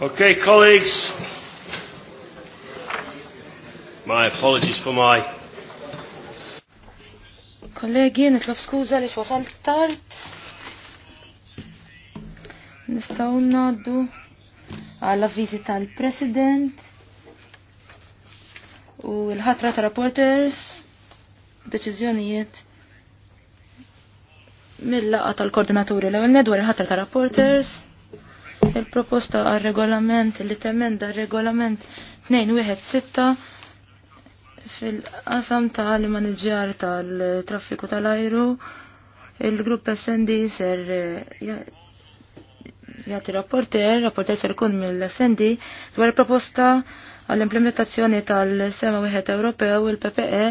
Okay, colleagues. My apologies for my. Kollegi, nitlob skuża li xwasal tard. Nistgħu ngħaddu għal avviżi tal-President u l-ħatra ta' reporters deċiżjonijiet mill-laqa tal-koordinaturi l-ewwel dwar il-ħatra ta' reporters. Mm -hmm. Il-proposta għal regolament li temenda regolament 216 fil-qasam tal-manager tal-traffiku tal-ajru il-grupp SND ser eh, jgħati rapporter, rapporter ser kun mill-SND dwar proposta għall-implementazzjoni tal-sema wieħed Ewropew il-PPE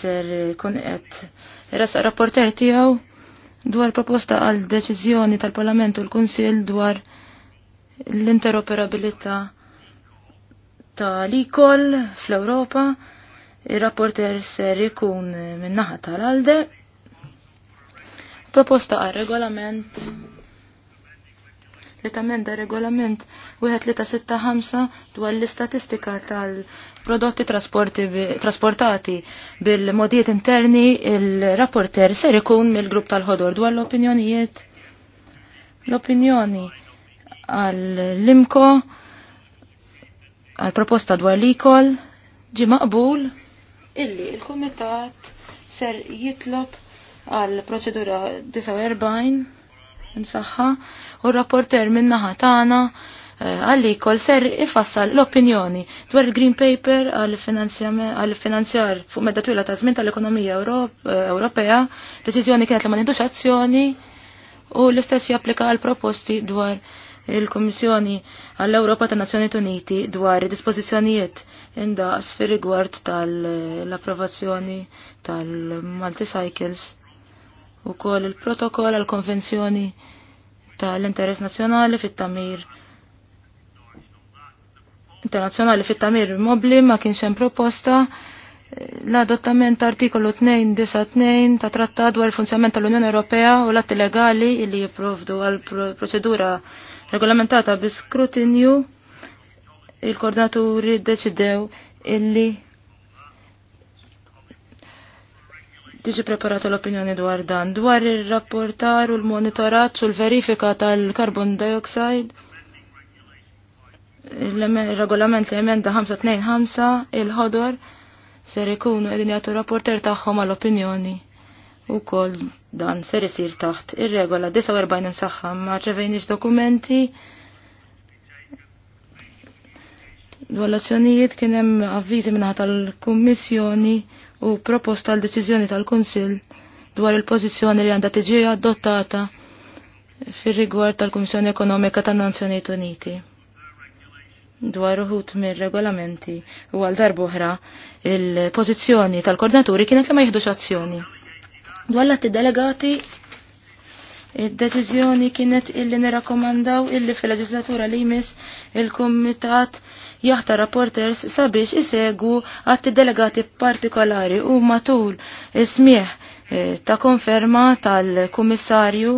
ser kun qed rapporter tiegħu dwar proposta għal deċiżjoni tal-Parlament u l-Kunsill dwar l-interoperabilità ta' l-ikol fl-Europa, il-rapporter ser ikun minnaħa tal-alde, proposta għal regolament li tamenda regolament 1365 dwar l-istatistika tal-prodotti trasportati bil-modijiet interni il-rapporter ser ikun mill-grupp tal-ħodor dwar l-opinjonijiet l-opinjoni għall limko għal-proposta dwar l-ikol ġi maqbul illi il-komitat ser jitlob għal-proċedura 49 nsaħħa u r-rapporter minna tagħna eh, għalli kol ser ifassal l-opinjoni dwar il-Green Paper għall finanzjar fuq medda twila ta' żmien tal-ekonomija eh, Ewropea, deċiżjoni kienet li ma azzjoni u l-istess japplika għal proposti dwar il-Komissjoni għall-Ewropa ta' Nazzjonijiet Uniti dwar dispożizzjonijiet indaqs fir rigward tal-approvazzjoni tal-multicycles u koll il-protokoll għal-konvenzjoni tal-interess nazzjonali fit-tamir internazzjonali fit-tamir mobli ma kienx hemm proposta l-adottament artikolu 292 ta' trattat dwar il-funzjament tal-Unjoni Ewropea u l-atti legali li jipprovdu għal proċedura regolamentata bi skrutinju il-koordinaturi deċidew illi tiġi preparata l-opinjoni dwar dan, dwar il-rapportar u l-monitorat u l-verifika tal-carbon dioxide, il-regolament li emenda 525, il-ħodor, ser ikunu edinjatu jgħatu rapporter taħħom għal-opinjoni u kol dan ser isir taħt ir-regola 49 imsaħħa ma ċevejniex dokumenti Dwar-azzjonijiet kien hemm avviżi minħa tal-Kummissjoni u proposta tal deċiżjoni tal-Kunsill dwar il-pożizzjoni li għandha tiġi adottata fir-rigward tal-Kummissjoni Ekonomika tan-Nazzjonijiet Uniti dwar uħut mir regolamenti u għal darbuħra il-pożizzjoni tal-koordinaturi kienet li ma jieħdux azzjoni. Dwar ti delegati id-deċiżjoni kienet illi nirakomandaw illi fil-leġislatura li jmiss il-Kumitat jaħta rapporters sabiex isegu għatti delegati partikolari u matul ismieħ eh, ta' konferma tal-Kummissarju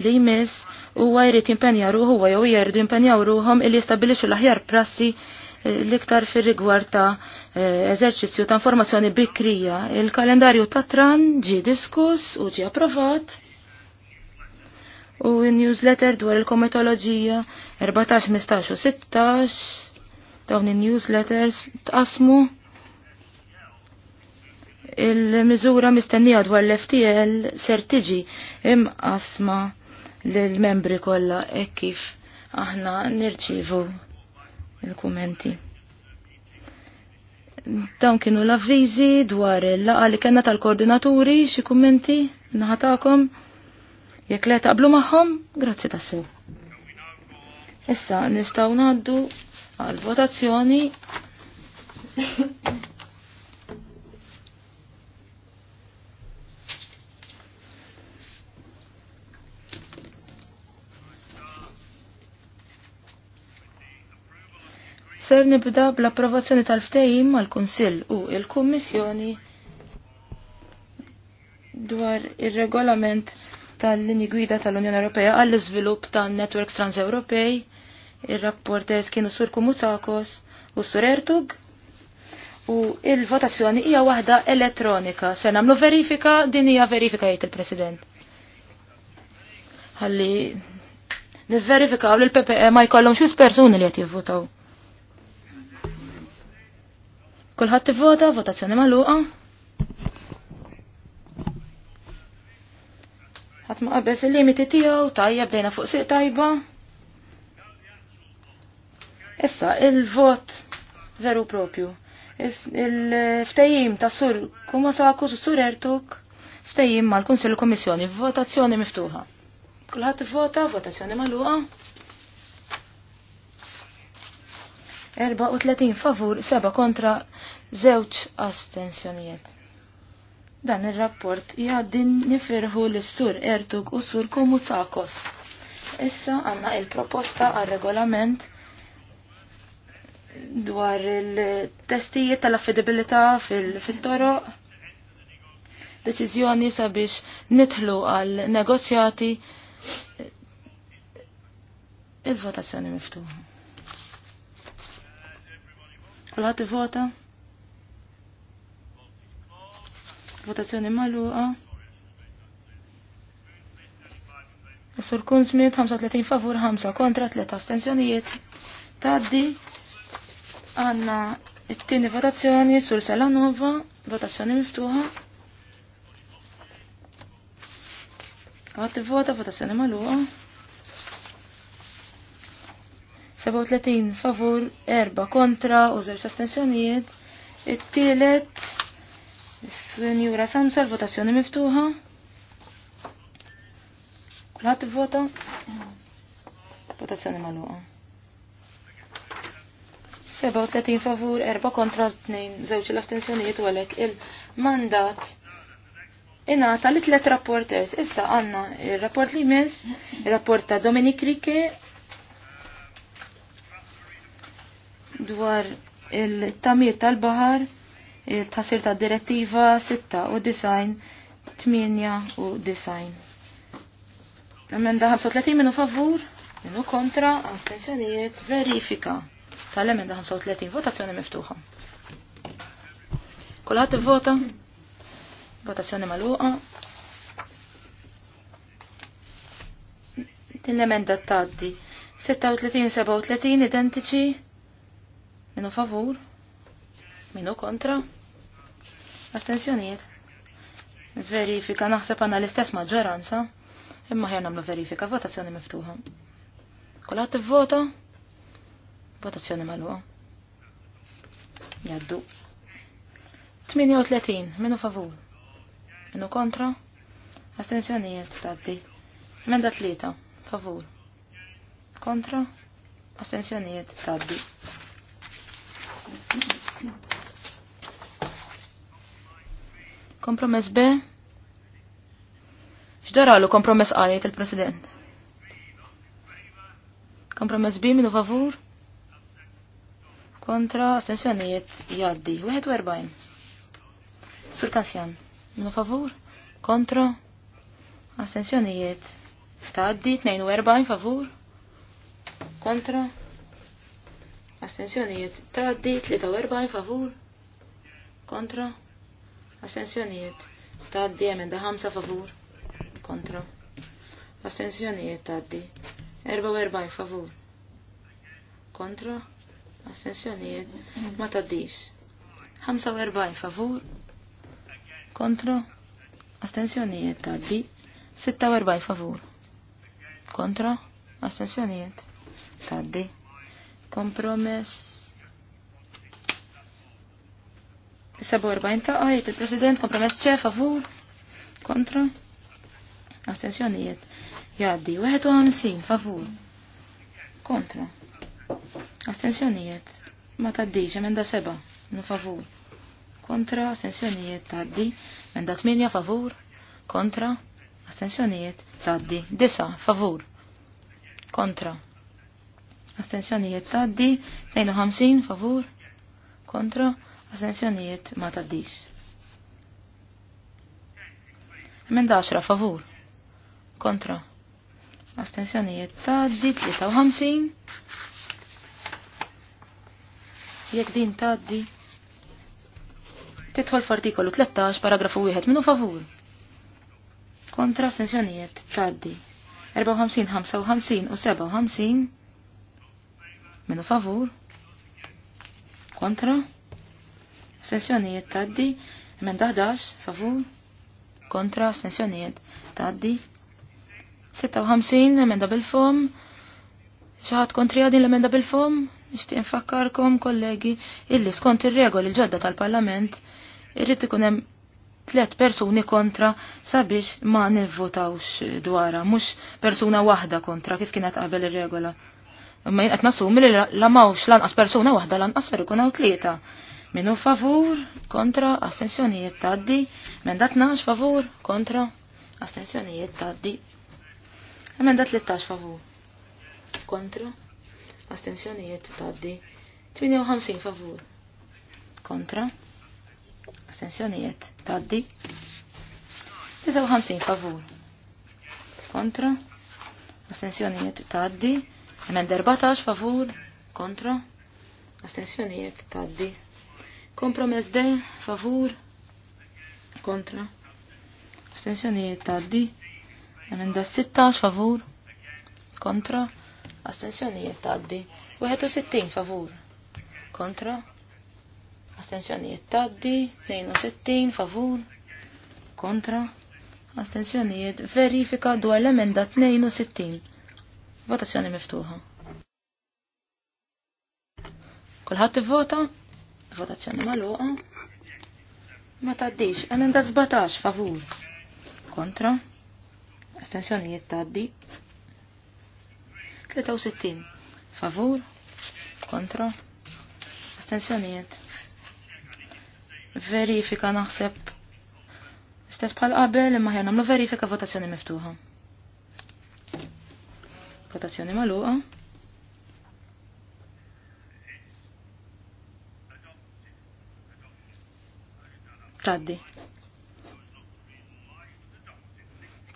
li jmiss u għajrit impenja ruħu għajow jerdu impenjaw ruħom illi jistabilixu l-aħjar prassi eh, l-iktar fir rigward ta' Eh, eżerċizzju ta' informazzjoni bikrija. Il-kalendarju ta' tran ġi diskus u ġi approvat. U newsletter dwar il kometologija 14, 15 u 16 dawn il-newsletters tqasmu il-miżura mistennija dwar l-FTL ser tiġi imqasma lill-membri kollha e kif aħna nirċivu il-kumenti. Dawn kienu l-avviżi dwar il-laqa li kena tal-koordinaturi, xi kummenti naħatakom. Jekk le taqblu magħhom, grazzi ta sew. Issa nistgħu ngħaddu għal votazzjoni ser nibda bl-approvazzjoni tal-ftehim mal-Kunsill u il-Kummissjoni dwar ir-regolament tal-linji gwida tal-Unjoni Ewropea għall-iżvilupp tan-networks transewropej. Ir-rapporters kienu Sur Kumusakos u Sur Ertug u il-votazzjoni hija waħda elettronika. Se nagħmlu verifika din hija verifika jgħid il-President. Ħalli nivverifikaw li l-PPE ma jkollhomx persuni li qed jivvutaw. Kulħadd vota votazzjoni magħluqa. Ħadd ma qabeż il-limiti tiegħu, tajja bdejna fuq siq tajba. Issa il-vot veru propju. il ftejim ta' sur Kumasaku su sur Ertuk ftejim mal-Kunsill Kummissjoni, votazzjoni miftuħa. Kulħadd ivvota, votazzjoni maluqa. 34 favur, 7 kontra, 0 astensjonijiet. Dan ir-rapport jgħaddin nifirħu l-sur Ertug u sur Komutsakos. Issa għanna il-proposta għal-regolament dwar il-testijiet tal-affidabilità fil-toroq. Deċiżjoni sabiex nitħlu għal negozjati il-votazzjoni miftuħa. Kulħadd vota. Votazzjoni magħluqa. Sur kun smit 35 favur 5 kontra 3 astensjonijiet. Taddi għanna it-tieni votazzjoni sur Nova, votazzjoni miftuħa. Għat vota votazzjoni maluqa. 37 favur, 4 kontra u 0 astensjonijiet. It-tielet Sinjura Samsa votazzjoni miftuħa. Kulħadd vota. Votazzjoni magħluqa. 37 favur, 4 kontra 2, żewġ l-astensjonijiet u għalhekk il-mandat Inata li tlet rapporters, issa għanna il-rapport li mis, il-rapport ta' Dominik Rike dwar il-tamir tal-bahar, il-tasir ta' direttiva 6 u design 8 u design. Emenda 35 minu favur, minu kontra, astensjonijiet, verifika tal-emenda 35, votazzjoni miftuħa. il vota votazzjoni maluqa. Din l-emenda taddi 36-37 identiċi Minu favur? Minu kontra? Astenzjonijiet? Verifika naħseb għanna l-istess maġġoranza, imma ħjar namlu verifika, votazzjoni miftuħa. Kolat t-vota? Votazzjoni maluqa. Jaddu. 38, minu favur? Minu kontra? Astenzjonijiet taddi. Menda tlieta, favur. Kontra? Astenzjonijiet taddi. Kompromess B. X'daralu kompromess A jgħid il-President. Kompromess B minu favur. Kontra astensjonijiet jaddi. 41. Sur Kassjan. Minu favur. Kontra astensjonijiet. Taddi 42 favur. Kontra Astenzjonijiet taddi 43 favur kontra. Astenzjonijiet taddi emenda 5 favur kontra. Astenzjonijiet taddi 44 favur kontra. Astenzjonijiet ma taddix. 45 favur kontra. Astenzjonijiet taddi 46 favur kontra. Astenzjonijiet taddi Kompromess. 47 ta' għajt il-President kompromess ċe favur kontra astensjonijiet jaddi 51 favur kontra astensjonijiet ma taddiġ emenda seba nu favur kontra astensjonijiet taddi Menda tminja favur kontra astensjonijiet taddi disa, favur kontra astensjonijiet taddi, 52 favur, kontra, astensjonijiet ma taddix. Min 10 favur, kontra, astensjonijiet taddi, 53, jekk din taddi, titħol f'artikolu 13 paragrafu 1 minu favur. Kontra astensjonijiet taddi. 54, 55 u 57 Minu favur? Kontra? Sensjonijiet taddi. Emenda 11, favur? Kontra, sensjonijiet taddi. 56, emenda bil-fom. ċaħat kontri għadin l-emenda bil-fom? Nishtiq nfakkarkom, kollegi, illi skont ir-regoli il ġodda tal-Parlament, irrid ikun hemm tliet persuni kontra sabiex ma nivvotawx dwara, mhux persuna waħda kontra kif kienet qabel ir-regola. Ma jinqat qed li la mawx lanqas persuna waħda lanqas ser ikun hawn tlieta. Minu favur, kontra, astensjonijiet taddi. Emenda nax favur, kontra, astensjonijiet taddi. li 13 favur, kontra, astensjonijiet taddi. 58 favur, kontra, astensjonijiet taddi. 59 favur, kontra, astensjonijiet taddi. Emenda 14 favur kontra astensjonijiet taddi. Kompromess de, favur kontra astensjonijiet taddi. Emenda sittax favur kontra astensjonijiet taddi. sittin favur kontra astensjonijiet taddi. 62 favur kontra astensjonijiet verifika dwar l-emenda 62. Votazzjoni miftuħa. Kulħadd ivvota? Votazzjoni magħluqa. Ma taddix, emenda żbatax, favur. Kontra. Astensjonijiet tgħaddi? 63 favur. Kontra. Astensjonijiet. Verifika naħseb Istess bħal qabel imma ħjar nagħmlu verifika votazzjoni miftuħa kotazzjoni maluqa. Taddi.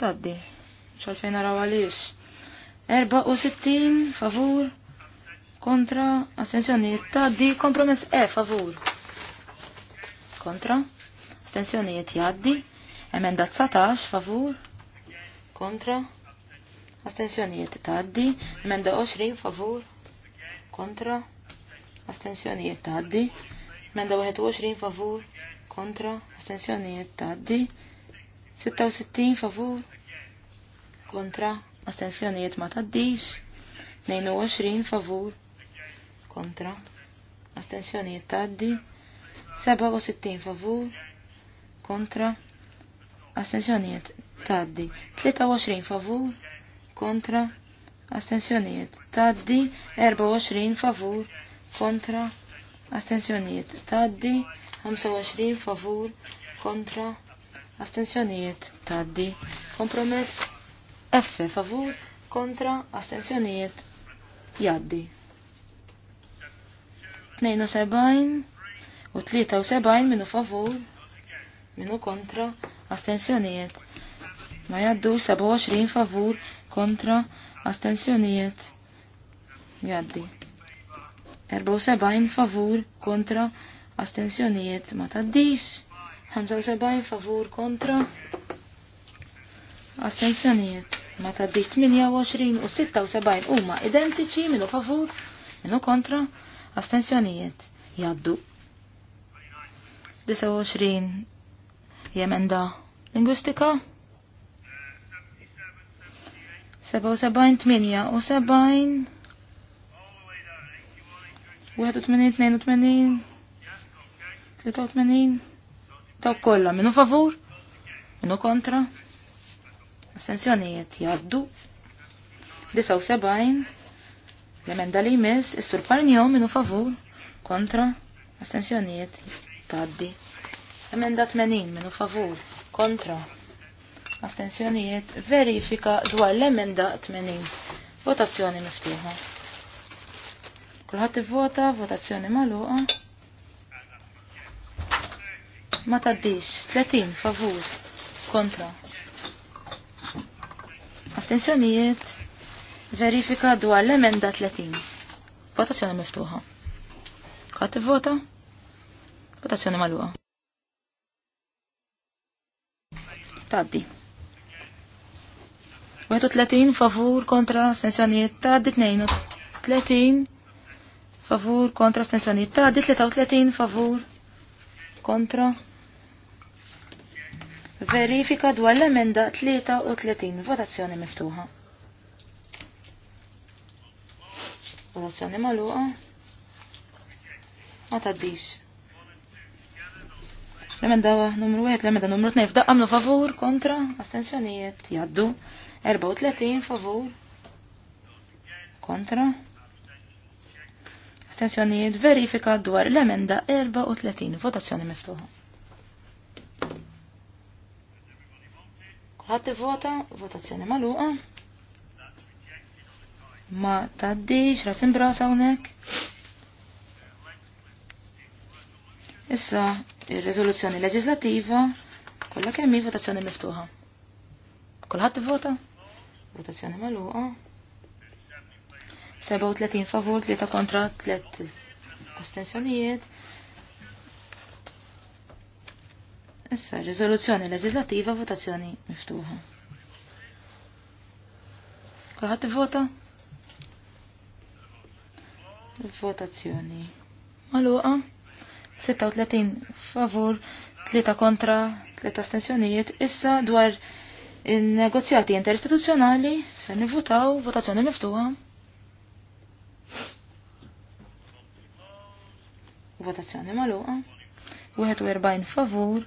Taddi. ċalfejn naraw għalix. 64 favur kontra astensjonijiet taddi kompromess E favur. Kontra astensjonijiet jaddi emenda 19 favur kontra Astensjonijiet taddi. Emenda 20 favur kontra. Astensjonijiet taddi. Emenda 21 favur kontra. Astensjonijiet taddi. 66 favur kontra. Astensjonijiet ma taddix. 22 favur kontra. Astensjonijiet taddi. 67 favur kontra. Astensjonijiet taddi. 23 favur kontra astensjoniet. taddi 24 favur kontra astensjoniet. taddi 25 favur kontra astensjonijiet taddi kompromess F favur kontra astensjoniet, jaddi 72 u 73 minu favur minu kontra astensjoniet ma jaddu 27 favur kontra astensjonijiet jaddi. 74 favur kontra astensjonijiet ma taddix. 75 favur kontra astensjonijiet ma taddis. 28 u 76 huma identiċi minu favur minu kontra astensjonijiet jaddu. 29 jemenda lingwistika 77, 78, 81, 82, 83, taw kolla, minu favur, minu kontra, assenzjonijiet jaddu, 79, l-emenda li jmiss, is-sur parnjow minu favur, kontra, assenzjonijiet taddi. Emenda 80, minu favur, kontra, astensjonijiet verifika dwar l-emenda 80. Votazzjoni miftuħa. Kulħadd vota, votazzjoni magħluqa. Ma taddix, 30 favur kontra. Astensjonijiet verifika dwar l-emenda 30. Votazzjoni miftuħa. Kulħat vota, votazzjoni magħluqa. Taddi. 31 favur kontra astensjonijiet ta' 32 favur kontra astensjonijiet ta' 33 favur kontra Verifika dwar l-emenda 33 votazzjoni miftuħa. Votazzjoni maluqa. Ma taddix. L-emenda numru 1, l-emenda numru 2, f'daqqa favur kontra astensjonijiet jaddu. 34 favur kontra astensjonijiet verifika dwar l-emenda 34 votazzjoni miftuħa. Ħadd vota votazzjoni magħluqa. Ma taddix rasim brasa hawnhekk. Issa ir-riżoluzzjoni leġislativa kollha kemm votazzjoni miftuħa. Kulħadd vota? Votazzjoni maluqa. 37 favur, 3 kontra, 3 astensjonijiet. Issa, rizoluzzjoni leġislativa, votazzjoni miftuħa. Kulħadd vota? Votazzjoni. Maluqa. 36 favur, 3 kontra, 3 astensjonijiet. Issa dwar In-negozjati interistituzzjonali se nivvutaw votazzjoni miftuħa. Votazzjoni magħluqa. 41 favur,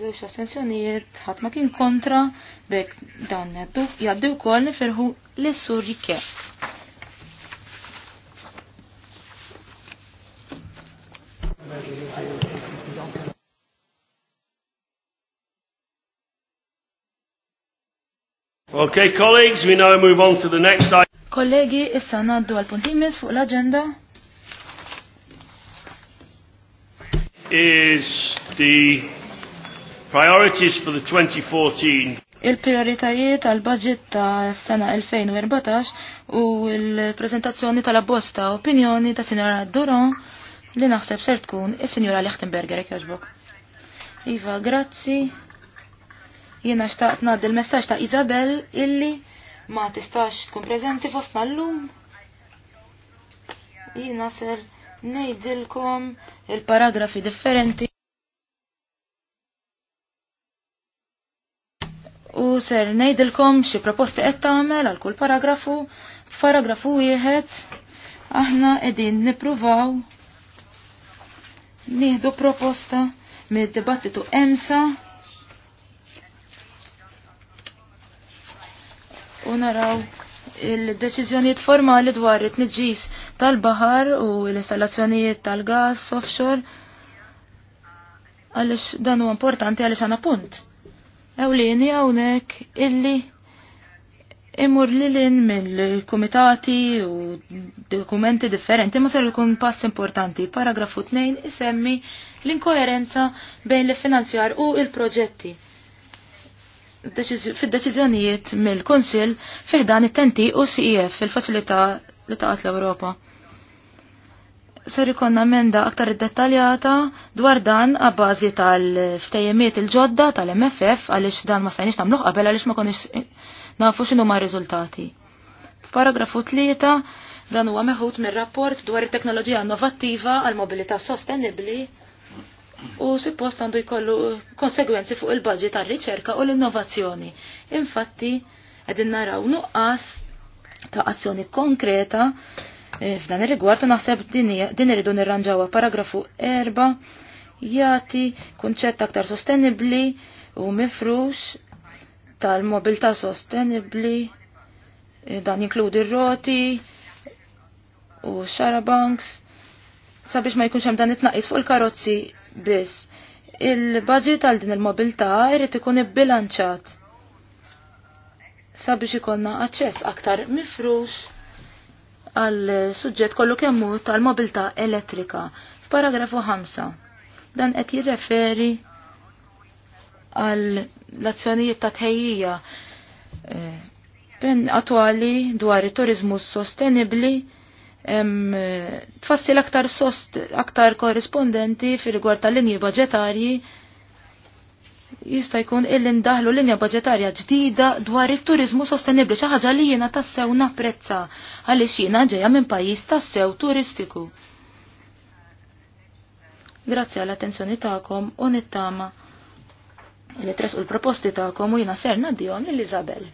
Zewx astensjonijiet, ħadd ma kien kontra, bek dawn jaddu wkoll nifirħu l issur jikkew. Okay, colleagues, we now move on to the next item. Kollegi, issa naddu għal punt fuq l-agenda. Is the priorities for the 2014. Il-prioritajiet għal budget ta' sena 2014 u il-prezentazzjoni tal-abbozz opinjoni ta' Sinjora Duron li naħseb ser tkun is-Sinjora Lichtenberger jekk Iva, grazzi. Jiena xtaqt nad il messaġġ ta' Isabel illi ma tistax tkun preżenti fostna llum. Jiena ser ngħidilkom il-paragrafi differenti. U ser ngħidilkom xi proposti qed tagħmel għal kull paragrafu. Paragrafu wieħed aħna qegħdin nippruvaw nieħdu proposta mid-dibattitu emsa u naraw il-deċiżjonijiet formali dwar it-tniġġis tal-baħar u l-installazzjonijiet tal-gas offshore għalix dan u importanti għalix għana punt. Ewlieni għawnek illi imur li l-in mill-komitati u dokumenti differenti ma ser jkun pass importanti. Paragrafu 2 isemmi l inkoherenza bejn l-finanzjar u il-proġetti fid-deċiżjonijiet mill-Kunsill fiħdan it-tenti u CEF fil-faċilità li taqat l-Ewropa. Ser ikonna emenda aktar iddettaljata dwar dan għabbażi tal-ftejjemiet il-ġodda tal-MFF għaliex dan ma stajniex nagħmluh qabel għaliex ma konniex nafu x'inhu ma' riżultati. Paragrafu tlieta dan huwa meħud mir-rapport dwar it-teknoloġija innovattiva għal mobilità sostenibbli u suppost għandu jkollu konsegwenzi fuq il-budget tar-riċerka u l-innovazzjoni. Infatti, qegħdin naraw nuqqas ta' azzjoni konkreta e, f'dan ir-rigward u naħseb din iridu nirranġawha paragrafu 4 jagħti kunċett aktar sostenibbli u mifrux tal-mobilità sostenibbli e, dan jinkludi r-roti u xarabanks sabiex ma jkunx hemm dan it-tnaqqis fuq il-karozzi biss. Il-budget għal din il-mobilità jrid ikun ibbilanċat sabiex ikonna aċċess aktar mifrux għal suġġett kollu kemmu tal-mobilità elettrika. F'paragrafu 5 dan qed jirreferi għal l-azzjonijiet ta' tħejjija eh, attwali dwar it-turizmu sostenibli tfassil aktar sost, aktar korrispondenti fir rigward tal-linji budġetarji jista' jkun illi ndaħlu linja budġetarja ġdida dwar it-turizmu sostenibbli xi ħaġa li jiena tassew napprezza għaliex jiena ġejja minn pajjiż tassew turistiku. Grazzi għall attenzjoni tagħkom u nittama li tresqu l-proposti tagħkom u jiena ser ngħaddihom lil Isabel.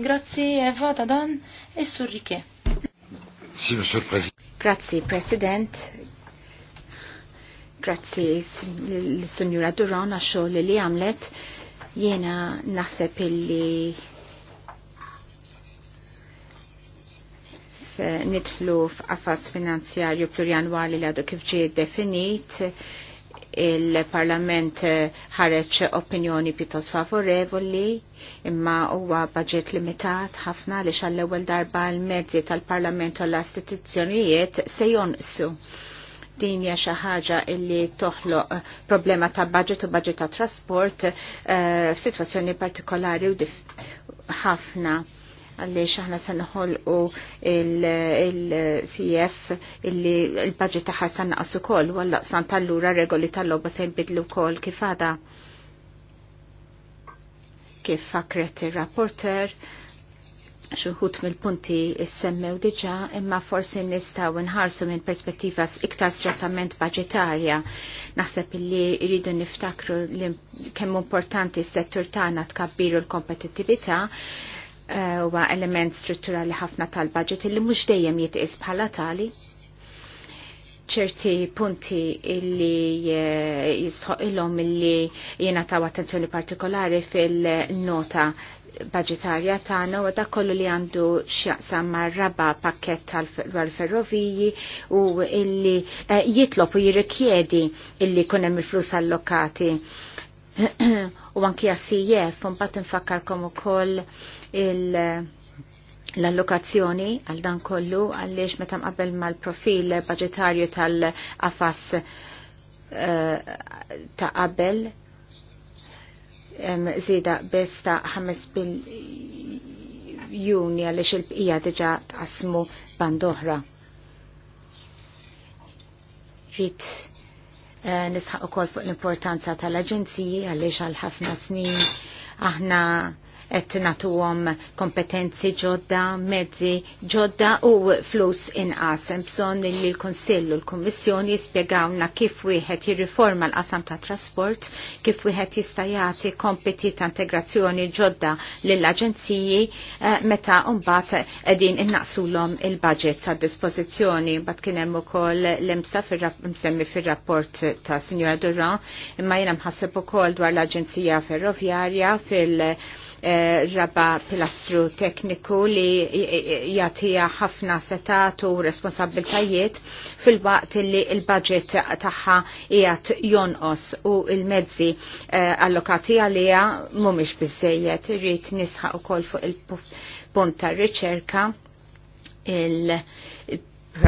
Grazzi Eva ta' dan is-surrike. Si, Monsieur le Président. Grazzi, President. Grazie, l-Signora Duran għaxol li għamlet. Jena naħseb illi nidħlu f'qafas finanzjarju plurianwali li għadu kif ġie definit il-Parlament eh, ħareċ opinjoni pjuttost favorevoli imma huwa budget limitat ħafna li għall-ewwel darba l-mezzi tal-Parlament u l-istituzzjonijiet se jonqsu. Din hija xi ħaġa li toħloq problema ta' budget u budget ta' trasport eh, f'sitwazzjoni partikolari u ħafna għaliex aħna se noħolqu il-CF illi il-budget tagħha se naqas ukoll walla san tal-lura regoli tal-logħba se jbidlu wkoll kif għada. Kif fakret ir-rapporter xuħut mill-punti semmew diġa imma forsi nistaw nħarsu minn perspettiva iktar strattament budgetarja. Naħseb li rridu niftakru li kemm importanti s-settur tagħna tkabbiru l-kompetittività huwa element strutturali ħafna tal-budget illi mhux dejjem jitqis bħala tali ċerti punti illi eh, jisħoq ilhom illi jiena taw attenzjoni partikolari fil-nota budgetarja tagħna u dak kollu li għandu x'jaqsam mar-raba pakkett tal-ferroviji u illi eh, jitlob u jirrikjedi illi jkun hemm il-flus allokati u anki għas-CF, e mbagħad bat ukoll l-allokazzjoni għal dan kollu għalliex meta mqabel mal-profil budgetarju tal-qafas eh, ta' qabel zida biss ta' 5 juni għalliex il-bqija diġa tqasmu bandohra. Rit Eh, nisħaq ukoll fuq l-importanza tal-aġenziji għaliex għal ħafna snin aħna et għom kompetenzi ġodda, mezzi ġodda u flus inqas. Hemm bżonn li l-Kunsill u l-Kummissjoni jispjegawna kif wieħed jirriforma l-qasam ta' trasport, kif wieħed jista' jagħti kompeti ta' integrazzjoni ġodda lill-aġenziji eh, meta mbagħad qegħdin innaqsulhom il-budget ta' dispożizzjoni. Bad kien hemm ukoll l-imsa msemmi fir-rapport ta' Sinjora Duran, imma jiena mħasseb ukoll dwar l-Aġenzija Ferrovjarja fil- Eh, raba pilastru tekniku li jatija ħafna setat u responsabiltajiet fil-waqt li il-budget taħħa jgħat jonqos u il-mezzi eh, allokati għalija mumiex bizzejiet. Rrit nisħa u kol fuq il-punt ricerka riċerka il-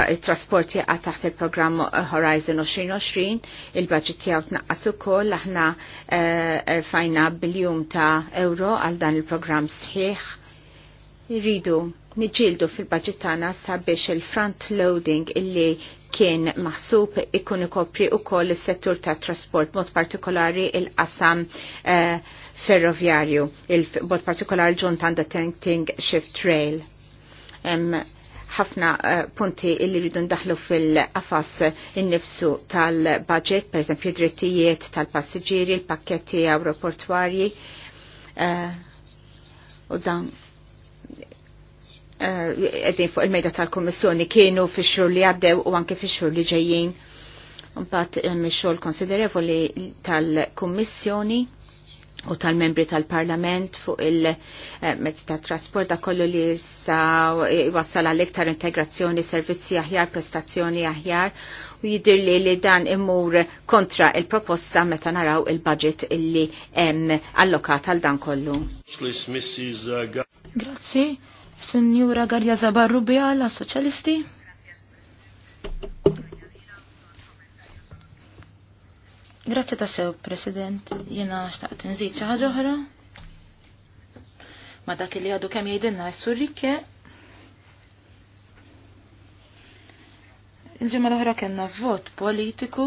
il-trasporti għat taħt il-programm uh, Horizon 2020, il-budget tiegħu tnaqqas ukoll aħna uh, rfajna biljum ta' euro għal dan il-programm sħiħ. Irridu niġildu fil-budget tagħna sabiex il-front loading illi kien maħsub ikun ikopri ukoll is-settur tat trasport mod partikolari il-qasam uh, ferroviarju, il-mod partikolari ġun tanda tanking shift rail ħafna eh, punti illi rridu ndaħlu fil-qafas innifsu tal-budget, per eżempju drittijiet tal-passiġġieri, il pakketti aeroportwarji. Eh, u dan qegħdin eh, fuq il-mejda tal-Kummissjoni kienu fix-xhur li għaddew u anke fix-xhur li ġejjin. Mbagħad mix-xogħol konsiderevoli tal-Kummissjoni u tal-membri tal-parlament fuq il-mezz eh, ta' trasport da kollu li wassal jwassal għal iktar integrazzjoni, servizzi aħjar, prestazzjoni aħjar u jidir li li dan imur kontra il-proposta meta naraw il-budget illi allokat għal dan kollu. Äh, Grazzi, Signora Garja Zabarrubi għala la Soċjalisti. Grazzi ta' sew, President. Jena xtaqt nżid xi ħaġa oħra. Ma dak li għadu kemm jgħidilna s-sur rikke. Il-ġimgħa l-oħra kellna vot politiku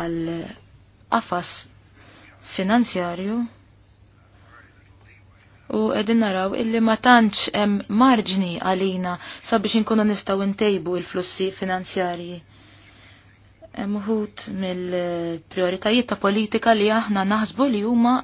għal qafas finanzjarju u qegħdin naraw illi ma tantx hemm marġni għalina sabiex inkunu nistgħu ntejbu l-flussi finanzjarji mħut mill-prioritajiet ta' politika li aħna naħsbu li huma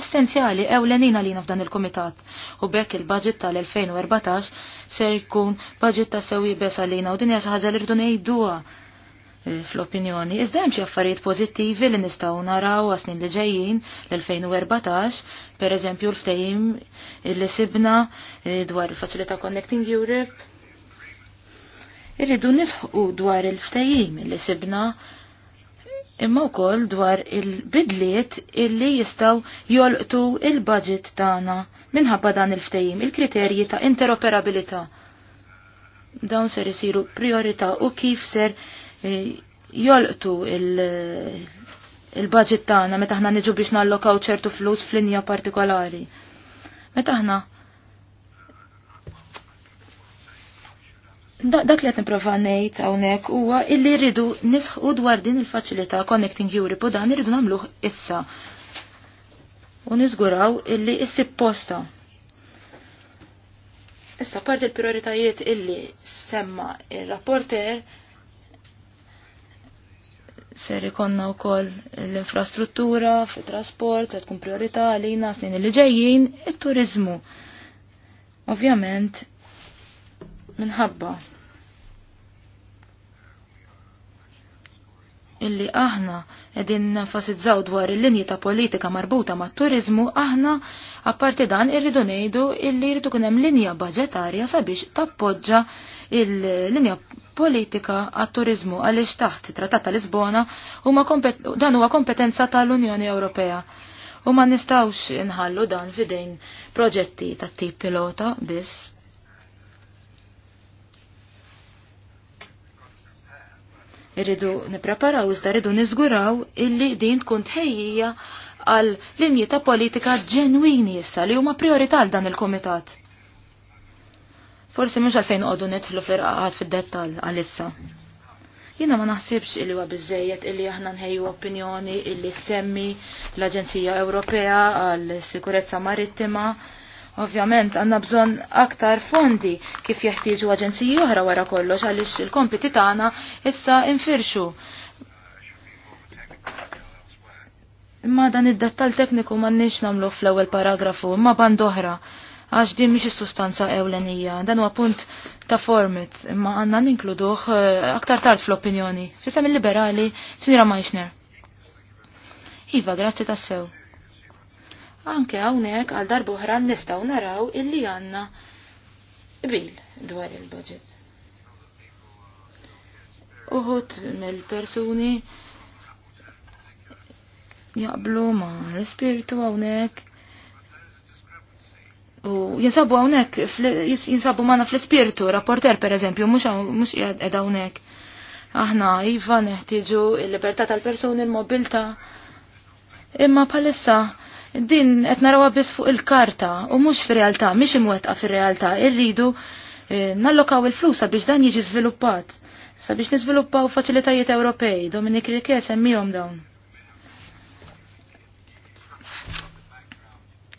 essenzjali ewlenina li f'dan il-komitat u bekk il-budget tal-2014 ser jkun budget ta' sewi besa li u dinja xaħġa li rridu ngħiduha eh, fl-opinjoni. Iżda hemm xi affarijiet pożittivi li nistgħu naraw għasnin li ġejjin l-2014, pereżempju l-ftehim li sibna eh, dwar il-Faċilità Connecting Europe irridu nisħu dwar il-ftajim li sibna imma wkoll dwar il-bidliet illi jistaw jolqtu il-budget tagħna minħabba dan il-ftehim il-kriterji ta' interoperabilità. Dawn ser isiru priorità u kif ser eh, jolqtu il-budget tana tagħna meta ħna niġu biex nallokaw ċertu flus fl-linja partikolari. Meta ħna dak li qed nipprova ngħid hawnhekk huwa illi rridu nisħu dwar din il-faċilità Connecting Europe u dan rridu nagħmluh issa. U niżguraw illi issib posta. Issa part il-prioritajiet illi semma il rapporter il ser ikonna u koll l-infrastruttura, fit-trasport, tkun priorità għalina snin li ġejjin, it-turizmu. Ovvjament, minħabba illi aħna edin nfasizzaw dwar il-linji ta' politika marbuta ma' turizmu, aħna apparti dan irridu nejdu illi irridu kunem linja budgetarja sabiex tappoġġa il-linja politika għat turizmu għaliex taħt it-Trattata tal-Lisbona dan huwa kompetenza tal-Unjoni Ewropea. U ma nistawx inħallu dan fidejn proġetti tat-tip pilota biss. Irridu nipreparaw iżda rridu niżguraw illi din tkun tħejjija għal linji ta' politika ġenwini issa li huma priorità għal dan il-komitat. Forsi mhux għalfejn qogħdu nidħlu fl-irqaqat fid-dettall għalissa. Jiena ma naħsibx illi huwa biżejjed illi aħna nħejju opinjoni illi semmi l-Aġenzija Ewropea għal Sikurezza Marittima Ovvjament għanna bżon aktar fondi kif jeħtieġu aġenziji oħra wara kollox għaliex il-kompiti tagħna issa infirxu. Imma dan id-dettal tekniku ma nix namlu fl-ewwel paragrafu, imma band oħra għax din mhix is-sustanza ewlenija, dan huwa punt ta' formit, imma għandna ninkluduh eh, aktar tard fl-opinjoni. Fisem il-liberali, Sinjora Meissner. Iva, grazzi tassew. sew. Anke hawnhekk għal darbohra nistgħu naraw illi għandna bil dwar il-budget. Uħut mill-persuni jaqblu ma l-spiritu hawnhekk U jinsabu għawnek, jinsabu maħna fl-spiritu, rapporter per eżempju, mux għed għawnek. Aħna, Iva, neħtiġu il-libertà tal-personi, il-mobilta. Imma palissa, din qed narawha biss fuq il-karta u mhux fir-realtà, mhix imwettqa fir-realtà, irridu eh, nallokaw il-flus sabiex dan jiġi żviluppat. Sabiex niżviluppaw faċilitajiet Ewropej, Dominik Rike semmihom dawn.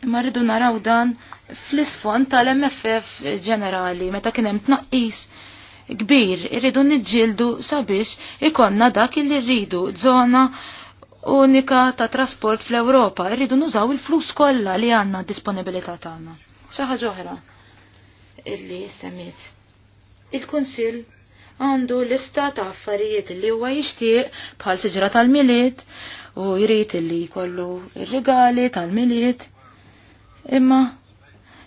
Imma rridu naraw dan fl-isfond tal-MFF ġenerali, meta kien hemm tnaqqis kbir, irridu niġġieldu sabiex ikonna dak illi rridu, żona unika ta' trasport fl-Ewropa. Irridu nużaw il-flus kollha li għandna disponibilità tagħna. Xi ħaġa oħra illi semmiet. Il-Kunsill għandu lista ta' affarijiet li huwa jixtieq bħal siġra tal-miliet u jrid li jkollu ir-rigali tal-miliet. Imma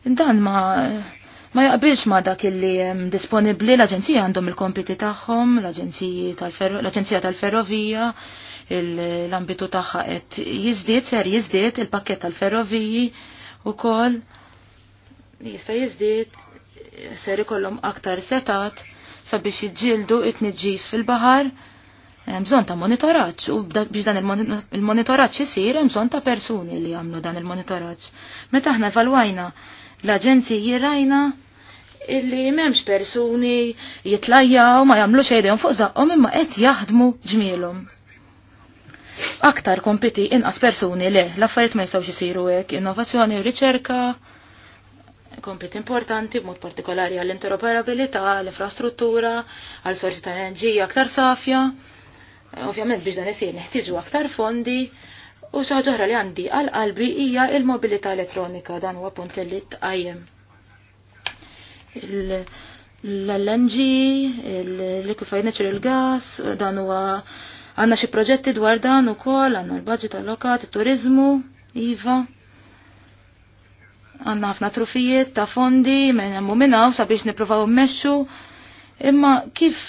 dan ma ma jaqbilx ma dak illi hemm disponibbli l-aġenzija għandhom il-kompiti tagħhom, l-aġenzija tal-ferrovija, l-ambitu tagħha qed jiżdied ser jiżdied il-pakket tal-ferroviji kol jista' jiżdied ser ikollhom aktar setat sabiex jiġġieldu it-tniġġis fil-baħar hemm bżonn ta' monitoraġġ u biex dan il-monitoraġġ isir hemm bżonn ta' persuni li jagħmlu dan il-monitoraġġ. Meta aħna evalwajna l-aġenziji rajna illi memx persuni jitlajjaw ma jamlu xejdejn fuq zaqhom imma qed jaħdmu ġmielhom aktar kompiti inqas persuni le, l-affarijiet ma jistgħux isiru hekk, innovazzjoni u riċerka, kompiti importanti b'mod partikolari għall-interoperabilità, l-infrastruttura, għal sorsi ta' enerġija aktar safja. Ovvjament biex dan isir neħtieġu aktar fondi, U ħaġa li għandi għal-qalbi hija l mobilità elettronika dan huwa punt li tqajjem. L-LNG, il-liquefied natural gas, dan huwa Għanna xi proġetti dwar dan ukoll, għanna l-budget allokat, turizmu, IVA. Għanna ħafna trufijiet ta' fondi, minn hemm minnaw sabiex nippruvaw meċu. Imma kif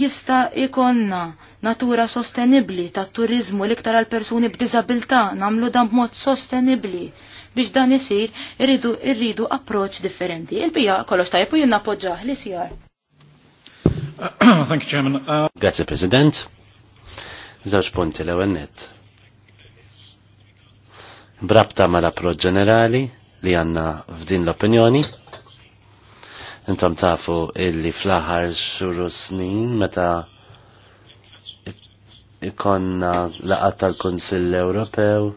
jista' ikonna natura sostenibli ta' turizmu l-iktar għal persuni b'diżabilità namlu dan b'mod sostenibli biex dan isir irridu irridu approċ differenti. Il-bija kollox tajb u jinnapoġġaħ li sjar. Thank you, Chairman. Uh, Grazie, President. Żewġ punti l-ewwel nett. Brabta mal-approċċ ġenerali li għandna f'din l-opinjoni. Intom tafu illi fl-aħħar xuru snin meta ikonna laqat tal-Konsill Ewropew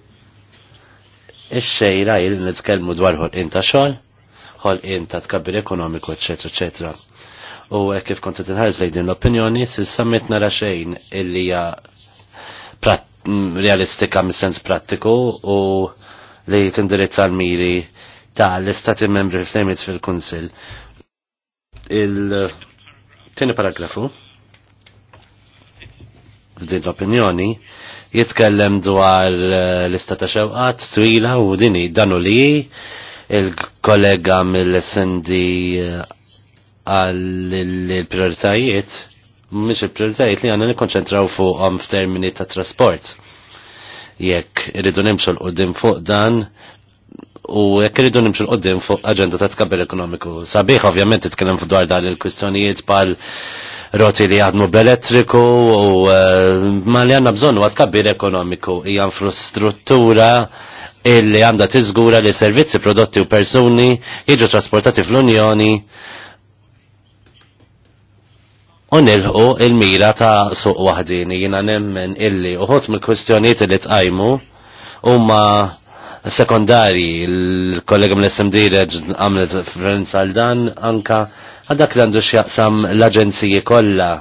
ix-xejra il nitkellmu dwar ħolqien ta' xogħol, ħolqien ta' tkabbir ekonomiku, eċetera, eċetera u kif kont qed lejn din l-opinjoni, s-summit nara xejn illi hija realistika mis-sens prattiku u li tindirizza l-miri ta' l-istati membri fl fil-Kunsil. Il-tini paragrafu f'din l-opinjoni jitkellem dwar eh, l istata ta' xewqat twila u dini danu li il-kollega mill-SND eh, għall il-prioritajiet mhix il-prioritajiet li għandna nikkonċentraw fuqhom f'termini ta' trasport. Jekk irridu nimxu l-qudiem fuq dan u jekk irridu nimxu l-qoddim fuq aġenda ta' tkabbel ekonomiku. Sabiħ ovvjament titkellem dwar dan il-kwistjonijiet bħal roti li għadmu elettriku u eh, ma li għanna bżonnu għad kabbir ekonomiku hija infrastruttura illi għanda tiżgura li servizzi prodotti u persuni jiġu trasportati fl-Unjoni u nilħu il-mira ta' suq wahdini jina nemmen illi uħot mill kwistjoniet li tqajmu huma sekondari l-kollega mill-SMD reġ għamlet referenza għal dan anka għadak li għandu xjaqsam l-aġenziji kollha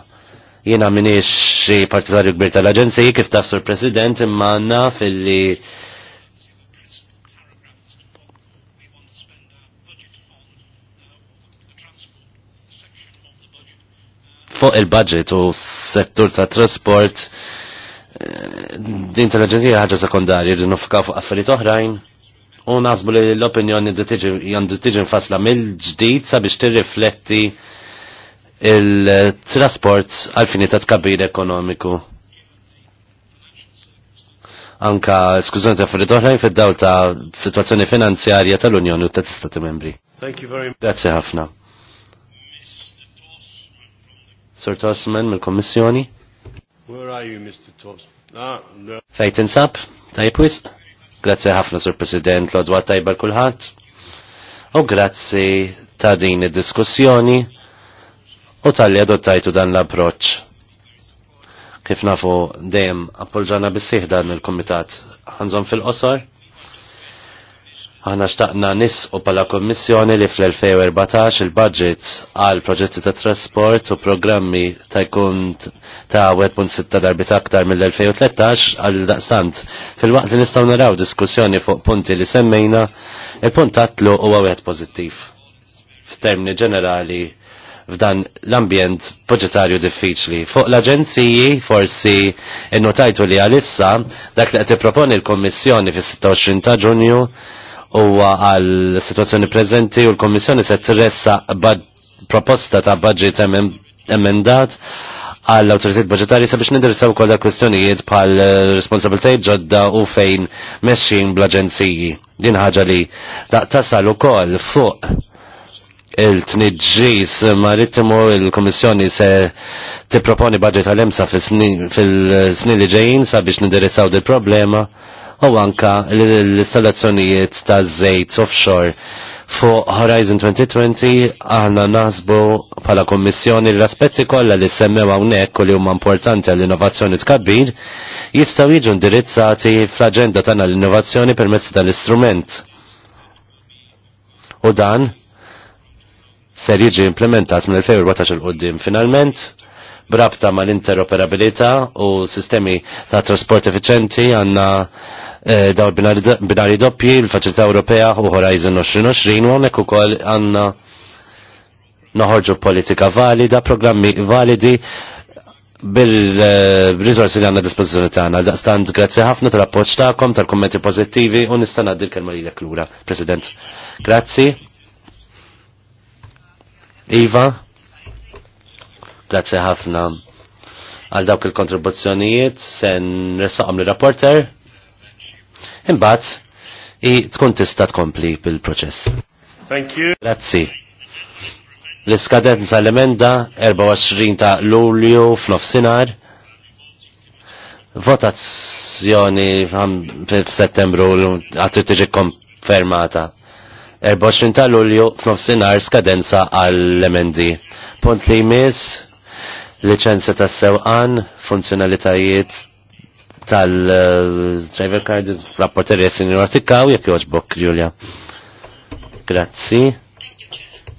jina minix xi partitarju kbir tal-aġenziji kif taf sur President imma fil-li fuq il-budget u settur ta' trasport eh, din tal aġenzija ħaġa sekundarja rridu nufka fuq affarijiet oħrajn u nasbu li l-opinjoni għandu tiġi nfasla mill-ġdid sabiex tirrifletti il-trasport għal ta' tkabbir ekonomiku. Anka, skużonet affarijiet oħrajn fid-dawl ta' situazzjoni finanzjarja tal-Unjoni u ta' Stati Membri. Thank you very much. Grazie ħafna. Sur Tosman mill-Kommissjoni. Where are you, Mr. Tosman? Ah, no. Fejt insab, tajb wis. Grazzi ħafna, Sur President, l-odwa tajba l U grazzi ta' din id-diskussjoni u tal-li adottajtu dan l-approċ. Kif nafu dejjem appoġġana bis dan il-Komitat ħanżon fil-qosor Aħna xtaqna nisqu pala kommissjoni li fl-2014 il-budget għal proġetti ta' trasport u programmi ta' jkun ta' 1.6 darbit aktar mill-2013 għal daqstant. Fil-waqt li nistaw naraw diskussjoni fuq punti li semmejna, il-punt tatlu u għawet pozittiv. F'termini ġenerali, f'dan l-ambjent budgetarju diffiċli. Fuq l-aġenziji forsi innotajtu li għalissa dak li qed proponi l-Kommissjoni fis-26 ta' Ġunju huwa għal situazzjoni preżenti u l-Kommissjoni se tressa proposta ta' budget emendat għall autoritet budgetari sabiex nindirizzaw kol da' kwestjonijiet bħal eh, responsabiltajiet ġodda u fejn meċin bl-aġenziji. Din ħaġa li da' tasal ukoll fuq il-tniġġis marittimu il kommissjoni se tipproponi budget għal-emsa fil-snin li ġejjin sabiex nindirizzaw dil-problema u anka l-installazzjonijiet ta' żejt offshore. Fuq Horizon 2020 aħna naħsbu bħala kommissjoni l-aspetti kollha li semmew hawnhekk u li huma importanti għall-innovazzjoni tkabbir jistgħu jiġu indirizzati fl-aġenda tagħna l-innovazzjoni permezz tal-istrument. U dan ser jiġi implementat mill-2014 il qoddim finalment brabta mal interoperabilità u sistemi ta' trasport effiċenti għanna e, eh, daw binari doppji l-Faċilità Ewropea u Horizon 2020 u għonek u koll għanna noħorġu politika valida, programmi validi bil-rizorsi li għanna dispozizjoni tagħna. Daqstant grazzi ħafna tal-appoġġ tagħkom, tal-kummenti pozittivi u nista' ngħaddi l-kelma l lura, President. Grazzi. Iva, Grazzi ħafna għal dawk il-kontribuzzjonijiet sen nresaqom l-rapporter. Imbagħad i tkun tista' tkompli bil-proċess. Thank you. Grazzi. L-iskadenza l-emenda 24 ta' Lulju f'nofsinhar. Votazzjoni f'Settembru għattu tiġi konfermata. 24 ta' Lulju f'nofsinhar skadenza għall-emendi. Punt li jmiss liċenza ta' sewqan, funzjonalitajiet tal-driver card, rapporteri jessin jortikaw, jek joġbok, Julia. Grazzi.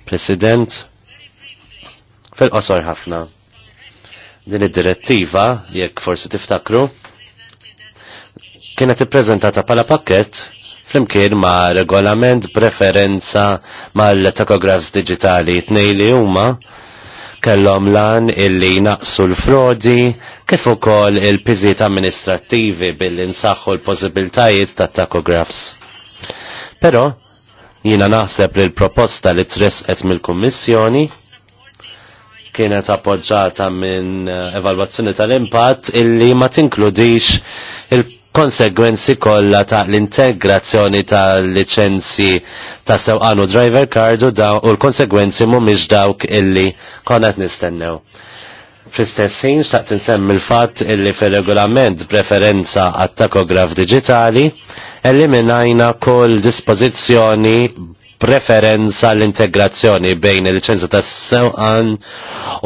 President. Fil-qosor ħafna. Din id-direttiva, jekk forsi tiftakru, kienet ippreżentata pala pakket flimkien ma' regolament preferenza mal-takografs digitali tnejli huma kellhom lan illi naqsu l-frodi kif ukoll il-piżiet amministrattivi billi nsaħħu l-possibiltajiet ta' takografs. Però jiena naħseb li l-proposta li tresqet mill-Kummissjoni kienet appoġġata minn eh, evalwazzjoni tal-impatt illi ma tinkludix il konsegwenzi kollha ta' l-integrazzjoni ta' licenzi ta' sewqanu driver card u daw u l-konsegwenzi mhumiex dawk illi konet nistennew. Fl-istess ħin xtaqt insemmi l-fatt illi fir-regolament preferenza għat takograf diġitali eliminajna kull dispozizjoni preferenza l-integrazzjoni bejn il-licenza tas sewqan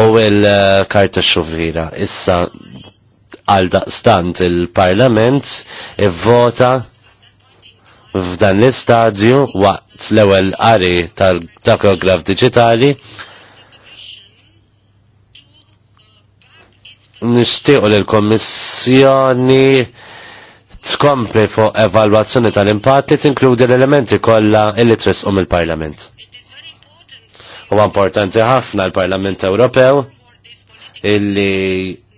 u l-karta xuvira. Issa Għal daqstant il-Parlament i-vota f'dan l-istadju waqt l-ewwel qari tal-takograf diġitali li l kommissjoni tkompli fuq evalwazzjoni tal-impatt li tinkludi l-elementi kollha li tresqu mill-Parlament. Huwa importanti ħafna l-Parlament Ewropew illi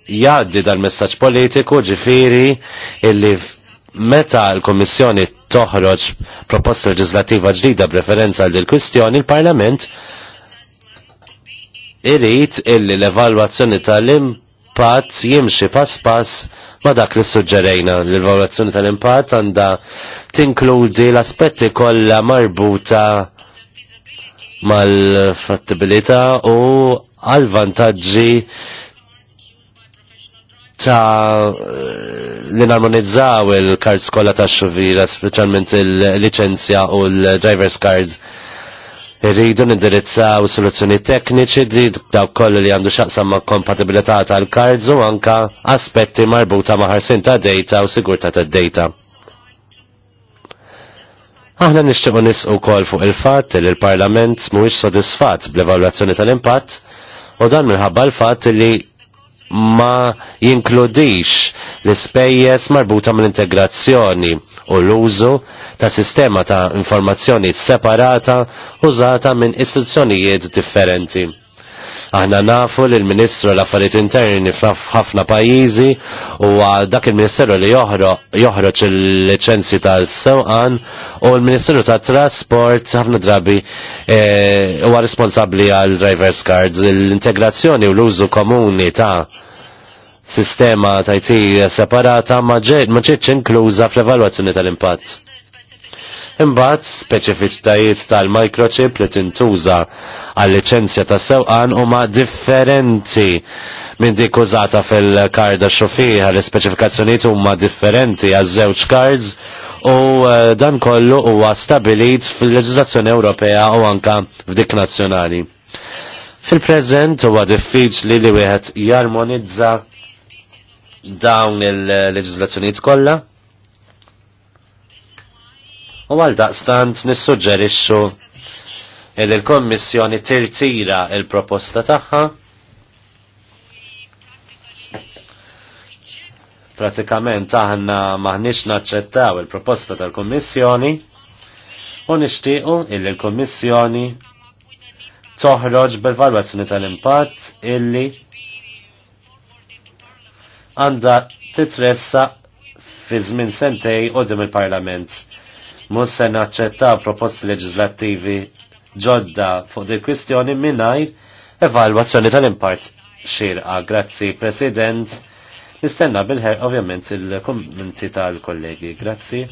Jaddi dal-messaġġ politiku ġifiri illi meta l komissjoni toħroġ proposta leġislativa ġdida preferenza għal il-kwistjoni, il-Parlament irrit illi l-evalwazzjoni tal-impatt jimxi pass pass ma dak li suġġerejna. L-evalwazzjoni tal-impatt għandha tinkludi l-aspetti kollha marbuta mal-fattibilità u għal vantaġġi ta' eh, li narmonizzaw il-kards kolla ta' xuvira, specialment il-licenzja u l-driver's card. Irridu nindirizzaw soluzzjoni tekniċi li daw koll li għandu xaqsam ma' kompatibilità tal-kards u anka aspetti marbuta ma' ħarsin ta' data u sigurta ta' data. Aħna nixtiequ nisqu kol fuq il-fatt li l-Parlament mhuwiex sodisfatt bl-evalwazzjoni tal-impatt u dan minħabba l-fatt li ma jinkludix l-ispejjeż marbuta mill-integrazzjoni u l-użu ta' sistema ta' informazzjoni separata użata minn istituzzjonijiet differenti. Aħna nafu li l-Ministru l-Affarijiet Interni f'ħafna pajjiżi u dak il-Ministeru li joħroġ il-liċenzji tal-sewqan u l-Ministeru tat-Trasport ħafna drabi eh, huwa responsabbli għal drivers cards. L-integrazzjoni u l-użu komuni ta' sistema tajti separata ma ġietx inkluża fl-evalwazzjoni tal-impatt imbagħad speċifiċitajiet tal-microchip li tintuża għal liċenzja ta' sewqan huma differenti minn dik użata fil-karda xofiħa l-ispeċifikazzjonijiet huma differenti għaż-żewġ cards u eh, dan kollu huwa stabilit fil-leġiżlazzjoni Ewropea u anka f'dik nazzjonali. Fil-preżent huwa diffiċli li wieħed jarmonizza dawn il-leġiżlazzjonijiet kollha U għal daqstant nissuġġerixxu il il-Kommissjoni tirtira il-proposta tagħha pratikament aħna maħniex naċċettaw il-proposta tal-Kommissjoni u nixtiequ illi l-Kommissjoni toħroġ bil-valwazzjoni tal-impatt illi għandha titressa fi żmien sentej qudiem il-Parlament. Mus se naċċetta proposti leġislattivi ġodda fuq di kwistjoni minnajr evalwazzjoni tal-impart xirqa. Grazzi, President. Nistenna bil-ħer, ovvjament, il-kommenti tal-kollegi. Grazzi.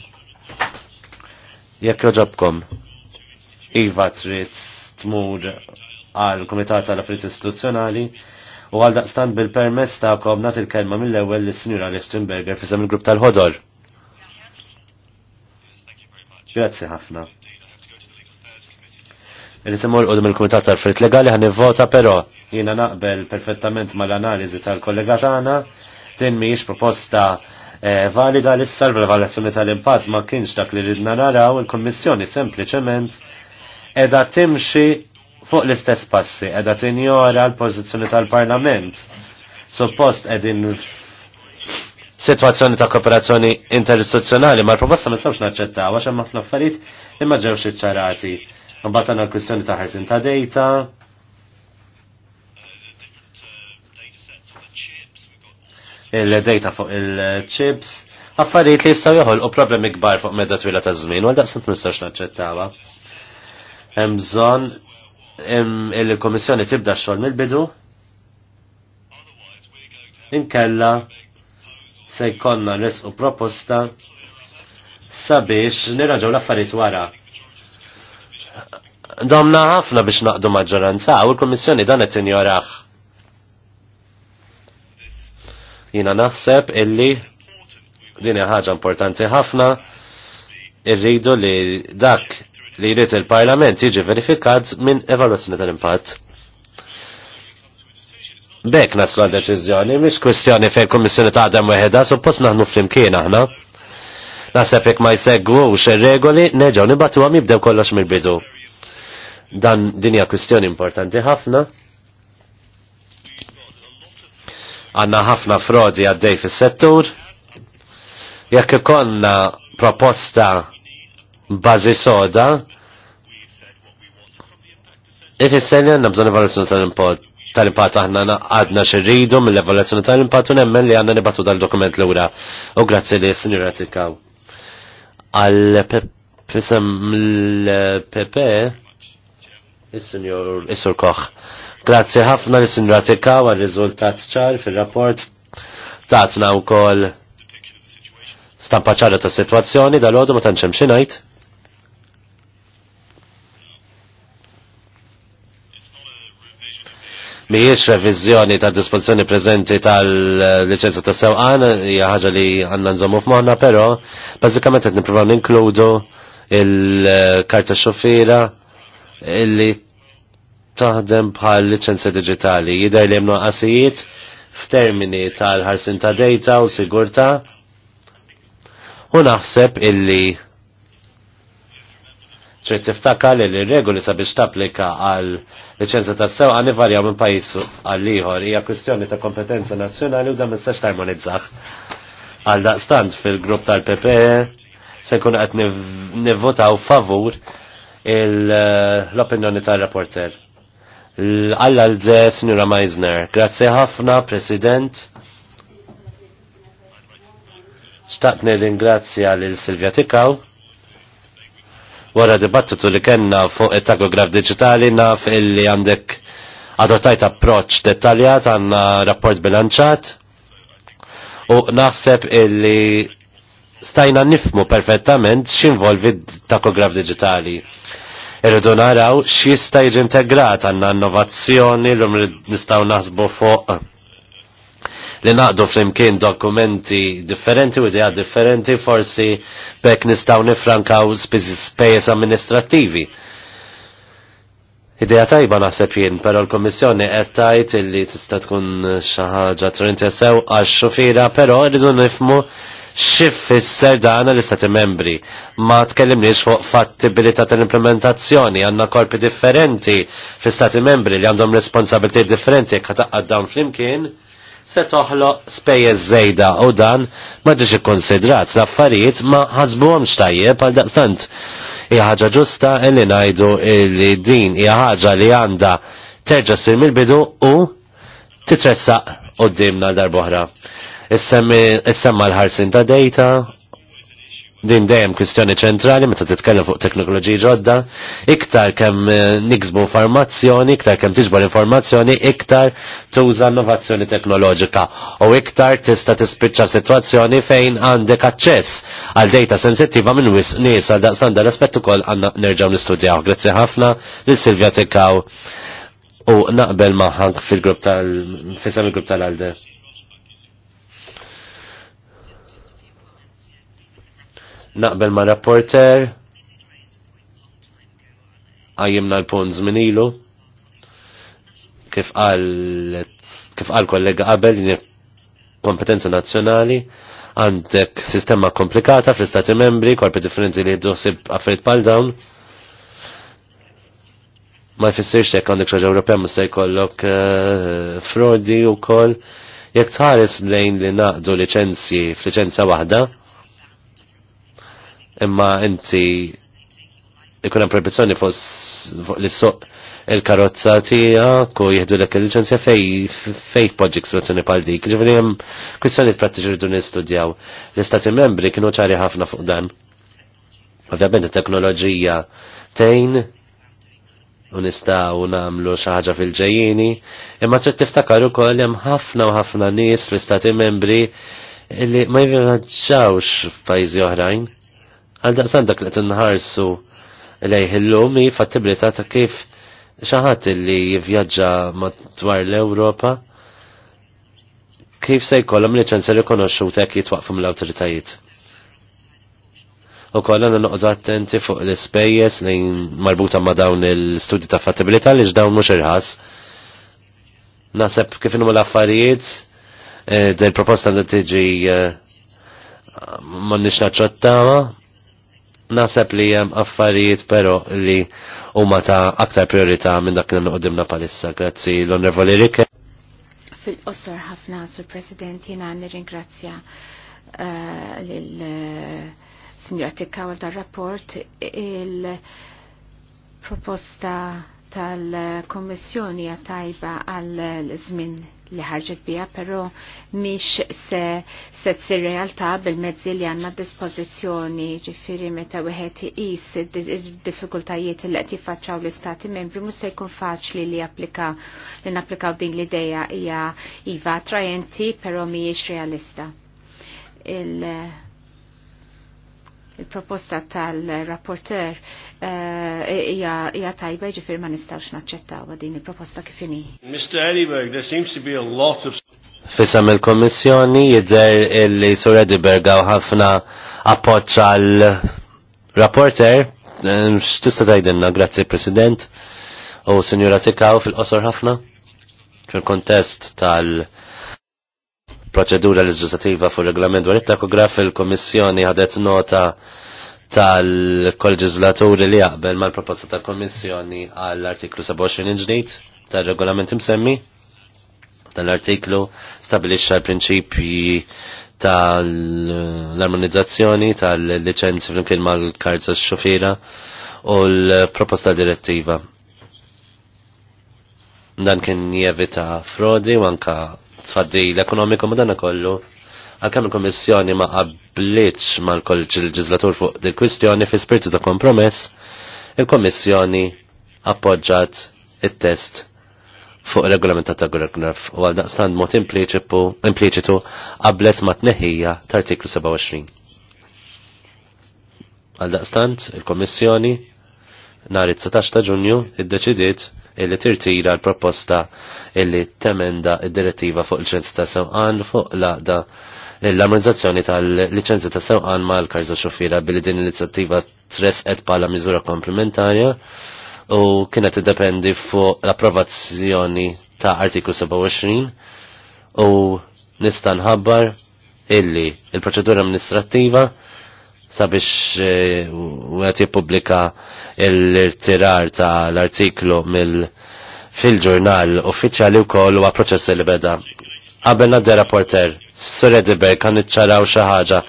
Jekk joġobkom, Iva trid tmur għal kumitat tal-Affarijiet Istituzzjonali u għal daqstant bil-permess tagħkom nagħti il-kelma mill-ewwel lis-Sinjura Lichtenberger fisem il-grupp tal-ħodor. Grazzi ħafna. Il-semur mill il-Komitat tal-Frit Legali għan nivvota, pero jina naqbel perfettament mal-analizi tal-kollega tagħna din mhijiex proposta eh, valida l-issa l-valvazzjoni tal-impatt ma kienx dak li ridna naraw il-Kommissjoni sempliċement edha timxi fuq l-istess passi, edha tinjora l-pożizzjoni tal-Parlament. Suppost edin situazzjoni ta' kooperazzjoni interistituzzjonali, ma' l-proposta ma' s nistawx naċċetta, għax hemm fl-affarit imma ġewx iċċarati. Mbagħad għandna l-kwistjoni ta' ħajsin ta' data, il-data fuq il-chips, Affarit li jistaw joħol u problemi gbar fuq medda twila ta' żmien, għal daqsant ma nistax naċċettawha. Hemm bżonn il-Komissjoni tibda xol mil bidu inkella se jkollna nisqu proposta sabiex nirraġaw l-affarijiet wara. Domna ħafna biex naqdu maġġoranza u l-Kummissjoni dan qed tinjoraħ. Jina naħseb illi din ħaġa importanti ħafna irridu li dak li jrid il-Parlament jiġi verifikat minn evaluazzjoni tal-impatt. Bek naslu għal deċiżjoni, mhix kwestjoni fejn kommissjoni ta' għadem weħeda, suppost naħnu flimkien aħna. Naseb jekk ma jsegwux ir-regoli, neġgħu nibatu għam jibdew kollox mill-bidu. Dan dinja hija kwestjoni importanti ħafna. Għanna ħafna frodi għaddej fis-settur. Jekk ikollna proposta bażi soda, ifissenja li għanna bżon tal-import tal impat aħna għadna xirridu mill-evoluzzjoni tal impat u nemmen li għanna nibatu dal-dokument l-ura. U grazzi li s-sinjura Għal-fisem l-PP, il-sinjur Isur Koch. Grazzi ħafna li s-sinjura għal-rizultat ċar fil-rapport tatna u kol stampa ċara ta' situazzjoni dal-għodu ma tanċem xinajt mhijiex revizjoni ta' disposizjoni preżenti tal-liċenza ta' sewqan hija ħaġa li għandna nżommu f'moħħna, però bażikament qed nippruvaw ninkludu il-karta xofira illi taħdem bħal liċenza digitali. Jidher li hemm noqqasijiet f'termini tal-ħarsin ta' data u sigurta. U naħseb illi Trid tiftakar li l-regoli sabiex tapplika għal liċenza ta' sew għan varjaw minn pajjiż għal ieħor hija kwistjoni ta' kompetenza nazzjonali u dan mistax tajmonizzaħ. Għal daqstant fil-grupp tal-PPE se jkun qed nivvotaw favur l-opinjoni tal-rapporter. Alla l-dze, Signora Meisner. Grazie ħafna, President. Xtaqni ringrazzja lil Silvia Tikaw Wara dibattitu li kenna fuq it-takograf digitali naf illi għandek adottajt approċ dettaljat għanna rapport bilanċat u naħseb illi stajna nifmu perfettament x'involvi takograf digitali. Irridu naraw x'jista' jiġi integrat għandna innovazzjoni l nistgħu naħsbu fuq li naqdu flimkien dokumenti differenti u idea differenti forsi bekk nistaw nifrankaw spejjeż amministrattivi. Ideja tajba naħseb jien, pero l komissjoni qed tajt illi tista' tkun xi ħaġa trinti sew għax xufira, però rridu nifmu xifisser dan l-istati membri. Ma tkellimniex fuq fattibilità tal-implementazzjoni, għanna korpi differenti fl-istati membri li għandhom responsabilti differenti jekk dawn flimkien, se toħloq spejjeż żejda u dan ma ġiex ikkonsidrat l-affarijiet ma ħasbuhomx tajjeb għal daqstant. Hija ħaġa ġusta li ngħidu li din hija ħaġa li għandha terġa' ssir mill-bidu u titressaq qudiemna l darboħra. Issemma l-ħarsin ta' data din dejjem kwistjoni ċentrali meta titkellem fuq teknoloġiji ġodda, iktar kemm eh, niksbu informazzjoni, iktar kemm tiġbor informazzjoni, iktar tuża innovazzjoni teknoloġika u iktar tista' tispiċċa sitwazzjoni fejn għandek aċċess għal data sensittiva minn wis nies għal daqstan dal aspett ukoll għandna nerġgħu nistudjaw. Grazzi ħafna lil Silvja Tikkaw u naqbel maħank fil-grupp tal-fisem il-grupp tal-Alde. Naqbel ma' rapporter, għajimna l-punt zminilu, kif għal kif għal kollega qabel li kompetenza nazzjonali għandek sistema komplikata fl-istati membri, korpi differenti li jidduħsib affarijiet pal dawn. Ma jfissirx jekk għandek xaġa Ewropea ma se jkollok uh, frodi u koll. Jekk tħares lejn li naqdu licenzji f'liċenzja waħda, imma inti ikun hemm proibizzjoni fuq li suq il-karozza tiegħek u jieħdu lek il-liċenzja fej fej poġġik soluzzjoni bħal dik. Ġifieri hemm kwistjoni prattiċi rridu nistudjaw. L-Istati membri kienu ċari ħafna fuq dan. Ovvjament it-teknoloġija tejn u nistgħu nagħmlu xi ħaġa fil ġejjini imma trid tiftakar ukoll hemm ħafna u ħafna nies fl-Istati membri li ma jivvjaġġawx f'pajjiżi oħrajn Għal sandak li li nħarsu lejħi illum hi fattibli ta' kif xaħat li jivvjaġġa madwar l-Ewropa kif se jkollhom liċenzja rikonoxxuta jekk jitwaqfu mill-awtoritajiet u kollana noqdu attenti fuq l-spejjes li marbuta ma' dawn il-studi ta' fattibilità li ġdawn mux irħas. Naseb kif inhom l-affarijiet, eh, del proposta li tiġi eh, ma' nix naċċottawa, Naseb li jem affarijiet pero li huma ta' aktar priorità minn dak li għoddimna palissa. Grazzi l-Onorevoli Rike. fil qosor ħafna, Sur President, jena nirringrazzja eh, lil eh, signor għal tal rapport il-proposta tal-Kommissjoni għatajba għal-żmien li ħarġet bija, pero miex se se tsir realtà bil-mezzi li għanna dispożizzjoni ġifiri meta wieħed iqis id-diffikultajiet li qed jiffaċċaw l-istati membri mhux se jkun faċli li applika li napplikaw din l-idea hija iva attrajenti però mhijiex realista. Il il-proposta tal-rapporter eh, hija tajba ġifir ma nistawx naċċettaw din il-proposta kifini. Mr. Ediberg, there seems to be a lot of Fisam il-Kommissjoni jidher li Sur Ediberg għaw ħafna appoġġ għal rapporter x'tista' tgħidilna, grazie President u Signora Tikaw fil-qosor ħafna fil-kontest tal- proċedura legislativa fuq regolament dwar it-takograf il kummissjoni ħadet nota tal-kolleġislaturi li jaqbel mal-proposta tal kummissjoni għall-artiklu 27 ġdid tal-regolament imsemmi. Dan l-artiklu stabilixxa l-prinċipji tal-armonizzazzjoni tal-licenzi flimkien mal-karza x-xofira u l-proposta direttiva. Dan kien jevita frodi u anka tfaddil ekonomiku ma dana kollu. Għalkemm il-Kommissjoni ma qablitx mal-kolġ il-ġizlatur fuq di kwistjoni fi spirtu ta' kompromess, il-Kommissjoni appoġġat it-test fuq regolamentat ta' Gregnerf u għal daqstan mod impliċitu qablet ma' t-neħija ta' artiklu 27. Għal daqstant il-Kommissjoni nhar it-19 ta' Ġunju id-deċidiet illi tirtira l-proposta illi temenda id-direttiva fuq il-ċenzi ta' sewqan fuq laqda l-armonizzazzjoni tal-licenzi ta' sewqan ma' l-karza xofira billi din l-inizjattiva tresqet bħala miżura komplementarja u kienet id-dependi fuq l-approvazzjoni ta' artiklu 27 u nista' nħabbar illi il-proċedura amministrattiva sabiex eh, u għet jipublika l-irtirar ta' l-artiklu fil-ġurnal uffiċjali u koll u għaproċess li beda. Għabelna d rapporter Sur Ediber, kan iċċaraw xaħġa,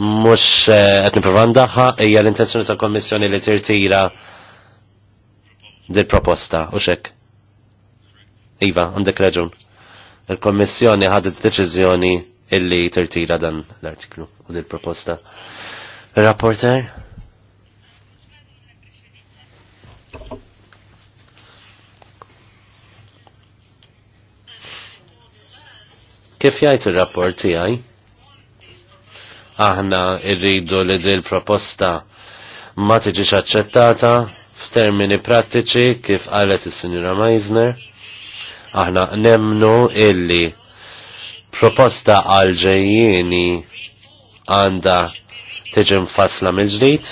mux eh, għet niprovan ija l-intenzjoni ta' kommissjoni li tirtira dil-proposta, u xek. Iva, għandek reġun. Il-kommissjoni ħadet deċiżjoni illi tirtira dan l-artiklu u dil-proposta. Rapporter? Kif jgħid ir-rapport tiegħi? Aħna rridu li dil proposta ma tiġix aċċettata f'termini prattiċi kif qalet is-Sinjura Meisner. Aħna nemnu illi proposta għal ġejjieni għanda tiġi mfassla mill-ġdid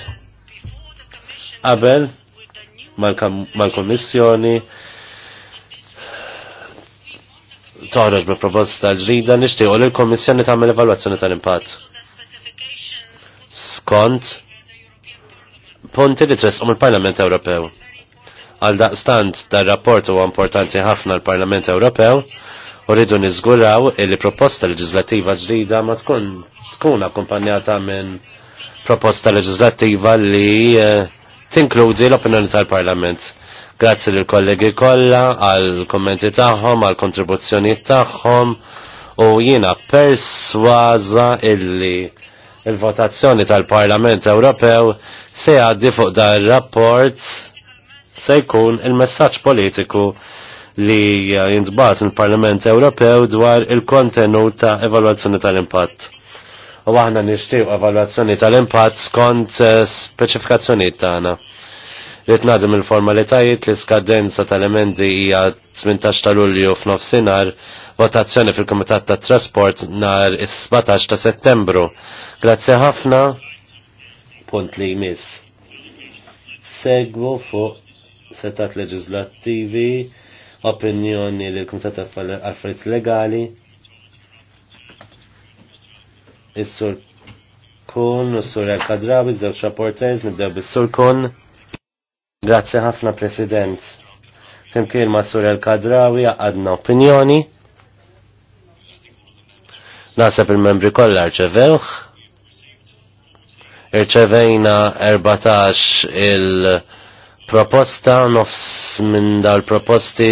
qabel mal-Kommissjoni toħroġ bi proposta ġrida nixtiequ li l-Kommissjoni tagħmel evalwazzjoni tal-impatt. Skont punti li tresqom il-Parlament Ewropew. Għal daqstant dar rapport huwa importanti ħafna l-Parlament Ewropew u rridu niżguraw li proposta leġislativa ġdida ma tkun tkun akkumpanjata minn proposta leġislattiva li eh, tinkludi l-opinjoni tal-Parlament. Grazzi lill kollegi kollha għal kommenti tagħhom, għal kontribuzzjonijiet tagħhom u jiena persważa illi il-votazzjoni tal-Parlament Ewropew se jgħaddi fuq ir rapport se jkun il-messaġġ politiku li jintbat il-Parlament Ewropew dwar il-kontenut ta' evalwazzjoni tal-impatt u aħna nixtiequ evalwazzjoni tal-impatt skont eh, speċifikazzjonijiet tagħna. Rrid il-formalitajiet li skadenza tal-emendi hija 18 ta' Lulju f'nofsinhar, votazzjoni fil-Kumitat tat Trasport nhar is-17 ta' Settembru. Grazzi ħafna. Punt li jmiss. Segwu fuq setat leġislattivi, opinjoni li kumitat għal-affarijiet legali, Is-sur kun, s-sur el Kadrawi, z-żewġ rapporters, nibdew bis-sur kun. Grazzi ħafna, President. Fimkien ma' sur el-kadrawi għadna opinjoni. Nasab il-membri kollha rċevewħ. Irċevejna 14 il-proposta, nofs minn dal-proposti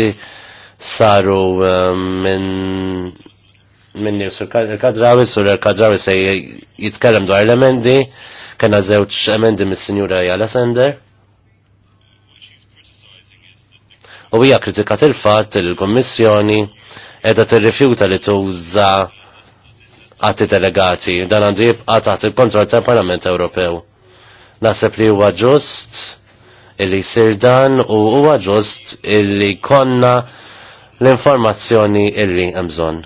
saru eh, minn minni sur kadrawi, sur kadrawi se jitkellem dwar l-emendi, kena zewċ emendi mis-sinjura Jala Sender. U hija kritikat il-fatt il-Kommissjoni edha tirrifjuta li tuża għati delegati dan għandu jibqa' taħt il-kontroll tal-Parlament Ewropew. Naħseb li huwa ġust illi jsir dan u huwa ġust illi konna l-informazzjoni illi hemm bżonn.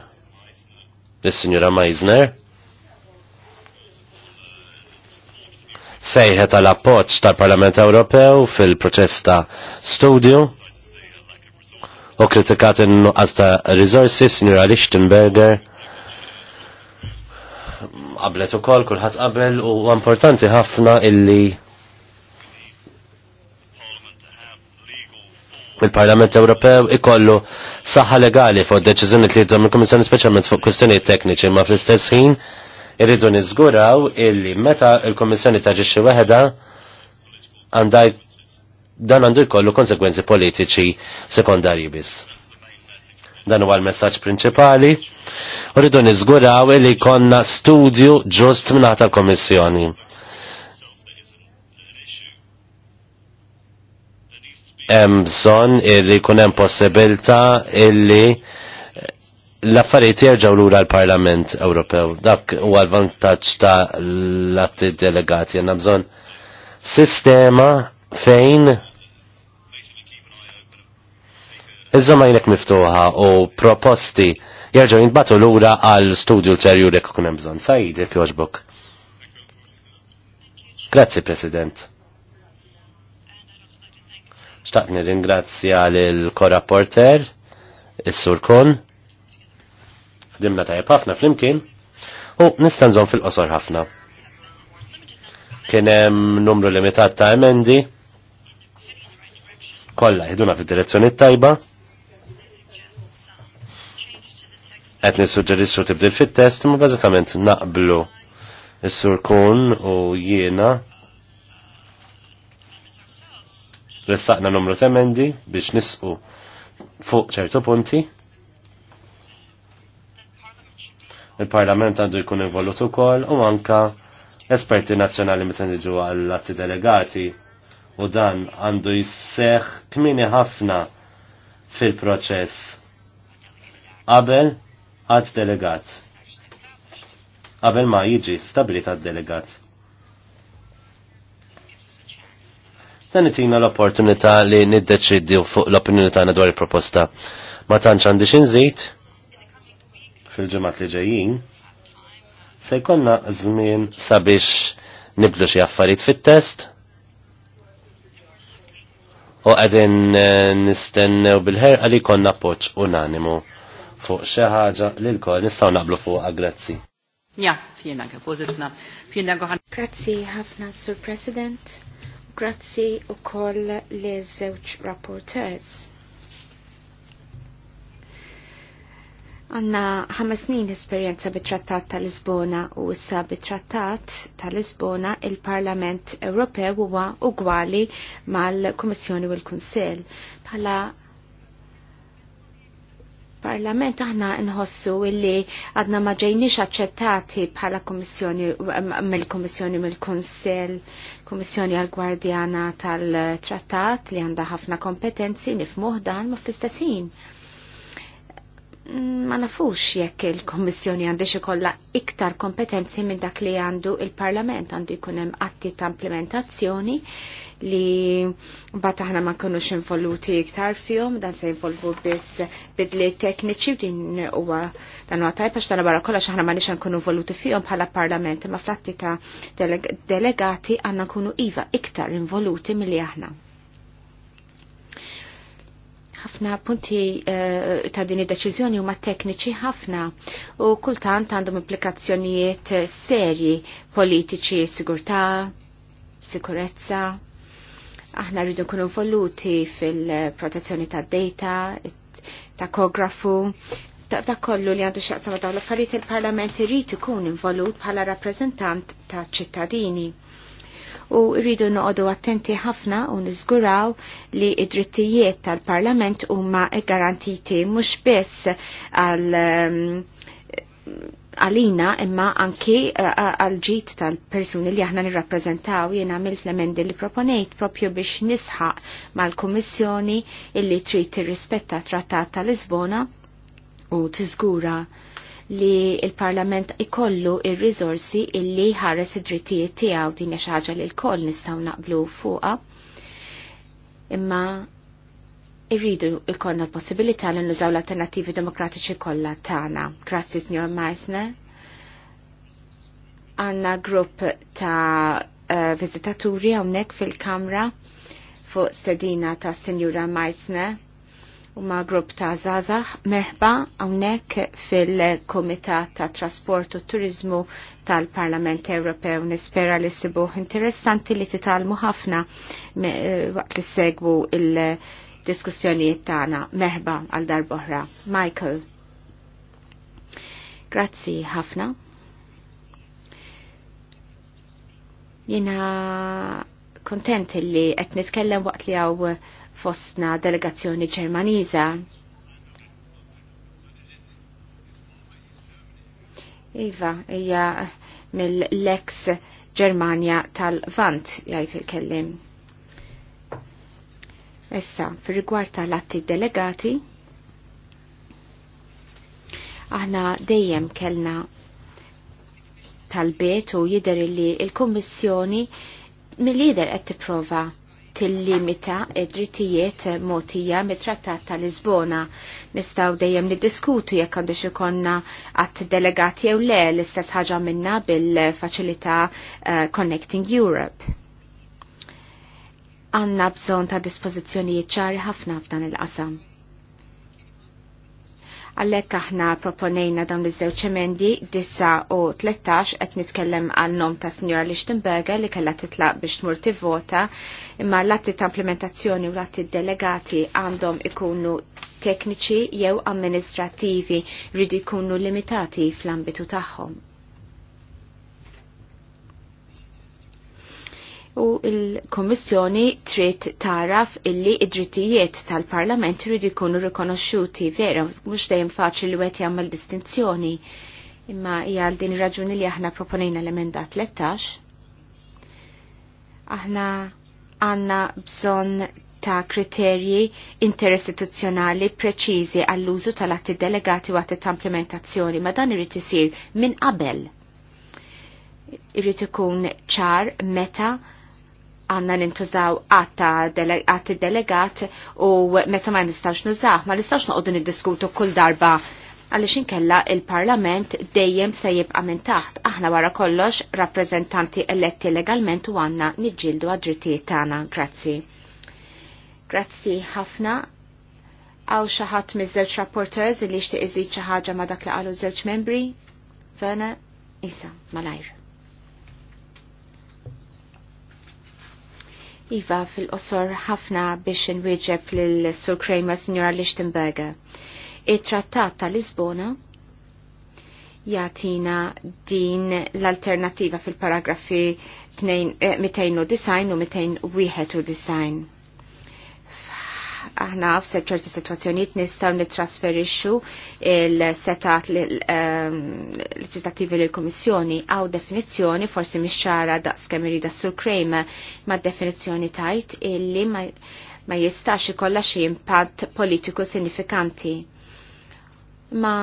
Is-Sinjura Meisner. Sejħet għal appoġġ tal-Parlament Ewropew fil-proċess ta' studju u kritikat in-nuqqas ta' risorsi, Sinjura Lichtenberger qablet ukoll kulħadd qabel u importanti ħafna illi il-Parlament Ewropew ikollu saħħa legali fuq deċiżjoni li jidhom il-Kummissjoni speċjalment fuq kwistjonijiet tekniċi ma fl-istess ħin irridu niżguraw illi meta il-Kummissjoni taġixxi weħeda għandha dan għandu jkollu konsekwenzi politiċi sekondarji biss. Dan huwa l-messaġġ prinċipali. Rridu niżguraw illi konna studju ġust mingħata l-Kummissjoni hemm bżonn illi jkun hemm possibilità illi l-affarijiet jerġgħu lura l-Parlament Ewropew. Dak huwa l-vantaġġ ta' l-atti delegati għandna bżonn sistema fejn Iżomma jilek miftuħa u proposti jerġgħu jintbatu lura għal studju ulterjuri kun hemm bżonn. Sajid jekk joġbok. Grazzi President. Xtaqt nirringrazzja l korrapporter is-Sur Kun. Dimna tajab ħafna flimkien u nistanżon fil-qosor ħafna. Kien hemm numru limitat ta' emendi Kolla ħiduna fid-direzzjoni tajba. Qed nissuġġerixxu tibdil fit-test ma bażikament naqblu is-Sur Kun u jiena Ressaqna numru temendi biex nisqu fuq ċertu punti. Il-Parlament għandu jkun involut ukoll u manka esperti nazzjonali meta niġu għall-atti delegati u dan għandu jisseħ kmini ħafna fil-proċess. Qabel għad delegat. Qabel ma jiġi stabilita għad delegat. dan itina l-opportunità li niddeċiddi fuq l-opinjoni tagħna dwar il-proposta. Ma tantx għandi xinżid fil-ġimgħat li ġejjin se jkollna żmien sabiex niblu xi affarijiet fit-test u qegħdin eh, nistennew bil-ħerqa li konna poċ unanimu fuq xi ħaġa li l-kol nistgħu naqblu fuqha grazzi. Ja, fjena għu, pozizna. Fjena għu Grazzi ħafna, Sur President Grazzi u koll li zewċ rapporters. Għanna ħames snin esperjenza bit-trattat tal-Lisbona u issa bit-trattat tal-Lisbona il-Parlament Ewropew huwa ugwali mal-Kummissjoni u l-Kunsell. Bħala parlament aħna nħossu illi għadna ma ġejniex aċċettati bħala kommissjoni mill Komissjoni mill-Kunsell, kommissjoni għal gwardjana tal-trattat li għandha ħafna kompetenzi nifmuh dan ma fl-istessin. Ma nafux jekk il-Kommissjoni għandix ikollha iktar kompetenzi minn dak li għandu il-Parlament għandu jkun hemm atti ta' implementazzjoni li mbagħad aħna ma nkunux involuti iktar fihom dan se involvu biss bidli tekniċi din huwa dan huwa tajb għax barra kollox aħna ma nix nkunu involuti fihom bħala parlament imma flatti ta' delegati għandna nkunu iva iktar involuti milli aħna ħafna punti uh, ta' din id-deċiżjoni huma tekniċi ħafna u kultant għandhom implikazzjonijiet serji politiċi, sigurtà, sikurezza, Aħna rridu nkunu involuti fil-protezzjoni ta' data, takografu, ta', ta kollu li għandu xaqsa dawn l-affarijiet il-Parlament irid ikun involut bħala rappreżentant ta' ċittadini. U rridu noqogħdu attenti ħafna u niżguraw li id-drittijiet tal-Parlament huma garantiti mhux biss għal um, għalina imma anki eh, eh, għal-ġit tal-persuni li aħna nirrappreżentaw jien għamilt l-emendi li proponejt propju biex nisħaq mal-Kommissjoni illi trid tirrispetta trattat tal-Lisbona u tiżgura li il-Parlament ikollu il-rizorsi illi ħares id-drittijiet tiegħu din xi ħaġa li l-koll nistgħu naqblu fuqha. Imma irridu ikonna l-possibilità li nużaw l-alternativi demokratiċi kollha tagħna. Grazzi Sr. Meisner. Għanna grupp ta' uh, vizitaturi hawnhekk fil-kamra fuq sedina ta' Sinjura Meisner u ma' grupp ta' Zazax Merba hawnhekk fil-Komitat ta' Trasport u Turizmu tal-Parlament Ewropew nispera li sibuħ interessanti li titalmu ħafna eh, waqt li segwu il- diskussjonijiet tagħna. merba għal darboħra. Michael. Grazzi ħafna. Jina kontent li qed nitkellem waqt li għaw fostna delegazzjoni ġermaniża. Iva, hija mill-ex Germania tal-Vant, jgħid il-kellim. Issa, fir rigward tal-atti delegati, aħna dejjem kellna tal-bet u jider li il-Kommissjoni mill-lider qed tipprova tillimita id-drittijiet motija mit-trattat tal-Lisbona. nistgħu dejjem niddiskutu jekk għandux ikonna għat delegati jew le l-istess ħaġa minna bil-faċilità uh, Connecting Europe għanna bżon ta' dispozizjonijiet ċari ħafna f'dan il-qasam. Għallek aħna proponejna dawn iż-żewġ emendi 9 u 13 qed nitkellem għal nom ta' Sinjora Lichtenberger li kellha titlaq biex tmur tivvota imma l-atti ta' implementazzjoni u l-atti delegati għandhom ikunu tekniċi jew amministrativi rridu jkunu limitati fl-ambitu tagħhom. u il il-Kommissjoni trid taraf illi id-drittijiet tal-Parlament rridu jkunu rikonoxxuti vera mhux dejjem faċli li jagħmel distinzjoni. Imma hija għal din ir-raġuni li aħna proponejna l-emenda 13. Aħna għandna bżonn ta' kriterji interistituzzjonali preċiżi għall-użu tal-atti delegati u għatti ta' implementazzjoni, ma dan irid isir minn qabel. Irrid ikun ċar meta għanna nintużaw għatta għatti delegat u meta ma nistawx nużaw, ma nistawx noqdu niddiskutu kull darba għalix inkella il-parlament dejjem se jibqa' minn taħt aħna wara kollox rappreżentanti eletti legalment u għanna niġġieldu għad-drittijiet tagħna. Grazzi. Grazzi ħafna għaw xaħat miż-żewġ rapporteurs li jixtieq iżid xi ħaġa ma dak li qalu żewġ membri. Verna, isa, malajr. Iva fil-qosor ħafna biex nwieġeb lill sur Kramer Signora Lichtenberger. Il-Trattat ta' Lisbona jatina din l-alternativa fil-paragrafi 209 eh, u 291 aħna f'ċerti situazzjonijiet nistgħu nittrasferixxu il-setat ehm, leġislattivi lill kummissjoni għaw definizzjoni forsi mhix ċara daqskemm irida sur krejma ma' definizzjoni tajt illi ma jistax ikollha xi impatt politiku sinifikanti. Ma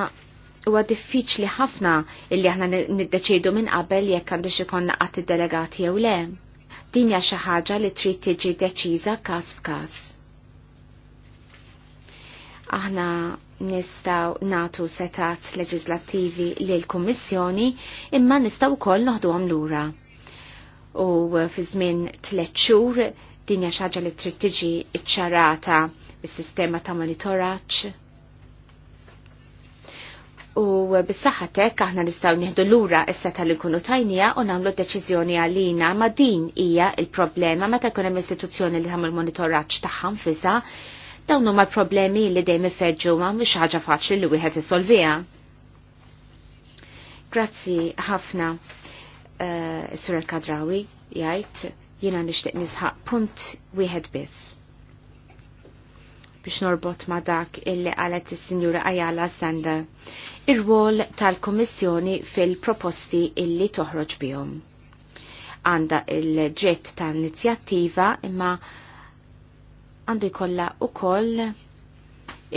huwa diffiċli ħafna illi aħna niddeċidu minn qabel jekk għandux konna qatt id-delegati jew le. Din hija xi ħaġa li trid tiġi deċiża każ f'każ. Aħna nistaw natu setat leġislattivi li l-Kommissjoni imma nistaw ukoll noħdu lura. U fi żmien tliet xhur din hija xaġa li trid tiġi ċċarata bis-sistema ta' monitoraġġ. U bis-saħħatek aħna nistgħu nieħdu lura s-seta li kunu tajnija u nagħmlu deċiżjoni għalina ma' din hija il-problema meta jkun hemm istituzzjoni li tagħmel monitoraġġ tagħha nfisha Dawn huma problemi li dejjem ma mhux ħaġa faċli li wieħed isolvija. Grazzi ħafna, uh, Sur Kadrawi, jgħid jiena nixtieq nisħaq punt wieħed biss biex norbot ma dak illi qalet is-Sinjura Ajala Sander ir-rwol tal kummissjoni fil-proposti illi toħroġ bihom. Għanda il-dritt tal-inizjattiva imma għandu jkollha koll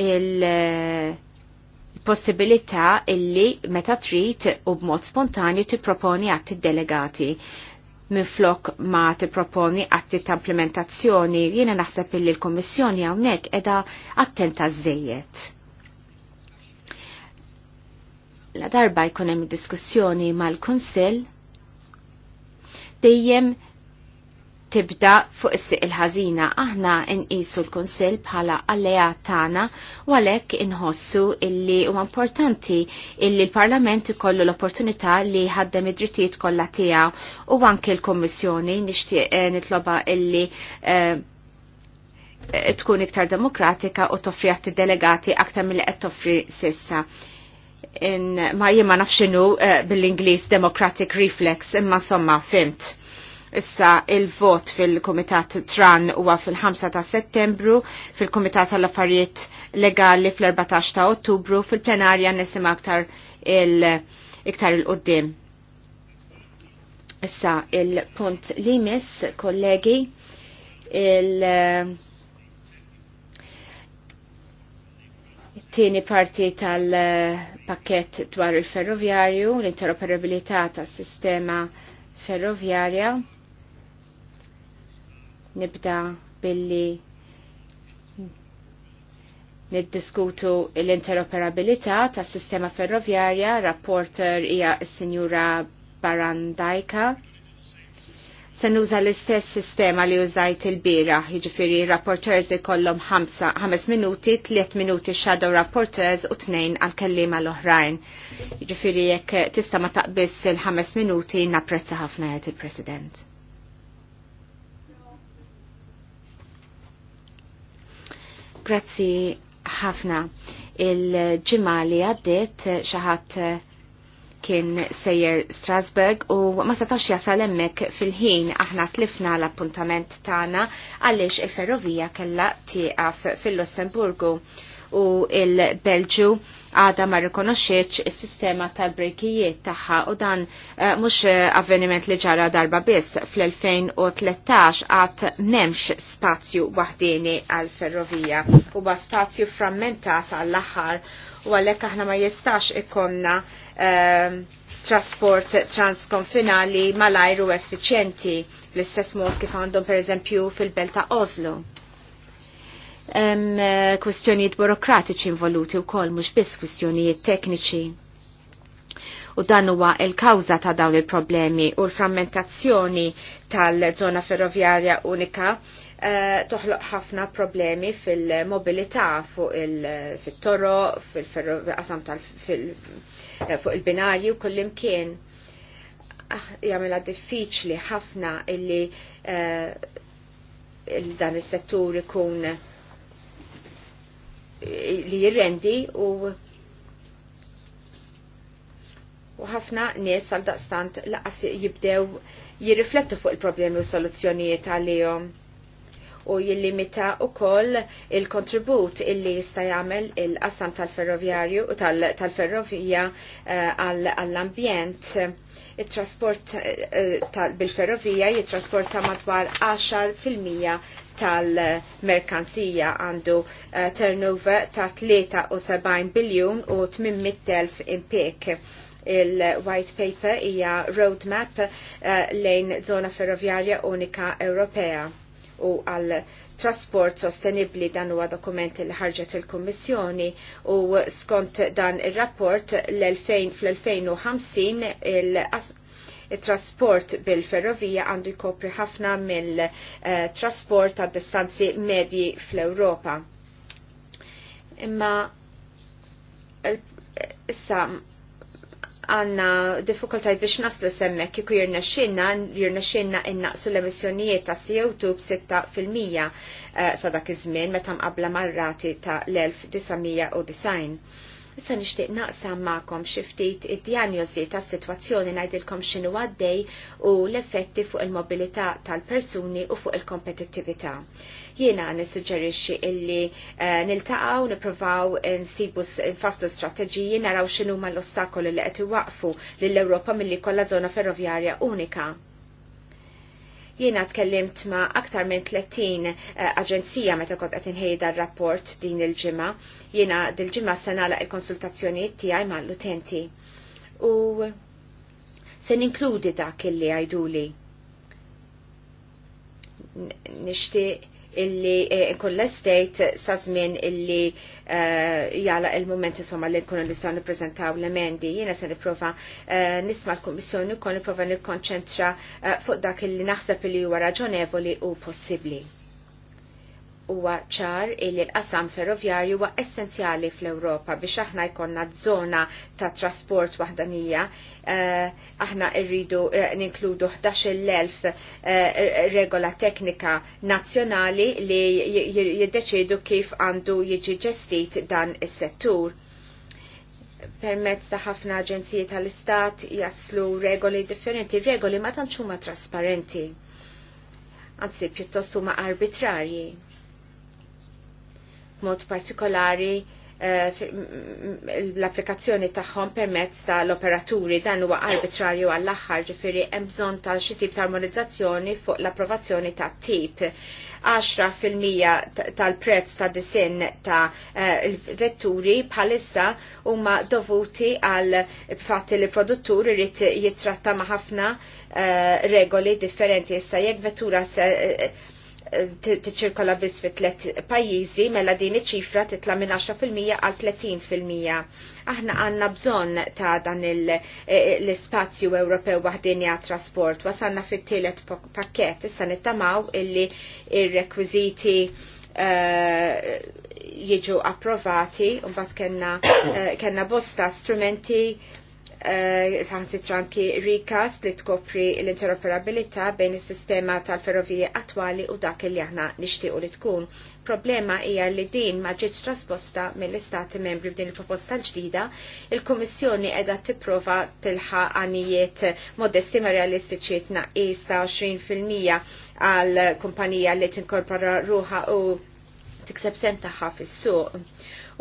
il-possibilità illi meta trid u b'mod spontanju tipproponi għatti delegati minn flok ma tipproponi għatti ta' implementazzjoni jiena naħseb illi l-Kommissjoni hawnhekk edha attenta żejjed la darba jkun hemm diskussjoni mal-Kunsill dejjem tibda fuq is-siq il-ħażina aħna nqisu l-Kunsill bħala alleat tagħna u għalhekk inħossu illi huwa importanti illi l-Parlament ikollu l-opportunità li ħaddem id-drittijiet kollha tiegħu u anke l kummissjoni nixtieq eh, nitloba illi eh, tkun iktar demokratika u toffri għat delegati aktar mill qed toffri sissa in ma jimma nafxinu uh, eh, bil-Inglis Democratic Reflex imma somma fimt. Issa il-vot fil-Komitat Tran huwa fil-5 ta' Settembru, fil-Komitat tal-Affarijiet Legali fil-14 ta' Ottubru, fil-plenarja nisim aktar il-iktar il-qoddim. Issa il-punt li limis, kollegi, il- tieni parti tal-pakket dwar il-ferroviarju, l-interoperabilità tas-sistema ferroviarja Nibda billi niddiskutu l-interoperabilità tas sistema ferroviarja, rapporter hija s-Sinjura Barandajka. Se nuża l-istess sistema li użajt il-bira, jiġifieri rapporters ikollhom 5 minuti, 3 minuti shadow rapporters u 2 għal kellima l-oħrajn. Jiġifieri jekk tista' ma taqbiss il-5 minuti napprezza ħafna qed il-President. Grazzi ħafna. Il-ġimali għaddit xaħat kien sejjer Strasburg u ma setax jasal hemmhekk fil-ħin aħna tlifna l-appuntament tagħna għaliex il-ferrovija kellha tieqaf fil-Lussemburgu u il-Belġu għada ma rikonoxieċ il-sistema tal-brekijiet taħħa u dan eh, mux eh, avveniment li ġara darba biss fl-2013 għat memx spazju wahdini għal-ferrovija u ba spazju frammentat għall-axar u għalek aħna ma jistax ikonna eh, trasport transkonfinali malajru effiċjenti l istess mod kif għandhom per eżempju fil-belt ta' Oslo Eh, kwistjonijiet burokratiċi involuti wkoll mhux biss kwistjonijiet tekniċi u dan huwa il-kawża ta' dawn il-problemi u l-frammentazzjoni tal-żona ferroviarja unika eh, toħloq ħafna problemi fil-mobilità fuq il-toro, eh, fuq il-binarju kullimkien. Ah, imkien. diffiċli ħafna illi dan il dan is-settur ikun li jirrendi u u ħafna nies għal daqstant laqas jibdew jirriflettu fuq il-problemi u soluzzjonijiet għalihom u jillimita u koll il-kontribut illi jista jagħmel il-qassam tal ferrovjarju u tal-ferrovija eh, għall-ambjent. Il-trasport eh, bil-ferrovija jittrasporta madwar 10% tal-merkanzija għandu eh, turnover ta' 73 biljun u 800.000 impek il-White Paper hija roadmap uh, lejn zona Ferrovjarja unika Ewropea u għal trasport sostenibli dan huwa dokument li ħarġet il-Kummissjoni u skont dan ir-rapport fl-2050 il il-trasport bil-ferrovija għandu jkopri ħafna mill-trasport eh, għad distanzi medji fl-Europa. Imma eh, issa għanna diffikultajt biex naslu semmek kiku jirna xinna, jirna xinna innaqsu l-emissjonijiet ta' CO2 b-6% eh, sa dak iż-żmien meta mqabla marrati ta' l-1990. Issa nixtieq naqsam magħkom xi ftit id djanjosi tas-sitwazzjoni ngħidilkom x'inhu għaddej u l-effetti fuq il-mobilità tal-persuni u fuq il-kompetittività. Jiena nissuġġerixxi illi eh, niltaqgħu nippruvaw nsibu nfasslu strateġiji naraw x'inhu ma l-ostakoli li qed iwaqfu lill-Ewropa milli kollha żona ferrovjarja unika. Jiena tkellimt ma' aktar minn 30 eh, aġenzija meta kont qed inħejda r-rapport din il-ġimgħa. Jiena dil-ġimgħa se nagħlaq il-konsultazzjonijiet tiegħi mal-utenti. U se ninkludi dak illi għajduli nishtiq illi eh, nkun l-estate sa' żmien illi eh, jala il-moment insomma li nkunu nistgħu nippreżentaw l-emendi. Jiena se nipprova eh, nisma' l-Kummissjoni wkoll nipprova nikkonċentra fuq dak illi naħseb illi huwa raġonevoli u possibbli huwa ċar illi l-qasam ferroviarju huwa essenzjali fl-Ewropa biex aħna jkollna żona ta' trasport waħdanija. Eh, aħna rridu eh, ninkludu 11.000 eh, regola teknika nazzjonali li jiddeċidu kif għandu jiġi ġestit dan is-settur permezz ta' ħafna aġenziji tal-istat jaslu regoli differenti, regoli ma tantx huma trasparenti. Anzi, pjuttost huma arbitrarji mod partikolari eh, l-applikazzjoni tagħhom permezz tal-operaturi dan huwa arbitrarju għall aħħar ġifieri hemm bżonn ta' xi tip ta' armonizzazzjoni fuq l-approvazzjoni ta' tip. 10% tal-prezz ta' disin ta' eh, vetturi bħalissa huma dovuti għal fatti li produttur irid jitratta ma' ħafna eh, regoli differenti issa jekk vettura tiċirkola biss fit tlet pajjiżi mela din iċ-ċifra titla' minn 10% għal 30%. Aħna għandna bżonn ta' dan e, e, l-ispazju Ewropew waħdini għat trasport. Wasanna fit-tielet pakket issa nittamaw illi ir-rekwiżiti e, jiġu approvati u mbagħad kellna bosta strumenti Eh, ħansi tranki rikas li tkopri l-interoperabilità bejn is-sistema tal-ferrovija attwali u dak li aħna nixtiequ li tkun. Problema hija li din ma ġietx trasposta mill-Istati membri b'din il-proposta l-ġdida, il-Kummissjoni qiegħda tipprova tilħa għanijiet modesti ma realistiċi tnaqqis ta' 20% għal kumpanija li tinkorpora ruħa u tikseb sem taħħa fis-suq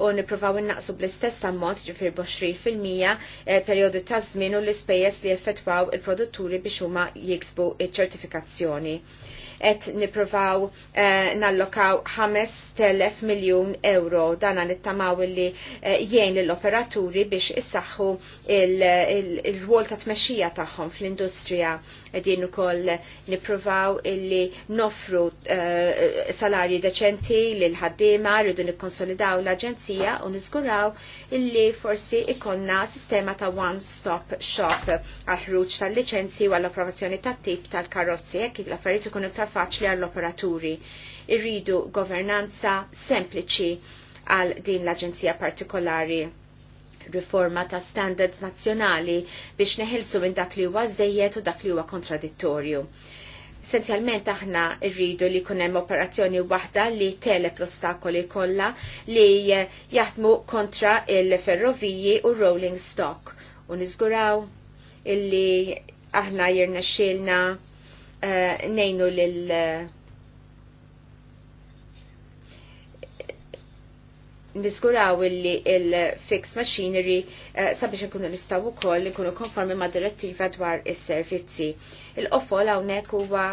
u nippruvaw innaqsu bl-istess ammont ġifir 20% eh, perjodu ta' żmien u l-ispejjeż li effettwaw il-produtturi biex huma jiksbu iċ-ċertifikazzjoni qed nippruvaw eh, nallokaw 5,000 miljun euro dana nittamaw li eh, jgħin l-operaturi biex issaħħu il-rwol ta' tmexxija tagħhom fl-industrija din ukoll nippruvaw illi nofru eh, salarji deċenti lil ħaddiema rridu nikkonsolidaw l-aġenzija u niżguraw illi forsi ikonna sistema ta' one-stop shop għal ħruġ tal licenzi u għall-approvazzjoni tat-tip tal-karozzi jekk l-affarijiet ikunu faċli għall-operaturi. Irridu governanza sempliċi għal din l-Aġenzija partikolari riforma ta' standards nazzjonali biex neħilsu minn dak li huwa żejjed u dak li huwa kontradittorju. Essenzjalment aħna rridu li jkun hemm operazzjoni waħda li telep l-ostakoli kollha li jaħdmu kontra il-ferroviji u rolling stock u nizguraw illi aħna jirna xilna Eh, nejnu lil eh, niskuraw illi il-fix machinery eh, sabiex nkunu nistaw li nkunu konformi ma' direttiva dwar is-servizzi. Il-qofol hawnhekk huwa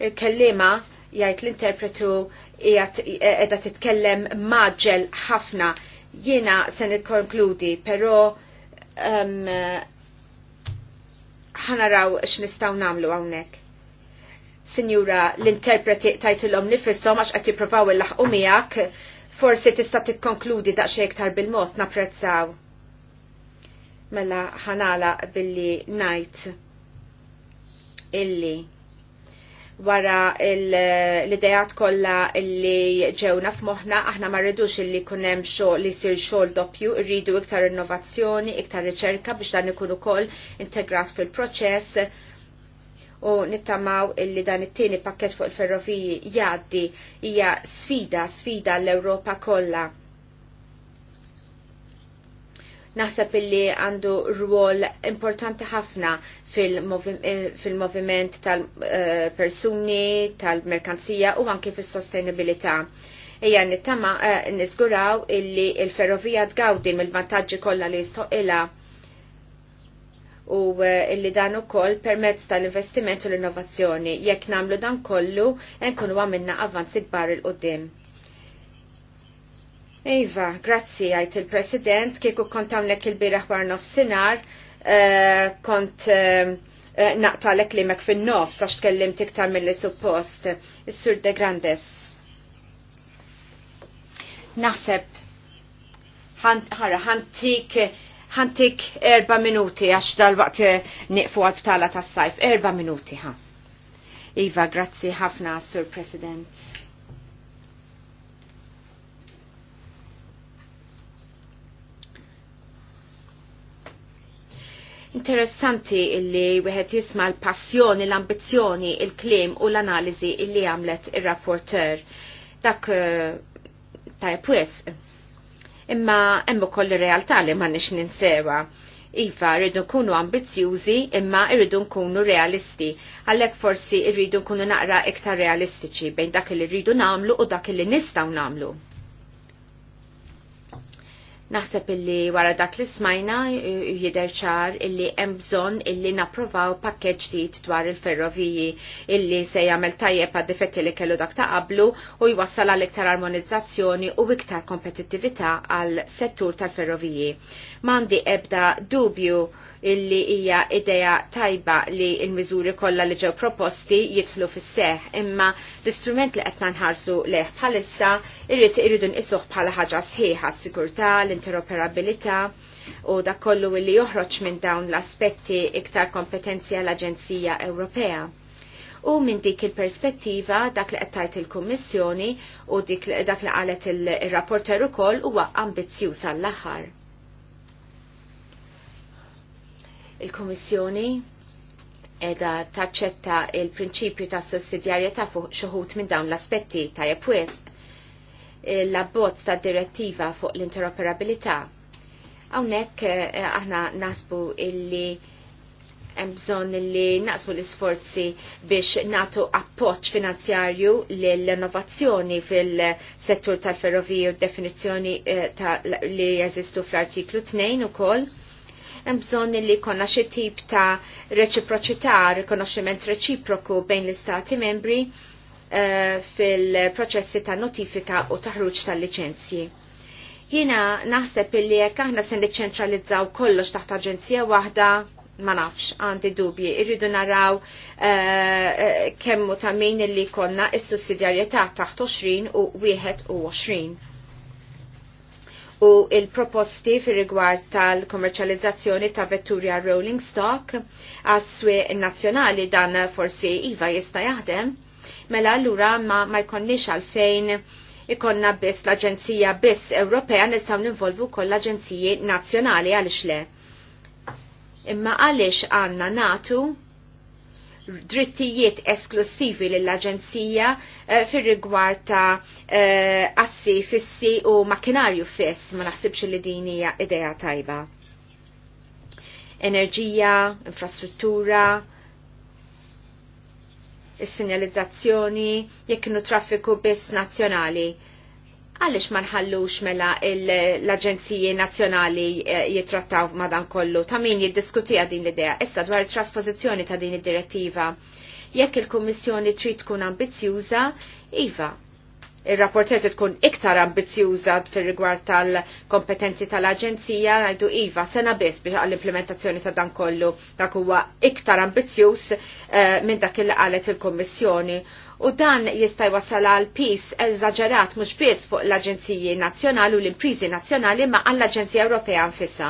il-kellima jgħid l-interpretu qiegħda titkellem maġġel ħafna. Jiena se nikkonkludi, però ehm, ħanaraw x'nistgħu nagħmlu hawnhekk. Sinjura, l-interpreti tajtilom nifissom għax għati provaw il-laħqu miegħek, forsi tista' tikkonkludi daqsxejn iktar bil-mod napprezzaw. Mela ħanala billi najt illi wara l-idejat kollha illi ġewna f'moħħna aħna ma rridux illi jkun hemm xogħol li jsir xogħol doppju, irridu iktar innovazzjoni, iktar riċerka biex dan ikun ukoll integrat fil-proċess u nittamaw illi dan it-tieni pakket fuq il-ferroviji jgħaddi hija sfida, sfida l-Ewropa kollha. Naħseb illi għandu rwol importanti ħafna eh, fil-moviment fil tal-persuni, tal-merkanzija u anke fis-sostenibilità Ija nittama eh, nisguraw illi il-ferrovija tgawdi mill-vantaġġi kollha li jistoqilha u eh, illi dan ukoll permezz tal-investiment u l-innovazzjoni. Jekk namlu dan kollu, nkunu għamilna avvanzi kbar il-qoddim. Iva, grazzi għajt il-President, kieku kont għamlek il-biraħ war nofsinar, eh, kont eh, naqtalek li mek fin-nof sax tkellim tiktar mill-li suppost. Is-Sur de Grandes. Naħseb ħara ħantik ħantik erba minuti għax dal-waqt niqfu għal-btala tas-sajf. Erba minuti ħa. Iva, grazzi ħafna, Sur President. Interessanti illi wieħed jisma l-passjoni, l-ambizzjoni, il-klim u l-analiżi illi għamlet ir-rapporter. Dak uh, imma hemm ukoll realtà li m'għandniex ninsewa. Iva, rridu nkunu ambizjużi imma irridu nkunu realisti. Għallek forsi rridu nkunu naqra iktar realistiċi bejn dak li rridu namlu u dak li nistaw namlu. Naħseb illi wara dak li smajna jiderċar ċar illi hemm bżonn illi napprovaw pakkeġġ ġdid dwar il-ferroviji illi se jagħmel tajjeb għad difetti li kellu dak ta' qablu u jwassal għal iktar armonizzazzjoni u iktar kompetittività għal settur tal-ferroviji. Mandi ebda dubju illi hija idea tajba li l-miżuri kollha li ġew proposti jitflu fis-seħ, imma l-istrument li qed nħarsu leħ bħalissa irrid iridu nqisuh bħala ħaġa sħiħa s-sigurtà, l-interoperabilità u dak kollu illi joħroġ minn dawn l-aspetti iktar kompetenzi għall-Aġenzija Ewropea u minn dik il-perspettiva dak li qed il-Kummissjoni u dik, dak li qalet il-rapporter ukoll huwa ambizzjuż għall-aħħar. Il-Komissjoni edha taċċetta il-prinċipju ta' sussidjarjetà fuq xuħut minn dawn l-aspetti ta' jepwis l-abbozz ta' direttiva fuq l-interoperabilità. Hawnhekk eh, aħna nasbu illi hemm bżonn li naqsmu l-isforzi biex natu appoġġ finanzjarju l-innovazzjoni fil-settur tal-ferroviju definizzjoni eh, li jeżistu fl-artiklu 2 ukoll hemm bżonn li jkollna xi tip ta' reċiproċità, rikonoxximent reċiproku bejn l-istati membri uh, fil-proċessi ta' notifika u taħruġ tal-liċenzji. Jiena naħseb illi jekk aħna se niċċentralizzaw kollox taħt aġenzija waħda ma nafx għandi dubji, irridu naraw uh, kemmu ta' min li konna is-sussidjarjetà taħt 20 u 21 u il-proposti fir rigward tal-kommerċializzazzjoni ta' vetturi għal rolling stock għas nazjonali nazzjonali dan forsi iva jista' jaħdem. Mela allura ma, ma jkonniex għalfejn ikonna biss l-Aġenzija biss Ewropea nistgħu ninvolvu kol l-Aġenziji nazzjonali għaliex le. Imma għaliex għandna natu drittijiet esklusivi lill-Aġenzija uh, eh, fir rigward ta' uh, assi fissi u makinarju fiss, ma naħsibx li din hija idea tajba. Enerġija, infrastruttura, is-sinjalizzazzjoni, jekk kienu traffiku biss nazzjonali għalix ma nħallux mela l-Aġenziji Nazzjonali eh, jitrattaw madan kollu, ta' min jiddiskuti din l-idea, issa dwar trasposizjoni ta' din id-direttiva. Jekk il-Kommissjoni trid tkun ambizjuża, iva, il-rapportet tkun iktar ambizjuża fil-rigward tal-kompetenzi tal-Aġenzija għajdu IVA sena biss għall-implementazzjoni ta' dan kollu dak huwa iktar ambizjuż eh, minn dak il qalet il-Kommissjoni U dan jista' jwassal għal pis eżaġerat mhux biss fuq l-Aġenziji Nazzjonali u l-Imprizi Nazzjonali ma għall-Aġenzija Ewropea nfisha.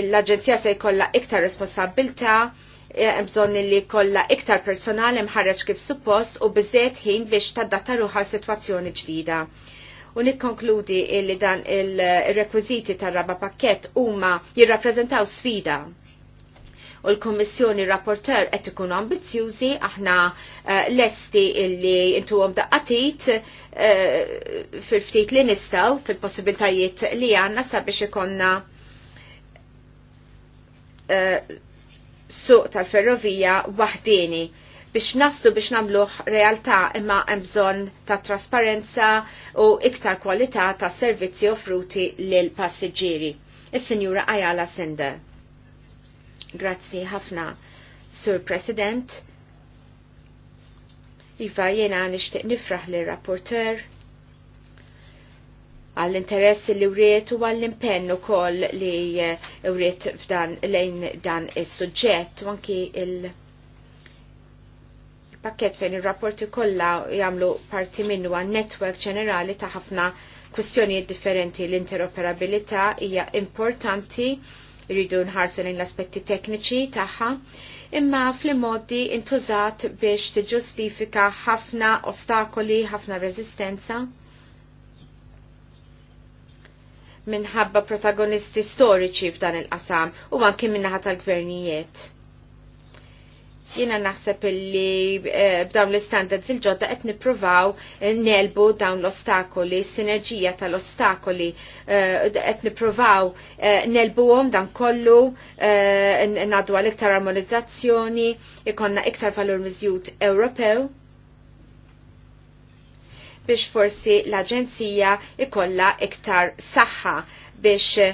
L-Aġenzija se jkollha iktar responsabilta, eh, bżonn li kollha iktar personali mħarreġ kif suppost u biżiet ħin biex tadatta ruħa situazzjoni ġdida. U nikkonkludi li dan il-rekwiziti tar-raba pakket huma jirrappreżentaw sfida u l-Kommissjoni rapporter qed ikun ambizzjużi aħna eh, lesti illi intuhom daqqatit eh, fil-ftit li nistaw, fil-possibiltajiet li għanna sabiex ikonna eh, suq tal-ferrovija wahdini biex naslu biex namluħ realtà imma hemm bżonn ta' trasparenza u iktar kwalità ta' servizzi offruti lil passiġġieri. Is-Sinjura Ajala Sender. Grazzi ħafna, Sur President. Iva jena nishtiq nifraħ li rapporter għall-interess li wriet u għall-impenn ukoll li eh, wriet f'dan lejn dan is-suġġett u anki il- pakket fejn ir-rapporti kollha jagħmlu parti minnu għan netwerk ġenerali ta' ħafna kwistjonijiet differenti l-interoperabilità hija importanti rridu nħarsu lejn l-aspetti tekniċi tagħha, imma fl-modi intużat biex tiġustifika ħafna ostakoli, ħafna rezistenza minħabba protagonisti storiċi f'dan il-qasam u anki minnaħat tal-gvernijiet Jina naħseb illi eh, b'dawn l-standards il-ġodda qed nippruvaw eh, nelbu dawn l-ostakoli, sinerġija tal-ostakoli, eh, qed nippruvaw nelbuhom dan kollu ngħaddu għal iktar armonizzazzjoni, ikonna iktar valur miżjud Ewropew biex forsi l-Aġenzija ikolla iktar saħħa biex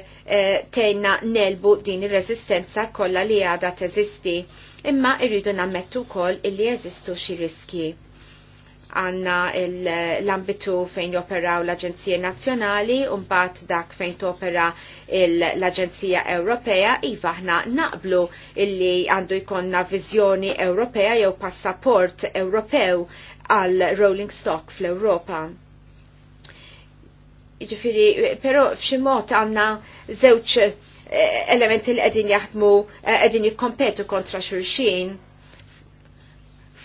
tejna nelbu din ir reżistenza kollha li għadha teżisti imma irridu nammettu kol illi jeżistu xi riski għanna l-ambitu fejn joperaw l-Aġenzija Nazzjonali mbagħad dak fejn topera l-Aġenzija Ewropea iva aħna naqblu illi għandu jkonna viżjoni Ewropea jew passaport Ewropew għal rolling stock fl-Ewropa. Ġifiri, pero f'xi mod għandna żewġ elementi li qegħdin jaħdmu eh, qegħdin jikkompetu kontra xulxin.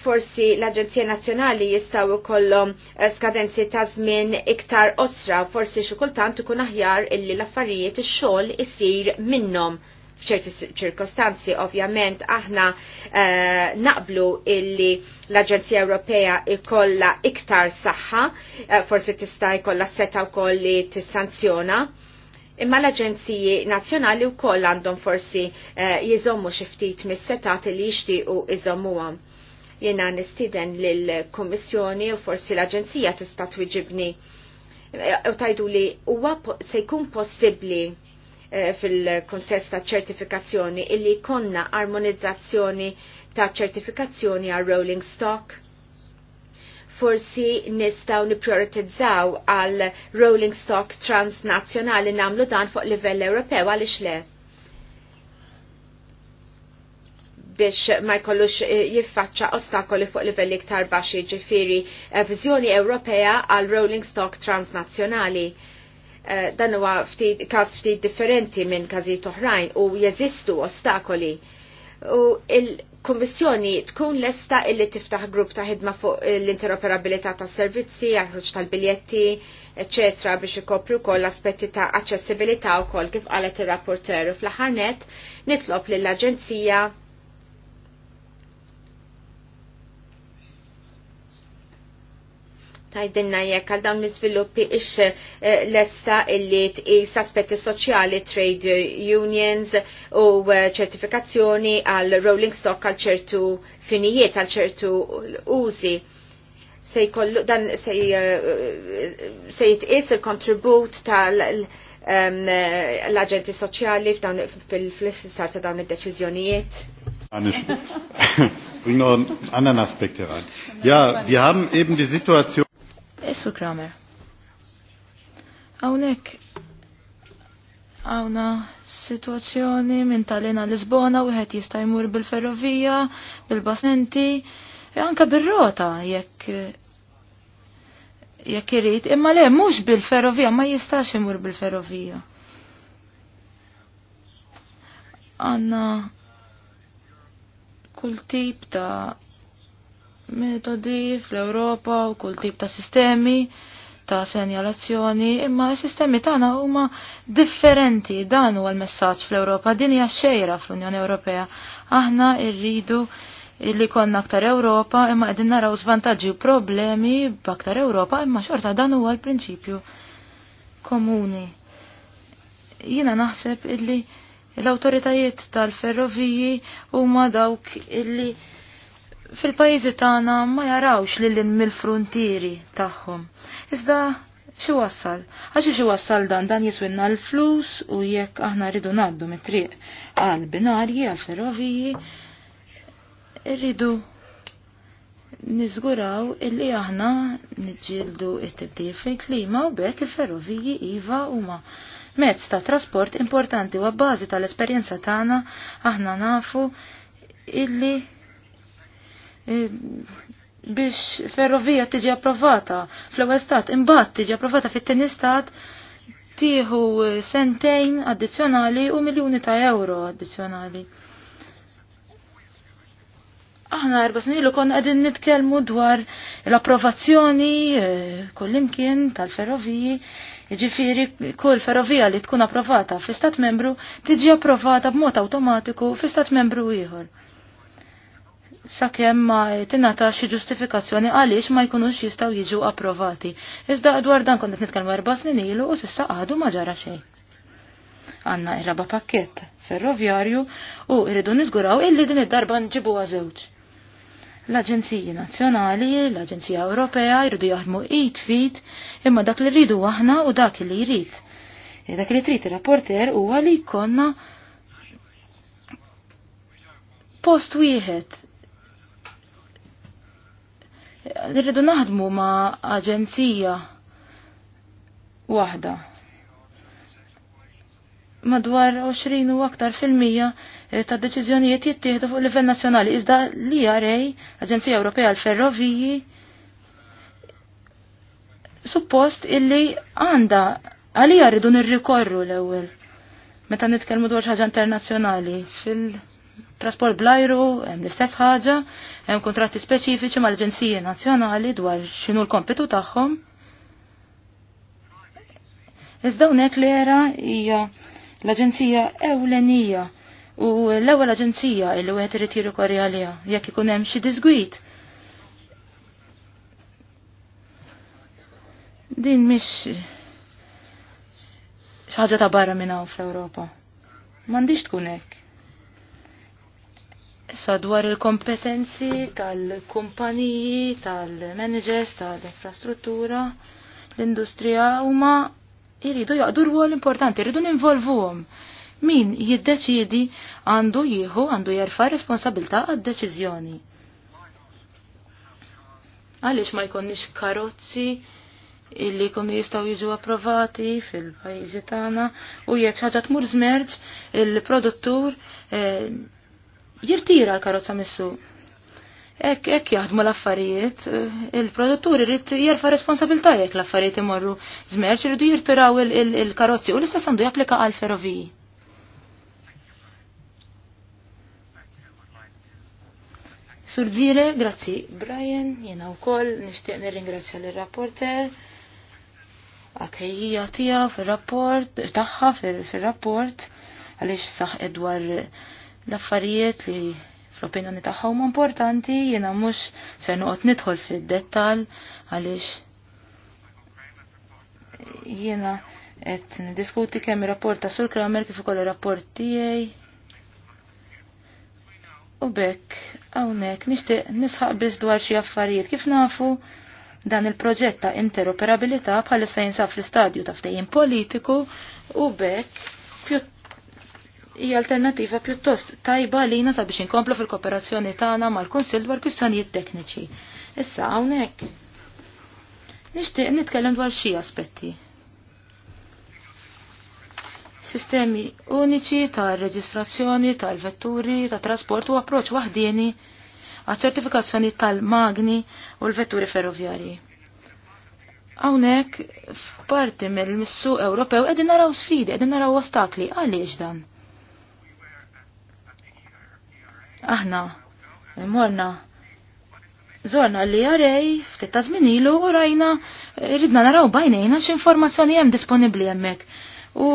Forsi l-Aġenzija Nazzjonali jistgħu jkollhom eh, skadenzi ta' żmien iktar osra, forsi xi kultant ikun aħjar illi l-affarijiet ix-xogħol isir minnhom f'ċerti ċirkostanzi ovvjament aħna eh, naqblu illi l-Aġenzija Ewropea ikolla iktar saħħa, eh, forsi tista' jkollha seta' wkoll li tissanzjona Imma l-Aġenziji Nazzjonali u koll għandhom forsi eh, jizommu xiftit mis-setat li jixtiequ iżommuhom. Jena nistiden lill-Kummissjoni u forsi l-Aġenzija tista' twiġibni eh, u tajdu li huwa se jkun possibbli eh, fil-kontest ta' ċertifikazzjoni illi konna armonizzazzjoni ta' ċertifikazzjoni għal rolling stock forsi nistaw niprioritizzaw għal rolling stock transnazzjonali namlu dan fuq livell Ewropew għaliex le. biex ma jkollux eh, jiffaċċa ostakoli fuq livelli iktar baxi ġifiri eh, viżjoni Ewropea għal rolling stock transnazzjonali. Eh, dan huwa każ ftit differenti minn każijiet oħrajn u jeżistu ostakoli u kummissjoni tkun lesta illi tiftaħ grupp ta' ħidma fuq l-interoperabilità ta' servizzi, għarruċ tal-biljetti, eccetera, biex ikopru kol aspetti ta' accessibilità u kol kif għalet il-rapporteru fl-ħarnet, nitlob l-Aġenzija tajdinna jekk għal dawn l-izviluppi ix eh, l-esta illi tqis aspetti soċjali trade unions u eh, ċertifikazzjoni għal rolling stock għal ċertu finijiet għal ċertu użi se jkollu dan se eh, jitqis il-kontribut tal l-aġenti soċjali fil-flissar ta' dawn id-deċiżjonijiet. Għanna noch einen Ja, vi għam eben di situazzjoni. Issu Kramer. Hawnhekk għawna situazzjoni minn talina Lisbona u għet jista' jmur bil-ferrovija, bil-basmenti, e anka bil-rota jekk jekk irid, imma le mhux bil-ferrovija, ma jistax imur bil-ferrovija. Għanna kull tip ta' metodi fl-Ewropa u kull tip ta' sistemi ta' senjalazzjoni, imma s-sistemi tagħna huma differenti dan huwa l-messaġġ fl-Ewropa, din hija xejra fl-Unjoni Ewropea. Aħna rridu illi konna aktar Ewropa, imma qegħdin naraw żvantaġġi u problemi b'aktar Ewropa, imma xorta dan huwa l-prinċipju komuni. Jiena naħseb illi l-awtoritajiet tal-ferroviji huma dawk illi fil-pajjiżi tagħna ma jarawx lil mill-frontieri tagħhom. Iżda xi wassal? Għaxi xi wassal dan dan jiswinna l-flus u jekk aħna rridu ngħaddu mit-triq għal binarji għal ferroviji rridu niżguraw illi aħna niġġieldu it-tibdil fil-klima u bekk il-ferroviji iva huma mezz ta' trasport importanti u għabbażi tal-esperjenza tagħna aħna nafu illi E, biex ferrovija tiġi approvata fl-ewwel stat, imbagħad tiġi approvata fit-tieni stat tieħu sentejn addizzjonali u miljuni ta' euro addizzjonali. Aħna erba' snin kon konna qegħdin nitkellmu dwar l-approvazzjoni e, kullimkien tal-ferroviji. Ġifiri, kull ferrovija li tkun approvata fi stat membru tiġi approvata b'mod awtomatiku fi stat membru ieħor sakemm ma tinnata xi ġustifikazzjoni għaliex ma jkunux jistgħu jiġu approvati. Iżda dwar dan kont nitkellmu erba' snin ilu u s'issa għadu ma ġara xejn. Għanna ir-raba pakkett ferroviarju u rridu niżguraw illi din id-darba nġibuha żewġ. L-Aġenziji Nazzjonali, l-Aġenzija Ewropea jridu jaħdmu id fit imma dak li rridu aħna u dak li jrid. Dak li trid ir-rapporter huwa li jkollna post wieħed Nirridu naħdmu ma' aġenzija waħda. Madwar 20 u aktar fil-mija eh, ta' deċiżjonijiet jittieħdu fuq livell nazzjonali. Iżda l jarej, Aġenzija Ewropea l-Ferroviji, suppost illi għanda għalija rridu nirrikorru l-ewwel. Meta nitkellmu dwar ħaġa internazzjonali fil- trasport blajru, hemm l-istess ħaġa, hemm kontratti speċifiċi mal-Aġenziji Nazzjonali dwar x'inhu l-kompetu tagħhom. Iżda hawnhekk l-era hija l-Aġenzija ewlenija u l-ewwel aġenzija li wieħed irid korja għaliha jekk ikun hemm xi disgwit. Din mhix xi ħaġa ta' barra minn hawn fl-Ewropa. M'għandix tkun hekk. Sa dwar il-kompetenzi tal-kumpaniji, tal-managers, tal-infrastruttura, l-industrija huma jridu jaqdu rwol importanti, jridu ninvolvuhom. Min jiddeċidi għandu jieħu għandu jerfa responsabilta għad-deċiżjoni. Għaliex ma jkunniex karozzi illi jkunu jistgħu jiġu approvati fil-pajjiżi tagħna u jekk ħaġa tmur żmerġ il-produttur eh, jirtira l-karozza missu. Ek, ek jaħdmu l-affarijiet, il produtturi rrit jerfa' responsabilta jekk l-affarijiet imorru zmerċ irridu jirtiraw il-karozzi u l-istess għandu japplika għal ferroviji. Surdzile, grazzi Brian, jena u koll, nishtiq nirringrazzja l-rapporter, għatħejja tija fil-rapport, taħħa fil-rapport, għalix saħ dwar l-affarijiet li fl-opinjoni tagħhom importanti jiena mhux se noqgħod nidħol fid-dettall għaliex jiena qed niddiskuti kemm ir-rapport ta' Sur Kramer kif ukoll ir-rapport tiegħi. U bekk hawnhekk nixtieq nisħaq biss dwar xi affarijiet kif nafu dan il-proġett ta' interoperabilità bħalissa jinsab fl-istadju ta' ftehim politiku u bekk hija alternativa pjuttost tajba li jina sabiex inkomplu fil-kooperazzjoni tagħna mal-Kunsill dwar kwistjonijiet tekniċi. Issa hawnhekk. Nixtieq nitkellem dwar xi aspetti. Sistemi uniċi ta' reġistrazzjoni tal-vetturi ta' trasport u approċċ waħdieni għaċ ċertifikazzjoni tal-magni u l-vetturi ferroviarji. Hawnhekk f'parti mill missu Ewropew qegħdin naraw sfidi, qegħdin naraw ostakli, għaliex dan? Aħna, morna, zorna li għarej, ftit ta' zminilu, u rajna, ridna naraw bajnejna x'informazzjoni hemm disponibbli hemmhekk. U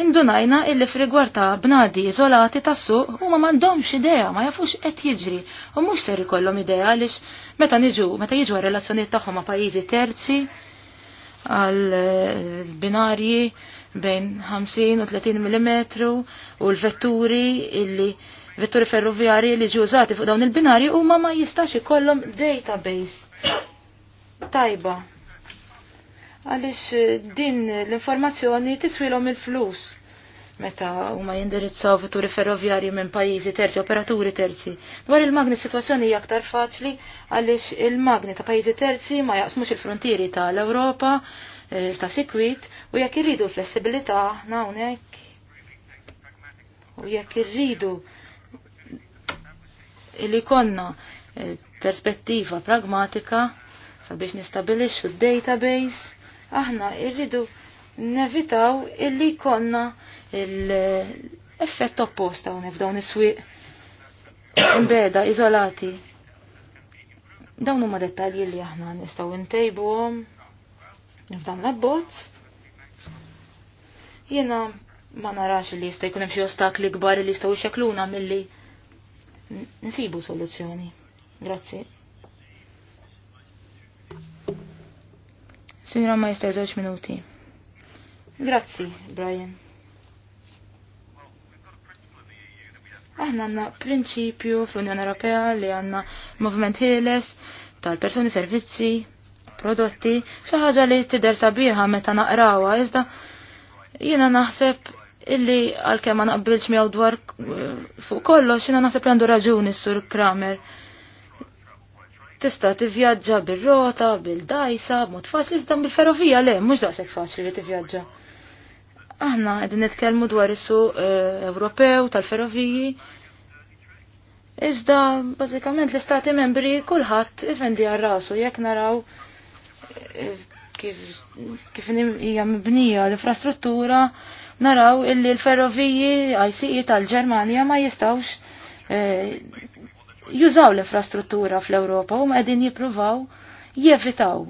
indunajna illi frigwar ta' bnadi izolati ta' suq u ma mandomx idea, ma jafux qed jiġri, u mhux ser kollom idea għaliex meta niġu, meta jiġu relazzjonijiet tagħhom ma' pajjiżi terzi għal eh, binarji bejn 50 u 30 mm u l-vetturi illi vetturi ferroviari li ġi użati fuq dawn il-binari huma ma jistax ikollhom database tajba. Għaliex eh, din l-informazzjoni tiswilhom il-flus meta huma jindirizzaw vetturi ferroviari minn pajjiżi terzi, operaturi terzi. Dwar il-magni situazzjoni hija aktar faċli għaliex il-magni ta' pajjiżi terzi ma jaqsmux il-frontieri tal-Ewropa eh, ta' sikwit u jekk irridu flessibilità hawnhekk u jekk irridu li konna eh, perspettiva pragmatika sabiex nistabilixxu d-database aħna irridu nevitaw illi konna l-effett opposta u nifdaw niswi imbeda izolati dawn huma dettalji li aħna nistgħu ntejbuhom nifdan l-abbozz jiena ma narax li jista' jkun hemm xi ostakli kbar li jistgħu jxekluna milli nsibu soluzzjoni. Grazzi. Signora ma jista' żewġ minuti. Grazzi, Brian. Aħna għanna prinċipju fl-Unjoni Ewropea li għanna movement ħieles tal-personi servizzi, prodotti, xi ħaġa li tidher sabiħa meta naqrawha iżda jiena naħseb illi għalkemm ma naqbilx miegħu dwar eh, fuq kollox xina naħseb għandu raġuni sur Kramer. Tista' tivvjaġġa bir-rota, bil-dajsa, mod faċli iżda bil-ferrovija le, mhux daqshekk faċli li tivvjaġġa. Aħna qegħdin nitkellmu dwar is-suq eh, Ewropew tal-ferroviji. Iżda bażikament l-istati membri kulħadd ifendi għarrasu, rasu jekk naraw eh, kif kif hija mibnija l-infrastruttura naraw illi l-ferroviji ICE tal-Ġermanja ma jistawx eh, jużaw l-infrastruttura fl-Ewropa u ma qegħdin jippruvaw jevitaw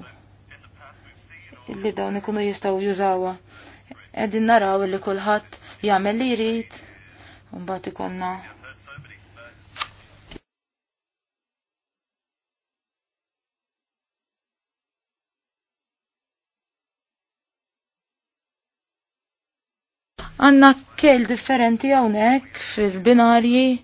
illi dawn ikunu jistaw jużawa. Qegħdin naraw illi kulħadd jagħmel li jrid un mbagħad ikollna Għanna kell differenti hawnhekk fil-binarji.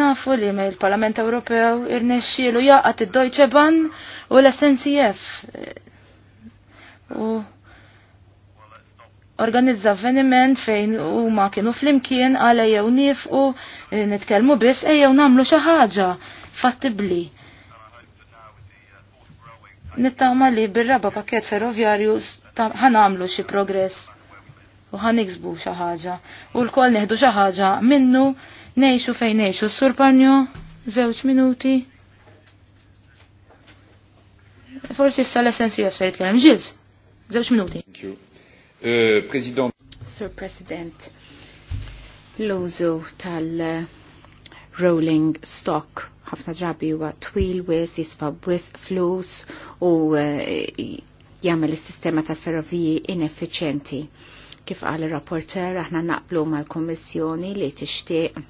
Nafu li me l-Parlament Ewropew irnexxielu jaqat id-Deutsche Bahn u l-SNCF. U organizza avveniment fejn huma kienu flimkien għal ejjew nifqu eh, nitkellmu biss ejjew nagħmlu xi ħaġa fattibbli nittama li bil-raba pakket ferroviarju ħanamlu xi progress u ħanikzbu xi ħaġa. U l kol neħdu xi ħaġa minnu nejxu fejn nejxu. Sur Parnjo, żewġ minuti. Forsi issa l-essenzi jaf se jitkellem. Ġils, żewġ minuti. Uh, President. Sur President, l-użu tal-rolling stock ħafna drabi huwa twil wis, jisfab wis flus u e, jagħmel is-sistema tal-ferroviji ineffiċjenti. Kif qal ir-rapporter aħna naqblu mal-Kummissjoni li tixtieq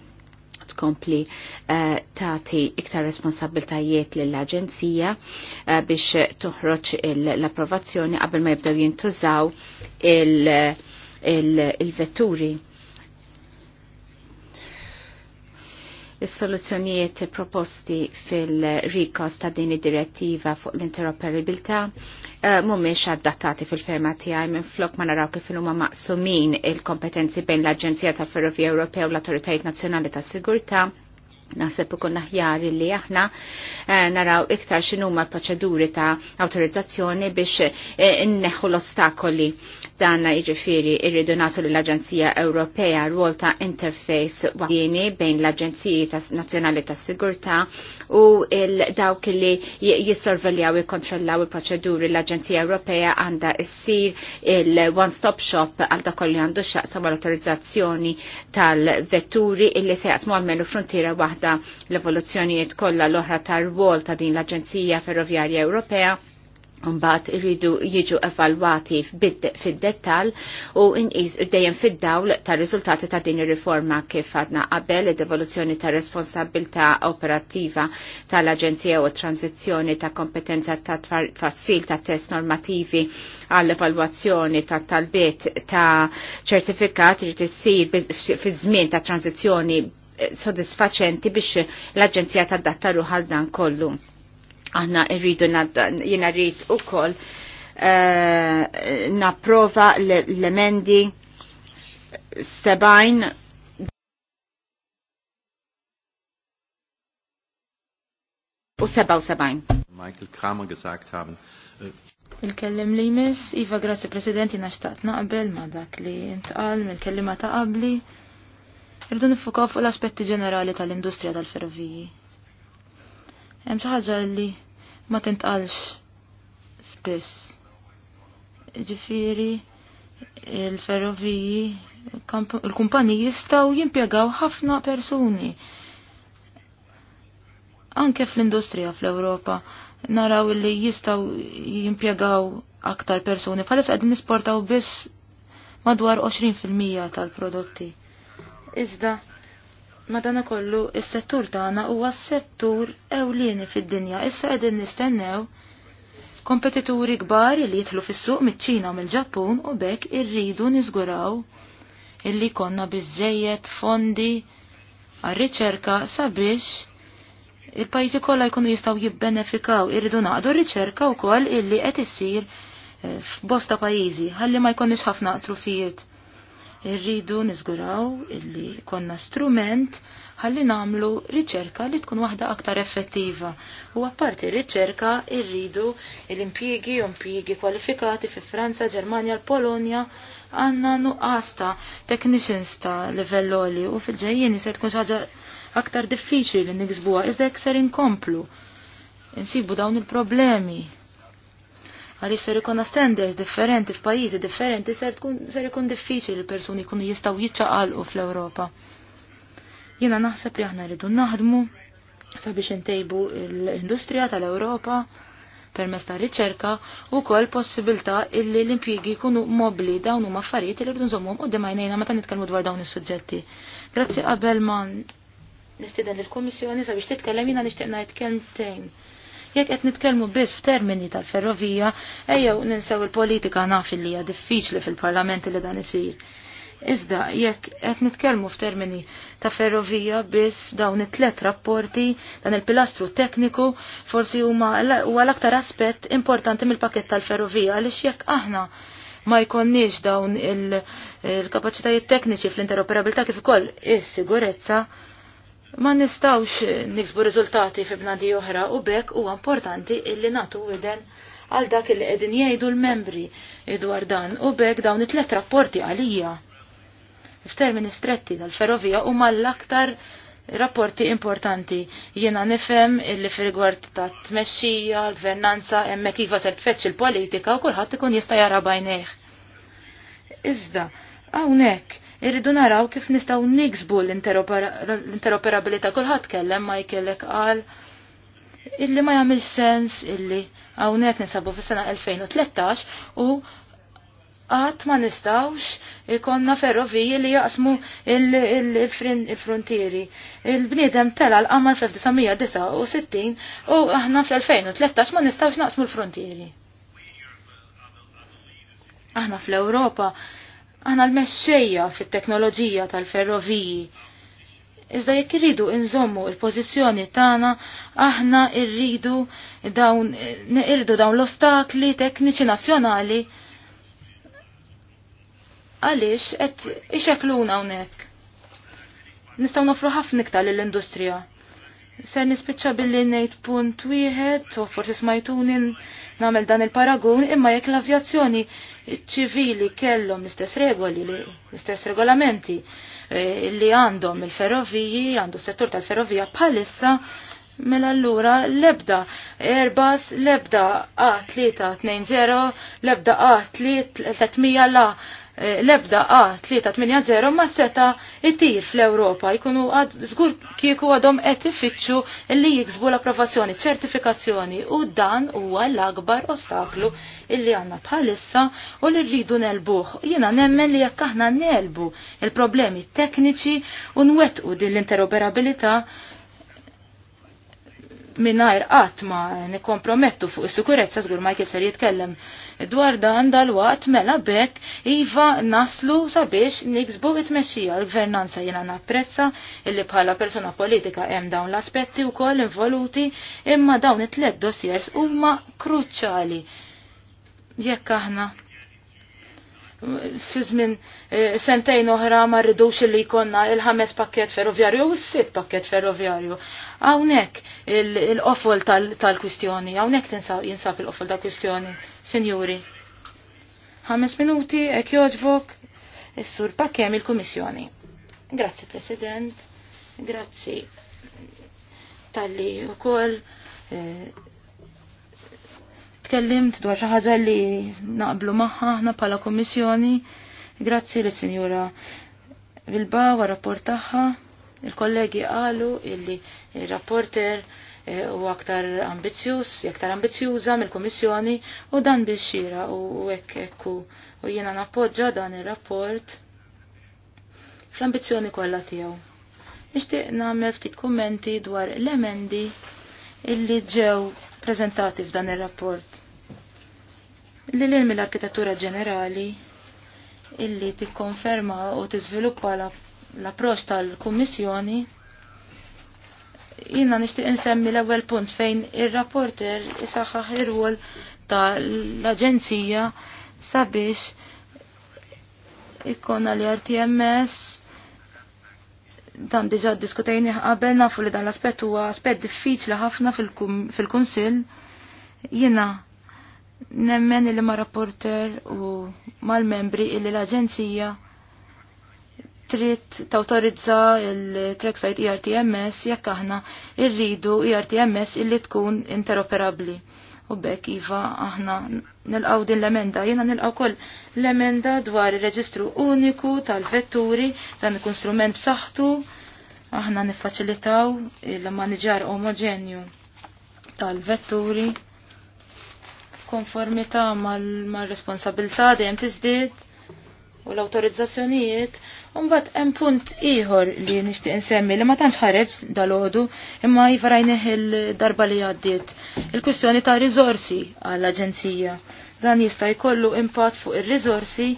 tkompli e, tagħti tati iktar responsabiltajiet lill aġenzija e, biex toħroġ l-approvazzjoni qabel ma jibdew jintużaw il-vetturi. Il, il, il vetturi Is-soluzzjonijiet proposti fil rikos ta' din id-direttiva fuq l-interoperabilità mumiex eh, mhumiex adattati fil-ferma tiegħi minn flok ma naraw kif huma maqsumin il-kompetenzi bejn l-Aġenzija tal-Ferrovija Ewropea u l-Awtoritajiet Nazzjonali tas-Sigurtà naħseb ikun aħjar li aħna eh, naraw iktar x'inhuma l-proċeduri ta' awtorizzazzjoni biex eh, inneħħu l-ostakoli Danna iġifiri irridu natu l-Aġenzija Ewropea rwol ta' interface waħjini bejn l-Aġenziji Nazjonali Nazzjonali ta' Sigurta u dawk li jissorveljaw kontrollaw il-proċeduri l-Aġenzija Ewropea għanda issir il-one-stop shop għal li għandu xaqsam l-autorizzazzjoni tal-vetturi illi se jaqsmu għalmenu frontiera waħda l-evoluzzjonijiet kollha l-oħra tar-rwol ta' din l-Aġenzija Ferrovjarja Ewropea Mbagħad iridu jiġu evalwati fid dettall u inqis dejjem fid-dawl tar-riżultati ta' din ir-riforma kif għadna qabel id-evoluzzjoni ta' responsabilità operattiva tal-Aġenzija u t-transizzjoni ta' kompetenza ta' tfassil ta' test normativi għall-evalwazzjoni ta' talbiet ta' ċertifikat irid issir fi żmien ta' tranzizzjoni eh, sodisfaċenti biex l-Aġenzija tadatta ruħal dan kollu aħna rridu jiena rrid ukoll uh, napprova l-emendi sebajn u seba u sebajn. Michael Kramer gesagt haben. Äh, Il-kellim li jmiss, Iva Grazi Presidenti naxtaqt naqbel ma dak li intqal mill-kellima ta' qabli. Irdu nifukaw fuq l-aspetti ġenerali tal-industrija tal-ferroviji. Hemm xi ħaġa li ma tintqalx spiss. Ġifieri il-ferroviji, il-kumpaniji jistgħu jimpjegaw ħafna persuni. Anke fl-industrija fl-Ewropa naraw li jistgħu jimpjegaw aktar persuni. Bħalis qegħdin nisportaw biss madwar 20% tal-prodotti. Iżda madana kollu il-settur tagħna huwa settur ewlieni fid-dinja. Issa qegħdin nistennew kompetituri kbar li jidħlu fis-suq miċ-Ċina u mill-Ġappun u bekk irridu niżguraw illi konna biżejjed fondi għar-riċerka sabiex il pajjiżi kollha jkunu jistgħu jibbenefikaw irridu naqdu r-riċerka wkoll illi qed issir eh, f'bosta pajjiżi ħalli ma jkunniex ħafna trufijiet. Irridu niżguraw illi konna strument ħalli namlu riċerka li tkun waħda aktar effettiva. U apparti riċerka irridu l-impjiegi u impjiegi kwalifikati fi Franza, Ġermanja, l-Polonja għanna nuqasta technicians ta' livelloli u fil-ġejjeni se tkun ħaġa aktar diffiċli li niksbuha iżda jekk ser inkomplu. Insibu dawn il-problemi għaliex ser ikonna standards differenti f'pajjiżi differenti ser ikun diffiċli li persuni jkunu jistgħu jiċċaqalqu fl-Ewropa. Jiena naħseb li aħna rridu naħdmu sabiex intejbu l-industrija tal-Ewropa permess ta' riċerka u kol possibilta illi l-impjigi kunu mobli dawn huma affarijiet li rridu nżommhom u dimajnejna meta nitkellmu dwar dawn is-suġġetti. Grazzi qabel ma nistieden lill-Kummissjoni sabiex titkellem jiena nixtieq ngħid tejn. Jekk qed nitkellmu biss f'termini tal-ferrovija, ejjew ninsew il-politika naf li hija diffiċli fil-Parlament li dan isir. Iżda jekk qed nitkellmu f'termini ta' ferrovija biss dawn it-tlet rapporti dan il-pilastru tekniku forsi huma huwa l-aktar aspett importanti mill-pakett tal-ferrovija għaliex jekk aħna ma jkonniex dawn il-kapacitajiet tekniċi fl-interoperabilità kif ukoll is-sigurezza, Ma nistawx niksbu riżultati fi bnadi oħra u bekk huwa importanti illi natu widen għal dak illi qegħdin jgħidu l-membri dwar dan u bekk dawn it-tlet rapporti għalija. F'termini stretti tal-ferrovija huma l-aktar rapporti importanti. Jiena nifhem illi fil-rigward ta' tmexxija, l-gvernanza, hemmhekk iva ser tfetx il-politika u kulħadd ikun jista' jara bajnejh. Iżda, hawnhekk irridu naraw kif nistgħu niksbu l-interoperabilità kulħadd kellem ma jkellek għal illi ma jagħmilx sens illi hawnhekk nisabu fis-sena 2013 u għat ma nistawx ikonna ferroviji li jaqsmu il-frontieri. Il-bniedem tela l-qamar fl-1969 u aħna fl-2013 ma nistawx naqsmu l-frontieri. Aħna fl-Europa Aħna l-mexxejja fit-teknoloġija tal-ferroviji. Iżda jekk irridu inżommu il-pożizzjoni tagħna, aħna rridu dawn irridu dawn l-ostakli tekniċi nazzjonali għaliex qed ixekluna hawnhekk. Nistgħu nofru ħafna iktar lill-industrija. Ser nispiċċa billi ngħid punt wieħed u forsi smajtuni namel dan il-paragun imma jekk l-avjazzjoni ċivili kellhom l-istess regoli, l-istess regolamenti eh, li għandhom il-ferroviji, għandu s-settur tal-ferrovija bħalissa, mela allura lebda Airbus, lebda A320, lebda A300 la Eh, l-ebda A380 ma seta it-tir fl-Europa jkunu għad zgur kieku għadhom qed ifittxu li jiksbu l-approvazzjoni ċertifikazzjoni u dan huwa l-akbar ostaklu illi għanna bħalissa u li rridu nelbuħ. Jiena nemmen li jekk aħna nelbu il-problemi tekniċi u nwettqu din l-interoperabilità minnajr għatma nikompromettu fuq is-sikurezza żgur ma jkisser jitkellem dwar dan dal-waqt mela bekk iva naslu sabiex niksbu it-mexxija l-gvernanza jiena napprezza illi bħala persona politika hemm dawn l-aspetti wkoll involuti imma dawn it-tliet dossiers huma kruċjali jekk aħna fi żmien eh, sentejn oħra ma rridux li jkollna il-ħames pakket ferroviarju u s-sitt pakket ferroviarju. Hawnhekk il-qofol tal-kwistjoni, hawnhekk jinsab il-qofol tal-kwistjoni, sinjuri. Ħames minuti hekk joġbok is-sur pakkem il-Kummissjoni. Grazzi President, grazzi tal-li ukoll eh, tkellimt dwar xi ħaġa li naqblu magħha aħna bħala Kummissjoni. Grazzi lis sinjura Bilba wa rapport tagħha. Il-kollegi qalu illi ir rapporter eh, u aktar ambizjuż, aktar ambizjuża mill-Kummissjoni u dan bixxira u hekk hekk u jiena nappoġġa dan ir-rapport fl-ambizzjoni kollha tiegħu. Nixtieq nagħmel ftit kummenti dwar l-emendi illi ġew preżentati f'dan ir-rapport li l mill-arkitettura ġenerali illi tikkonferma u tiżviluppa l-approċ tal-Kummissjoni jina nishtiq insemmi l-ewwel punt fejn ir-rapporter isaħħaħ ir-rwol tal-Aġenzija sabiex ikkonna li RTMS dan diġa diskutajni qabel nafu li dan l-aspett huwa aspett diffiċli ħafna fil-Kunsill jina Nemmen il ma' rapporter u mal-membri illi l-Aġenzija trid tawtorizza il-Trackside ERTMS jekk aħna irridu ERTMS illi tkun interoperabbli. U bekk iva aħna nilqaw din l-emenda. Jena nilqaw koll l-emenda dwar il-reġistru uniku tal-vetturi dan ikun strument b'saħħtu aħna niffaċilitaw il-maniġar omogenju tal-vetturi konformità mal-responsabilità dejjem tiżdied u l-autorizzazzjonijiet, mbagħad hemm punt ieħor li nixtieq insemmi li ma tantx ħareġ dalodu imma jivarajnih il-darba li għaddiet. Il-kwistjoni ta' riżorsi għall-Aġenzija. Dan jista' jkollu impatt fuq ir-riżorsi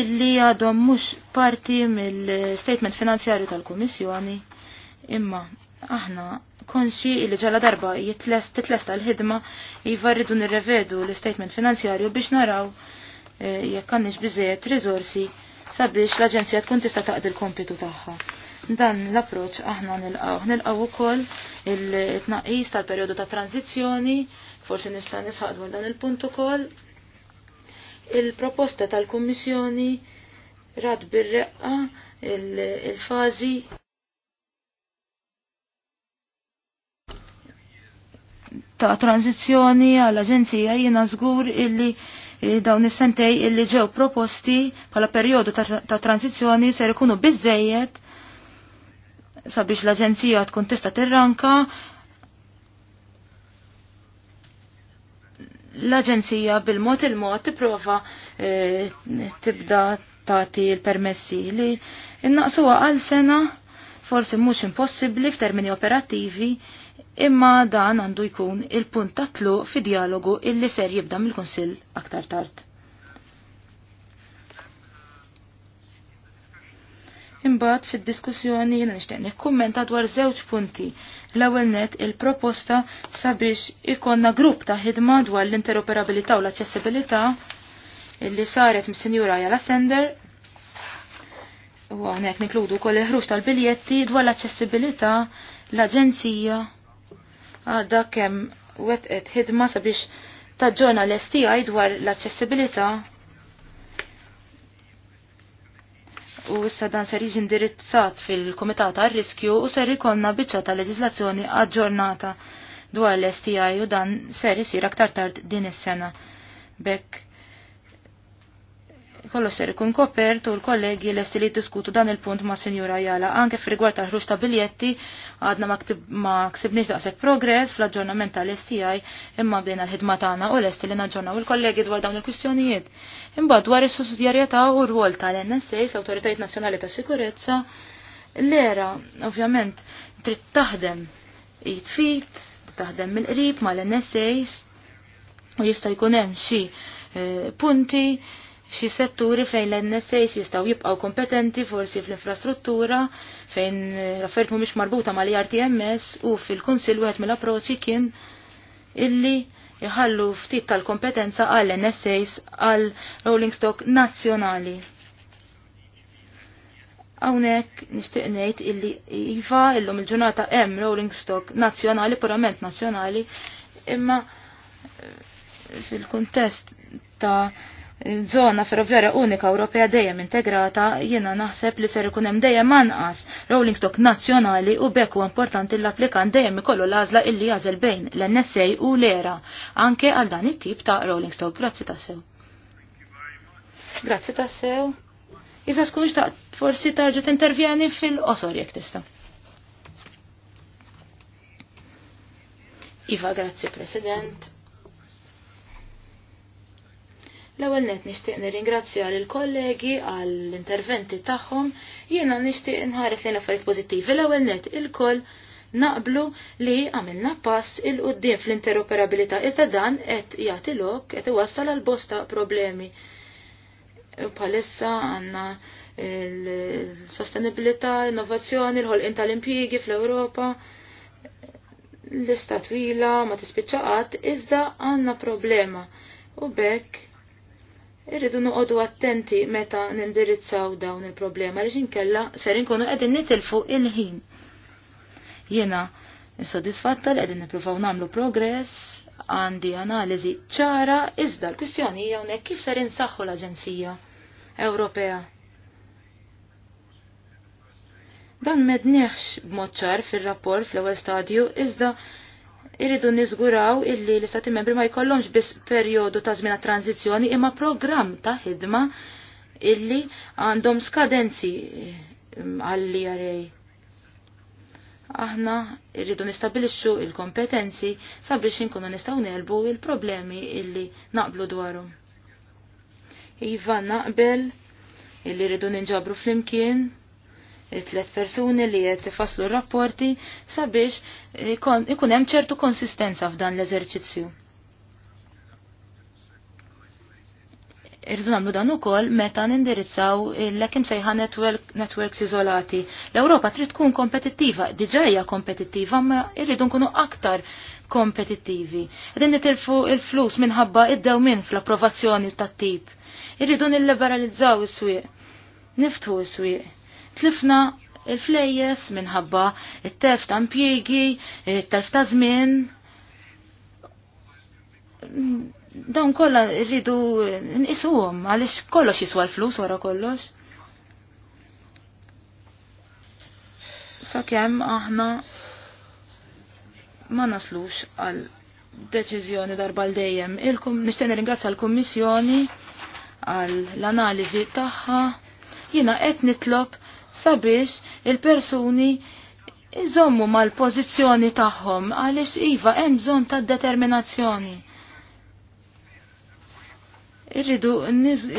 illi għadhom mhux parti mill-statement finanzjarju tal-Kummissjoni imma aħna konxi illi ġala darba jitlest tal l-ħidma jivarridu nirrevedu l-statement finanzjarju biex naraw eh, jekk għandix biżejjed riżorsi sabiex l-Aġenzija tkun tista' taqdi l-kompitu tagħha. Dan l-approċ aħna nilqaw. Nilqaw ukoll il-tnaqqis tal-perjodu ta' tranzizzjoni, forsi nista' nisħaq dwar dan il-punt ukoll. Il-proposta tal-Kummissjoni rad bir-reqqa il-fażi ta' tranzizjoni għall-Aġenzija jiena żgur illi eh, dawn is-sentej illi ġew proposti bħala perjodu ta', tranzizjoni ser ikunu biżejjed sabiex l-Aġenzija tkun tista' tirranka l-Aġenzija bil-mod il-mod tipprova eh, tibda tagħti l-permessi li innaqsuha għal sena forsi mhux impossibbli f'termini operattivi imma dan għandu jkun il-punt ta' tluq fi dialogu illi ser jibda mill-Kunsill aktar tard. Imbagħad fid-diskussjoni jiena nixtieq nikkummenta dwar żewġ punti. L-ewwel net il-proposta sabiex ikonna grupp ta' ħidma dwar l-interoperabilità u l-aċċessibilità illi saret mis-Sinjura Jala Sender. U hawnhekk nikludu wkoll il-ħruġ tal-biljetti dwar l-aċċessibilità l-Aġenzija għadda kemm wetqet hidma sabiex taġġorna l-STI dwar l-aċċessibilità u issa dan ser jiġi indirizzat fil-Kumitat għar-Riskju u ser ikonna biċċa ta' leġislazzjoni aġġornata dwar l-STI u dan ser isir aktar tard din is-sena. Bekk kollox ser ikun kopert u l-kollegi lesti li diskutu dan il-punt ma' Sinjura Jala anke f'rigward ta' ta' biljetti għadna ma ksibniex daqshekk progress fl-aġġornament tal-STI imma bdejna l-ħidma tagħna u lesti li naġġornaw il-kollegi dwar dawn il-kwistjonijiet. Imbagħad dwar is-sussidjarjetà u r-rwol tal-NSA l-Awtoritajiet Nazzjonali ta' Sikurezza l-era ovvjament trid taħdem jitfit, taħdem mill-qrib mal nsa u jista' jkun hemm xi eh, punti xi setturi fejn l-NSAs jistgħu jibqgħu kompetenti forsi fl-infrastruttura fejn l mhumiex marbuta mal-IRTMS u fil-Kunsill wieħed mill-approċċi kien illi jħallu ftit tal-kompetenza għall NSAs għal Rolling Stock nazzjonali. Hawnhekk nixtieq ngħid illi iva illum il-ġurnata hemm Rolling Stock nazzjonali purament nazzjonali imma fil-kuntest ta' Zona ferroviarja unika Ewropea dejjem integrata, jiena naħseb li ser ikun hemm dejjem anqas rolling stock nazzjonali u bekk huwa importanti l-applikant dejjem ikollu l-għażla illi jażel bejn l-NSA u l-ERA anke għal dan it-tip ta' rolling stock. Grazzi tassew. Grazzi tassew. Iżda skunx ta' forsi tarġa' intervjeni fil-qosor jekk tista'. Iva, grazzi President. L-ewwel net nixtieq nirringrazzja lil kollegi għall interventi tagħhom. Jiena nixtieq nħares lejn affarijiet pożittivi. L-ewwel net ilkoll naqblu li għamilna pass il qudiem fl-interoperabilità iżda dan qed jagħti lok qed iwassal għal bosta problemi. Palissa għandna il-sostenibilità, l-innovazzjoni, l-ħolqien tal-impjiegi fl-Ewropa l istatwila twila ma tispiċċaqat iżda għandna problema u bekk Irridu noqogħdu attenti meta nindirizzaw dawn il-problema għaliex inkella ser inkunu qegħdin nitilfu il-ħin. Jiena insodisfatta li qegħdin nippruvaw nagħmlu progress, għandi analiżi ċara iżda l-kwistjoni hija hawnhekk kif ser insaħħu l-Aġenzija Ewropea. Dan mednieħx b'mod ċar fir-rapport fl-ewwel stadju iżda irridu niżguraw illi l-Istati membri ma jkollhomx biss perjodu ta' żmien tranzizzjoni imma programm ta' ħidma illi għandhom skadenzi eh, għalli għarej. Aħna irridu nistabilixxu il-kompetenzi sabiex inkunu nistgħu nelbu il-problemi illi naqblu dwarhom. Iva naqbel illi rridu ninġabru flimkien il-tlet persuni li qed ifasslu r-rapporti sabiex ikun hemm ċertu konsistenza f'dan l-eżerċizzju. Irdu nagħmlu dan ukoll meta nindirizzaw l-ekim sejħa network, networks iżolati. L-Ewropa trid tkun kompetittiva, diġà hija kompetittiva, ma irridu nkunu aktar kompetittivi. Qegħdin nitilfu il-flus minħabba id minn fl-approvazzjoni tat-tip. Irridu nilliberalizzaw is-swieq. Niftħu is-swieq tlifna il-flejjes minħabba il-telf ta' impjiegi, il-telf ta' żmien. Dawn kollha rridu nqisuhom għaliex kollox jiswa l-flus wara kollox. Sakemm aħna ma naslux għal deċiżjoni darba l dejjem. Nixtieni nirringrazzja l-Kummissjoni għal l-analiżi tagħha. Jiena qed nitlob sabiex il-persuni iżommu mal-pożizzjoni tagħhom għaliex iva hemm bżonn ta' determinazzjoni. Irridu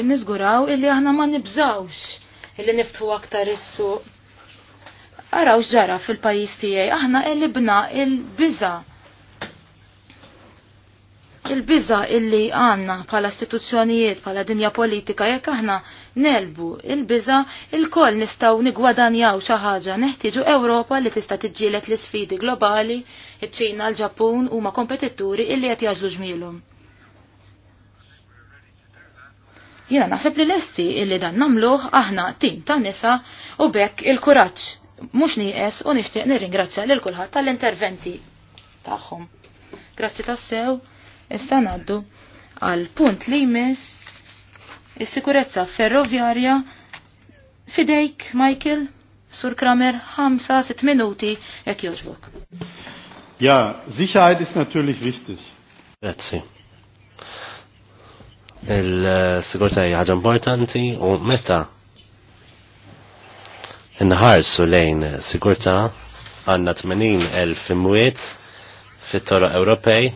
niżguraw illi aħna ma nibżawx illi niftħu aktar is-suq. Araw x'ġara fil-pajjiż tiegħi, aħna elibna il-biża. Il-biża illi għandna bħala istituzzjonijiet, bħala dinja politika jekk aħna nelbu il-biża il-koll nistgħu nigwadanjaw xi ħaġa neħtieġu Ewropa li tista' tiġġieled l-isfidi globali, iċ-Ċina, l-Ġappun huma kompetitturi illi qed jaġlu ġmielhom. Jiena naħseb li lesti illi dan nagħmluh aħna tim ta' nisa u bekk il-kuraġġ mhux nieqes u nixtieq nirringrazzja lil kulħadd tal-interventi tagħhom. Grazzi tassew, issa ngħaddu għal punt li jmiss is-sikurezza ferroviarja fidejk, Michael, Sur Kramer, 5-6 minuti, jekk joġbok. Ja, Sicherheit ist natürlich wichtig. Grazie. Il-sigurta hija ħaġa importanti u meta inħarsu lejn sigurta għandna 80,000 imwiet fit-toroq Ewropej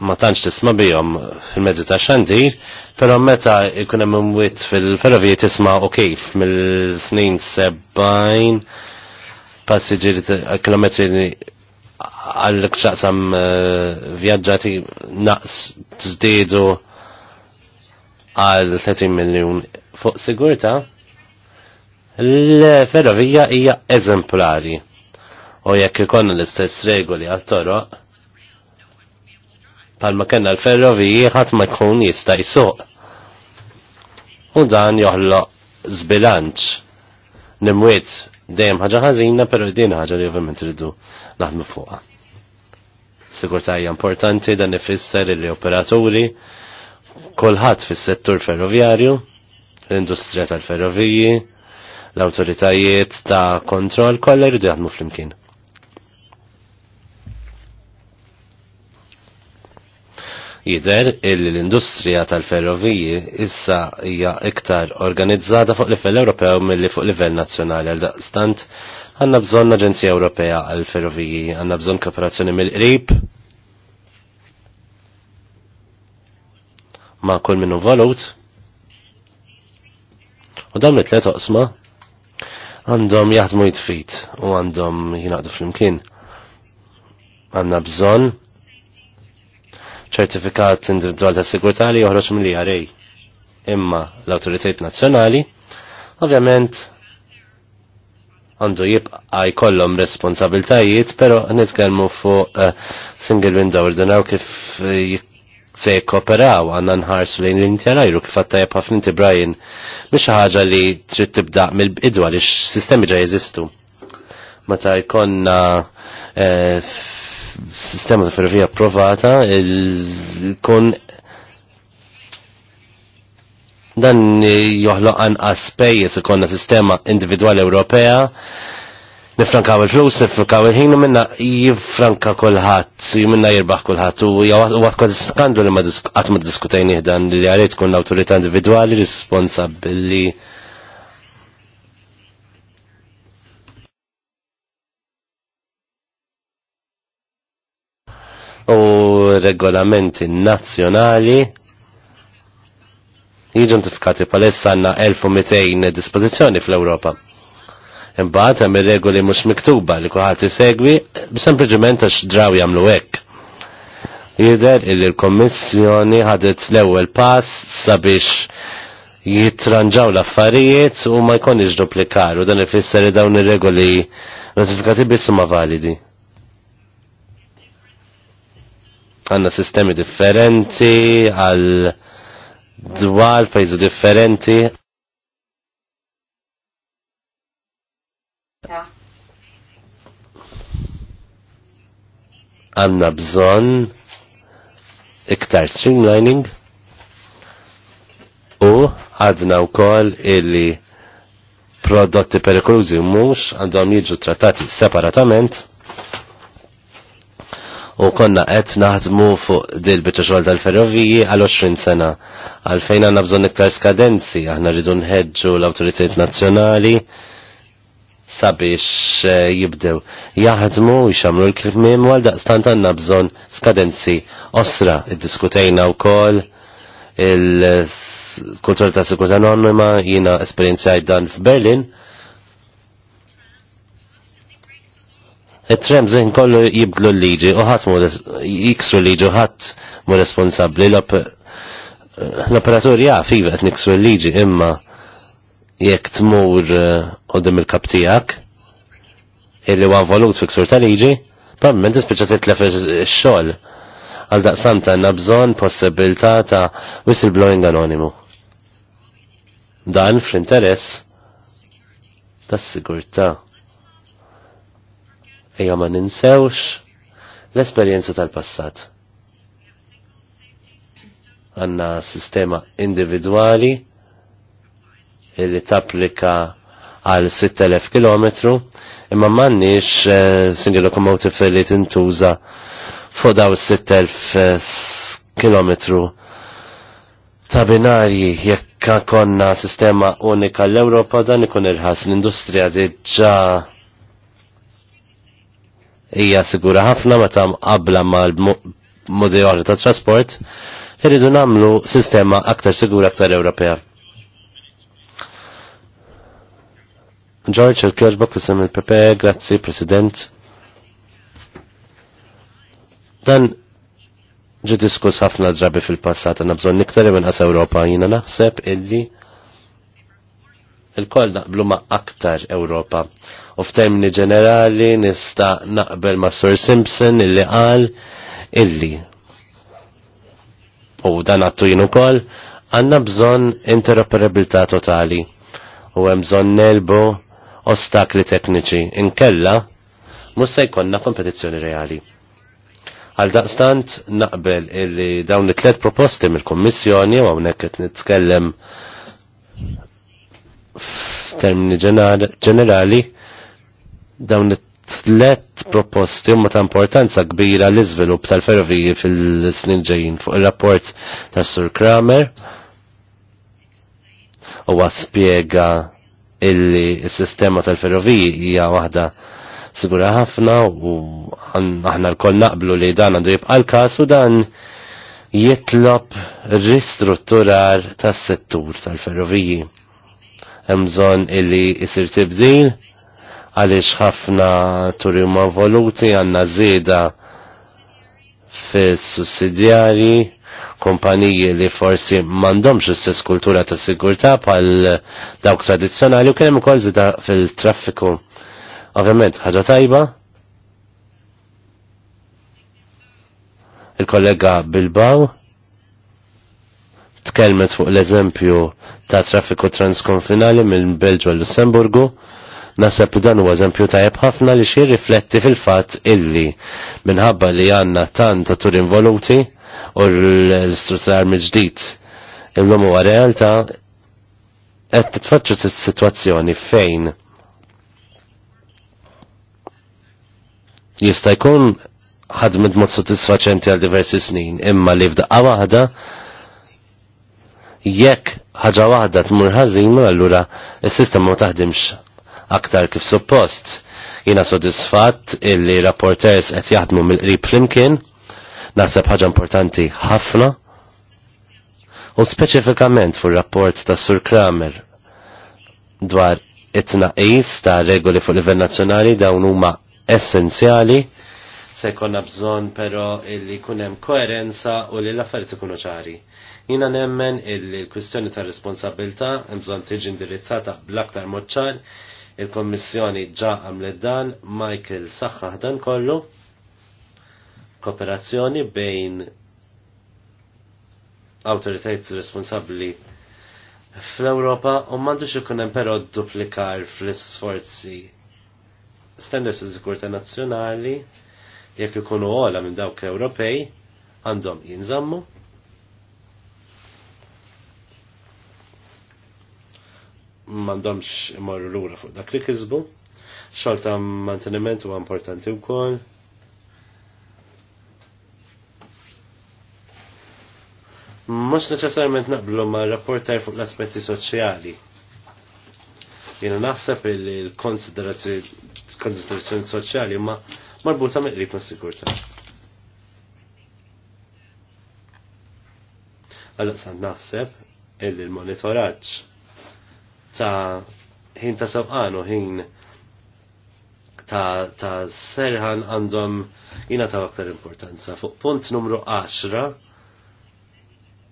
ma tantx tisma' bihom fil-mezzi ta' xandir, però meta ikun hemm imwiet fil-ferrovija tisma' u kif mill-snin sebbajn passiġġieri kilometri għal xaqsam eh, vjaġġati naqs tżdiedu għal 30 miljon fuq sigurta l-ferrovija hija eżemplari u jekk ikonna l-istess regoli għat-toroq Palma kena l-ferroviji ħadd ma jkun jista' jisuq. U dan joħloq zbilanċ. Nimwiet dejjem ħaġa ħażina, però din ħaġa li ovvjament irridu naħdmu fuqha. Sigurtà hija importanti dan ifisser li operaturi kulħadd fis-settur ferroviarju, l-industrija tal-ferroviji, l-awtoritajiet ta' kontroll kollha jridu jaħdmu flimkien. Jider l-industrija tal-ferroviji issa hija iktar organizzata fuq livell Ewropew milli fuq livell nazzjonali għal daqstant għandna bżonn Aġenzija Ewropea għal ferroviji, għandna bżonn kooperazzjoni mill-qrib ma' kull minnu valut. U dan it-tlet oqsma għandhom jaħdmu jitfit u għandhom jinaqdu fl-imkien. Għanna bżonn ċertifikat individual ta' sigurtà li joħroġ mill-IRA. Imma l-awtoritajt nazzjonali ovvjament għandu jibqa jkollhom responsabiltajiet, però nitkellmu fuq uh, single window ordinaw kif uh, se jikkoperaw għanna nħarsu lejn l-intjarajru kif għatta jabħaf ninti Brian, xi ħaġa li trid tibda mill-bidwa li x-sistemi ġa jeżistu. Meta jkollna uh, sistema ta' ferrovija provata kun dan joħloq anqas pejjeż ikonna sistema individwali Ewropea nifrankaw il-flus, nifrankaw il-ħin, minna jifranka kullħat, minna jirbaħ kullħat, u għat kważi skandlu li għat ma diskutajni dan li għalet kun l-autorita individuali responsabili regolamenti nazzjonali jidentifikati palessa għanna 1200 dispozizjoni fl-Europa. Imbagħad hemm ir-regoli mhux miktuba li kulħadd isegwi sempliċement għax draw jagħmlu hekk. Jidher li l-Kommissjoni ħadet l-ewwel pass sabiex jitranġaw l-affarijiet u ma jkunx u dan ifisser li dawn ir-regoli notifikati biss ma validi. għanna sistemi differenti għal dwar fejzu differenti. Għanna bżon iktar streamlining u għadna u koll illi prodotti perikolużi mux għandhom jiġu trattati separatament u konna qed naħdmu fuq dil biċċa xogħol tal-ferroviji għal 20 sena. Għalfejn għandna bżonn iktar skadenzi, aħna rridu nħeġġu l-awtoritajiet nazzjonali sabiex eh, jibdew jaħdmu jxamlu l-kmim għal daqstant għanna bżon skadenzi osra id-diskutejna u kol il kultur ta' sekuta anonima jina esperienzjaj dan f'Berlin it-tremżin kollu jibdlu l-liġi u ħadd jiksru l-liġi u ħadd mu responsabbli l-operatur jaf iva qed niksru l-liġi imma jekk tmur eh, dim il-kap tiegħek illi huwa involut fi ksur ta' liġi, minn tispiċċa titlef ix-xogħol. Għal daqsant għandna bżonn possibilta ta' whistleblowing anonimu. Dan fl-interess tas-sigurtà. Ejja ma ninsewx l-esperjenza tal-passat. Għanna sistema individuali li tapplika għal 6000 km imma m'għandniex eh, single locomotive li tintuża fuq daw 6000 eh, km ta' binarji jekk konna sistema unika l-Ewropa dan ikun irħas l-industrija diġà hija sigura ħafna meta qabla mal-modi oħra ta' trasport, irridu nagħmlu sistema aktar sigura aktar Ewropea. George, il-kjoġbok fissam il pp grazzi, President. Dan ġi diskus ħafna drabi fil-passat, għanna bżon niktar minn għas Ewropa, jina naħseb illi il-koll naqblu ma' aktar Ewropa. U f'termini ġenerali nista' naqbel ma' Sir Simpson illi qal illi. U dan għattu jien ukoll għandna bżonn interoperabilità totali u hemm bżonn nelbu ostakli tekniċi inkella mhux se jkollna kompetizzjoni reali. Għal daqstant naqbel illi dawn it-tlet proposti mill-Kommissjoni u hawnhekk qed nitkellem f'termini ġenerali Dawn it-tlet proposti huma ta' importanza kbira l iżvilupp tal-ferroviji fil-snin ġejjin fuq ir-rapport ta' Sur Kramer huwa spjega illi s-sistema tal-ferroviji hija waħda sigura ħafna u aħna l-koll naqblu li dan għandu jibqa l-kas u dan jitlob ristrutturar tas settur tal-ferroviji. Hemm bżonn illi jsir tibdil għaliex ħafna turi ma voluti għandna żieda fis-sussidjarji kompaniji li forsi m'għandhomx istess kultura ta' sigurtà bħal dawk tradizzjonali u kienem kol ukoll fil-traffiku. Ovvjament ħaġa tajba, il-kollega Bilbaw tkelmet fuq l-eżempju ta' traffiku transkonfinali minn Belġu għal Lussemburgu Nasab dan huwa eżempju tajjeb ħafna li xie rifletti fil-fatt illi minħabba li għandna tant turin involuti u l-istrutturar mill-ġdid illum huwa realtà qed t situazzjoni fejn jista' jkun ħadmet mod sodisfaċenti għal diversi snin, imma li f'daqqa waħda jekk ħaġa waħda tmur ħażin, allura is-sistema ma taħdimx aktar kif suppost. Jina sodisfatt illi rapporters qed jaħdmu mill-qrib flimkien, naħseb ħaġa importanti ħafna. U speċifikament fur rapport ta' Sur Kramer dwar it-tnaqis ta' regoli fuq livell nazzjonali dawn huma essenzjali se jkollna bżonn però illi jkun hemm koerenza u li l-affarijiet ikunu ċari. Jina nemmen il-kwistjoni ta' responsabilta bżonn tiġi indirizzata bl-aktar moċċar Il-Kommissjoni ġa għamlet dan, Michael saħħaħ dan kollu, kooperazzjoni bejn autoritajt responsabli fl-Europa u mandu ikun hemm però duplikar fl-isforzi standards ta' sikurta nazzjonali jekk ikunu għola minn dawk Ewropej għandhom jinżammu mandomx imorru lura fuq dak li kizbu. Xogħol ta' manteniment huwa importanti wkoll. Mhux neċessarjament naqblu ma' rapportar fuq l-aspetti soċjali. Jiena naħseb il-konsiderazzjoni soċjali ma marbuta mill-qrib mas-sigurtà. Għalaqsan naħseb il-monitoraġġ ta' ħin ta' sabqan u ħin ta', ta serħan għandhom jina ta' aktar importanza. Fuq punt numru 10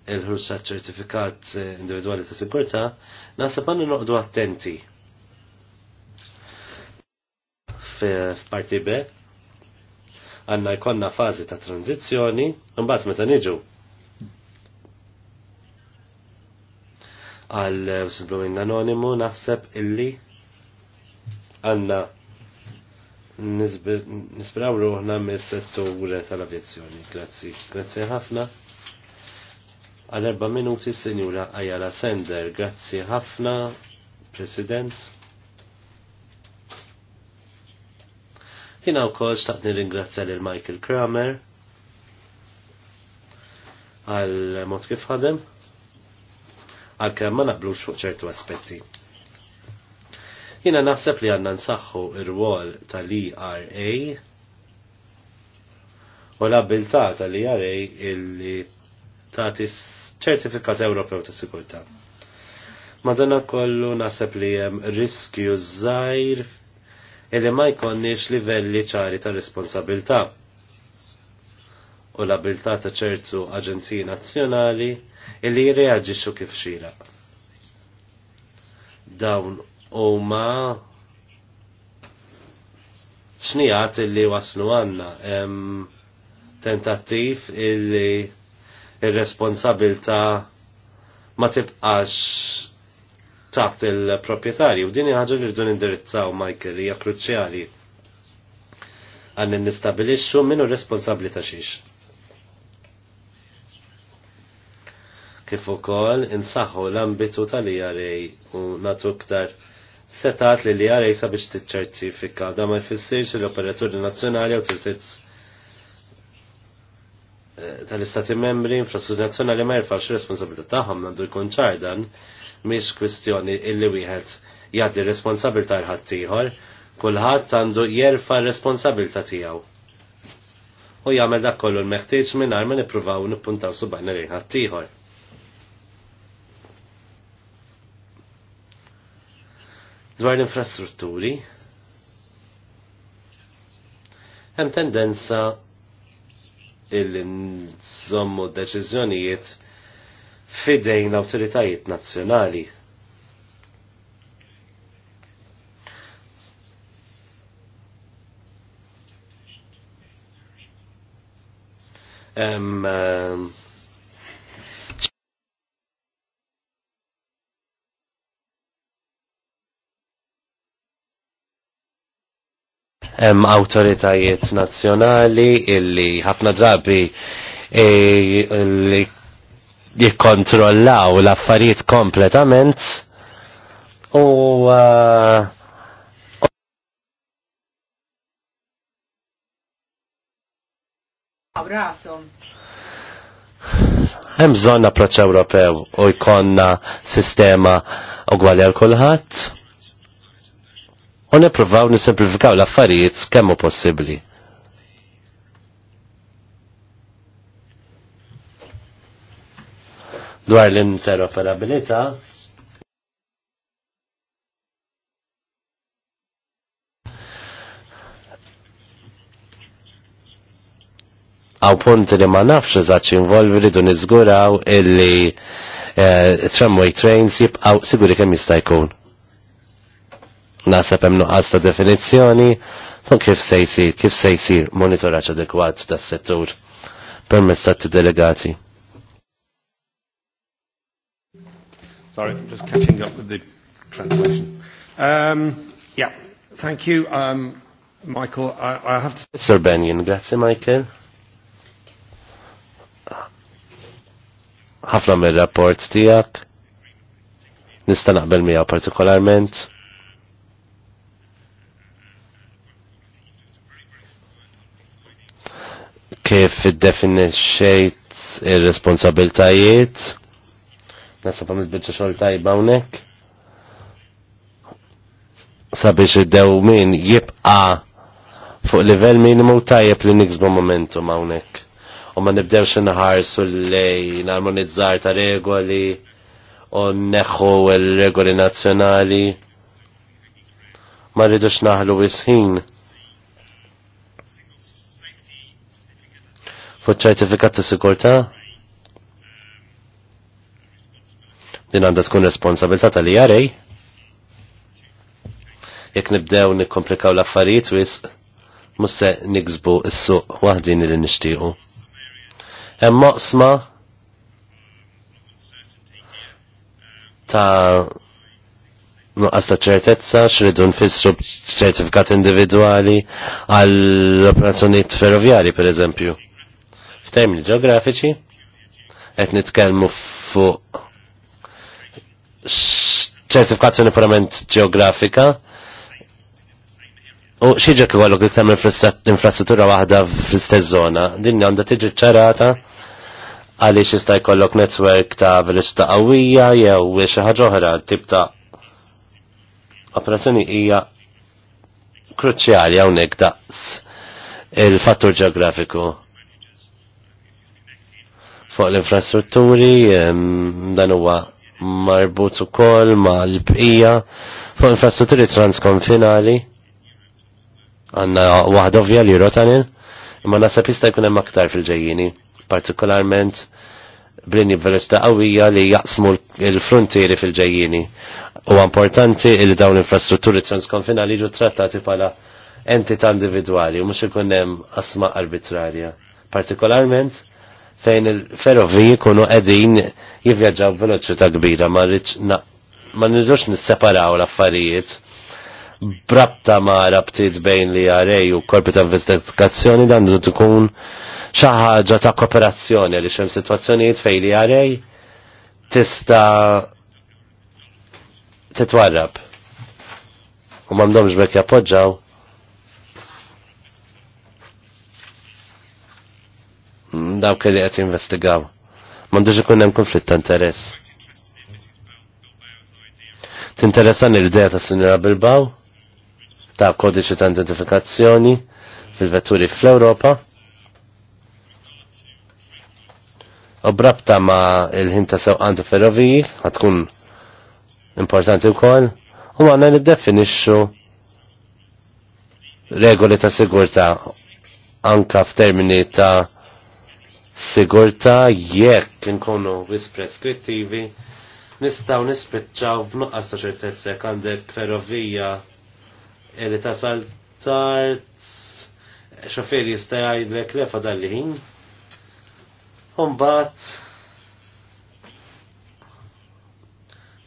il-ħursa ċertifikat eh, individuali ta' sigurta, nasa pannu noqdu attenti. F'parti B, għanna jkonna fazi ta' tranzizjoni, mbagħad meta niġu għal whistleblowing anonimu naħseb illi għanna nisbraw ruħna mis settur tal-avjazzjoni. Grazzi. Grazzi ħafna. Għal erba minuti s-senjura Ajala Sender. Grazzi ħafna, President. Jina u kol xtaqt nir l-Michael Kramer għal mod kif ħadem għalkemm ma naqblux fuq ċertu aspetti. Jina naħseb li għanna nsaħħu ir-wol tal-ERA u l-abilta tal-ERA illi tagħti ċertifikat Ewropew ta' Sikurtà. Madonna kollu naħseb li hemm riskju żgħir illi ma jkonniex livelli ċari ta' responsabilità u l abilta ta' ċertu aġenziji nazzjonali illi jirreagġixxu kif xira. Dawn huma xnijat illi waslu għanna tentattiv illi il responsabilta ma tibqax taħt il-propietarju. Din ħaġa li rridu nindirizzaw Michael hija kruċjali għan nistabilixxu minnu responsabbli ta' xiex. kif ukoll insaħħu l-ambitu tal-IRA u natu iktar setat li l-IRA e sabiex tiċċertifika. Da ma jfissirx l-operaturi nazzjonali u trittiz eh, tal-istati membri infrastruttura nazzjonali ma jirfax responsabilità tagħhom għandu jkun ċardan miex kwistjoni illi wieħed jgħaddi responsabilità l-ħadd ieħor, kulħadd għandu jerfa' responsabilità tiegħu. U jagħmel dak kollu l-meħtieġ mingħajr ma nippruvaw nippuntaw subajna lejn ħadd ieħor Dwar l-infrastrutturi, hemm tendenza il-nżommu deċiżjonijiet fidejn l-autoritajiet nazzjonali. Um, uh, Hemm awtoritajiet nazzjonali illi ħafna drabi e, jikkontrollaw l-affarijiet kompletament u uh, Hemm bżonn approċċ Ewropew u jkollna sistema ugwali għal kulħadd u nippruvaw nisimplifikaw l-affarijiet kemm hu possibbli. Dwar l-interoperabilità, għaw punti li ma nafx eżatt involvi ridu nizguraw illi eh, tramway trains jibqaw siguri kemm jista' jkun. Nasab hemm nuqqas ta' definizzjoni fuq kif se jsir kif se jsir monitoraġġ adekwat tas-settur permezz tat-delegati. Sorry, just catching up with the translation. Um, yeah, thank you, um, Michael. I, I have to... Sir Benyon, grazie, Michael. ħafna mill rapport tijak nista naqbel mija partikolarment kif id-definixxejt ir-responsabiltajiet. fam il bieċa xogħol tajba hawnhekk. Sabiex id-dew min jibqa' fuq livell minimu tajjeb li niksbu momentum hawnhekk. U ma nibdewx inħarsu lejn armonizzar ta' regoli u neħu l-regoli nazzjonali. Ma rridux naħlu wisħin. ħin fuq ċertifikat ta' sikurta? din għandha tkun responsabilità tal jarej jekk nibdew nikkomplikaw l-affarijiet jis musse niksbu s-suq waħdin li nixtiequ. Hemm sma ta' nuqqas ta' ċertezza xridu nfissru ċ-ċertifikat individwali għall operazzjonijiet ferroviari per eżempju f'termini ġeografiċi, qed nitkellmu fuq ċertifikazzjoni purament ġeografika u xieġa kif għallok iktar infrastruttura waħda fl-istess zona. Din għandha tiġi ċarata għaliex jista' jkollok netwerk ta' village qawwija jew xi ħaġa oħra tip ta' operazzjoni hija kruċjali hawnhekk daqs il-fattur ġeografiku fuq l-infrastrutturi, dan huwa marbut ukoll ma' l-bqija fuq l infrastrutturi transkonfinali. Għanna waħda ovvja li rotanin, imma nasab jista' jkun hemm aktar fil-ġejjini, partikolarment b'lini velocità qawwija li jaqsmu l-frontieri fil-ġejjini. U importanti li dawn l-infrastrutturi transkonfinali ġu trattati bħala entità individwali u mhux ikun hemm asma arbitrarja. Partikolarment, fejn il-ferroviji kunu qegħdin jivvjaġġaw veloċità kbira ma rridx ma nirrux nisseparaw l-affarijiet brabta ma rabtiet bejn li għarej u korpi ta' investigazzjoni dan tkun xi ħaġa ta' kooperazzjoni għaliex hemm sitwazzjonijiet fejn li għarej tista' titwarrab u m'għandhomx bekk jappoġġaw Mm, dawk li qed jinvestigaw. M'għandux ikun hemm konflitt ta' interess. Tinteressan il deja ta' Sinjora Bilbaw ta' kodiċi ta' identifikazzjoni fil-vetturi fl-Ewropa. U brabta ma' il-ħin ta' sewqan ta' ferroviji għatkun importanti wkoll u għandna niddefinixxu regoli ta' sigurta' anka f'termini ta' sigurta jekk nkunu wis preskrittivi nistaw nispiċċaw b'nuqqas ta' ċertezza jekk għandek ferrovija li tasal tard xofir jista' jgħidlek lefa dal-ħin. mbagħad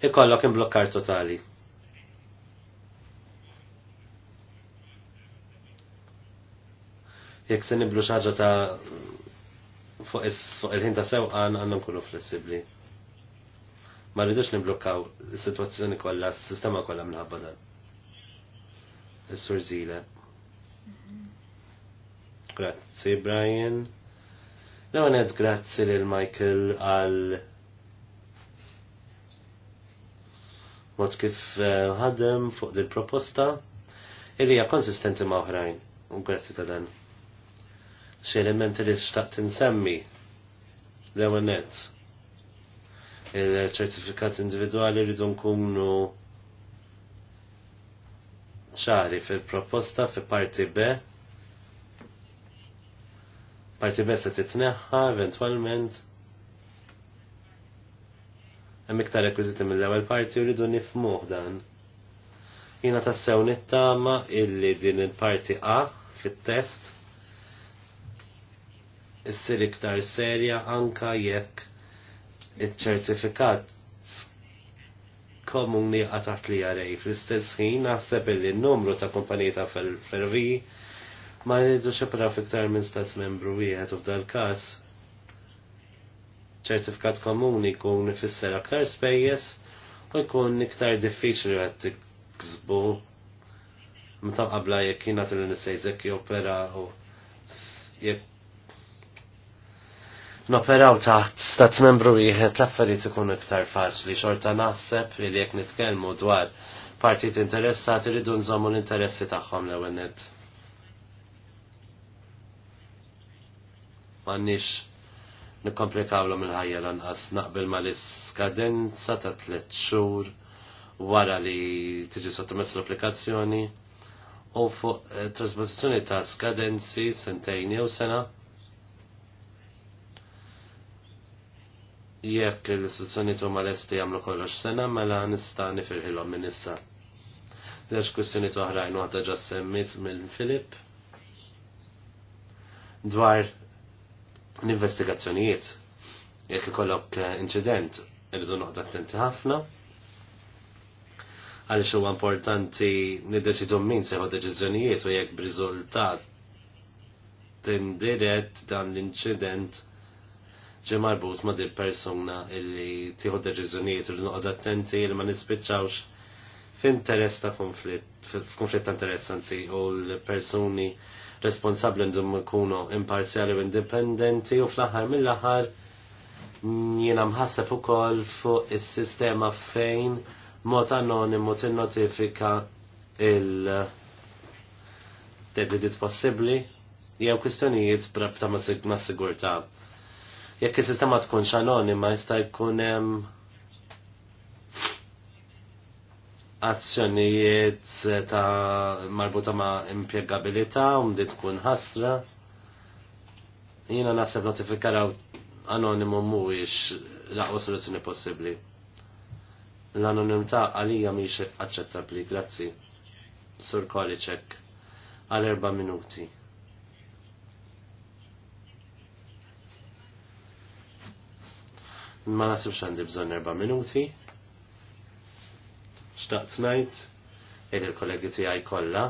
ikollok imblokkar totali. Jekk se niblu xaġa ta' fuq il-ħin ta' sewqan għandna nkunu flessibbli. Ma rridux nimblokkaw is-sitwazzjoni kollha, s-sistema kollha minnħabba dan. Is-sur Zile. Grazzi Brian. għanet grazzi lil Michael għal mod kif eh, ħadem fuq dil proposta illi konsistenti ma' oħrajn. grazzi ta' dan xie elementi li xtaqt tinsemmi? l-ewwel nett. Il-ċertifikat individwali rridu nkunu ċari fil-proposta fi parti B. Parti B se titneħħa eventwalment hemm iktar rekwiżiti mill-ewwel parti u rridu nifmuh dan. Jiena tassew nittama illi din il-parti A fit-test issir iktar serja anka jekk iċ-ċertifikat komuni għatat li għarej. Fl-istess ħin naħseb li n-numru ta' kompanijiet ta' fil-ferri ma rridu xepra fiktar minn stat membru wieħed u f'dal każ ċertifikat komuni kun fisser aktar spejjeż u jkun iktar diffiċli għed tiksbu meta qabla jekk t l jekk jopera u jekk noperaw taħt stat membru wieħed l-affarijiet ikun iktar faċli xorta naħseb li jekk nitkellmu dwar partit interessati rridu nżommu l-interessi tagħhom l-ewwel nett. M'għandniex nikkomplikawlhom il-ħajja lanqas naqbel ma l-iskadenza ta' tliet xhur wara li tiġi sottomess l-applikazzjoni u fuq eh, trasposizzjoni ta' skadenzi sentejni u sena jekk l tuma huma lesti jagħmlu kollox sena mela nista' nifirħilhom minn issa. Żewġ kwistjonijiet oħrajn waħda ġa semmit minn Filip dwar l-investigazzjonijiet. Jekk ikollok eh, incident, irridu noqgħod attenti ħafna. Għaliex huwa importanti niddeċidu min seħu deċiżjonijiet u jekk b'riżultat tindiret dan l-inċident ġi marbut ma' di persuna illi tieħu deċiżjonijiet u noqgħod attenti li ma nispiċċawx f'interess ta' konflitt, f'konflitt ta' interess u l-persuni responsabbli ndum ikunu imparzjali u indipendenti u fl-aħħar mill-aħħar jiena mħassef ukoll fuq is-sistema fejn mod anonimu tinnotifika il- teddidit possibli jew kwistjonijiet brabta ma' sigurta. Jekk is-sistema tkunx anonima jista' jkun hemm azzjonijiet ta' marbuta ma' impiegabilità u mdi tkun ħasra. Jiena naħseb notifikaraw anonimu mhuwiex laqwa soluzzjoni possibbli. L-anonimità għalija mhix aċċettabbli, grazzi. Sur Kolicek għal erba' minuti. ma nasibx għandi bżonn erba' minuti. Xtaqt ngħid il il-kollegi tiegħi kolla,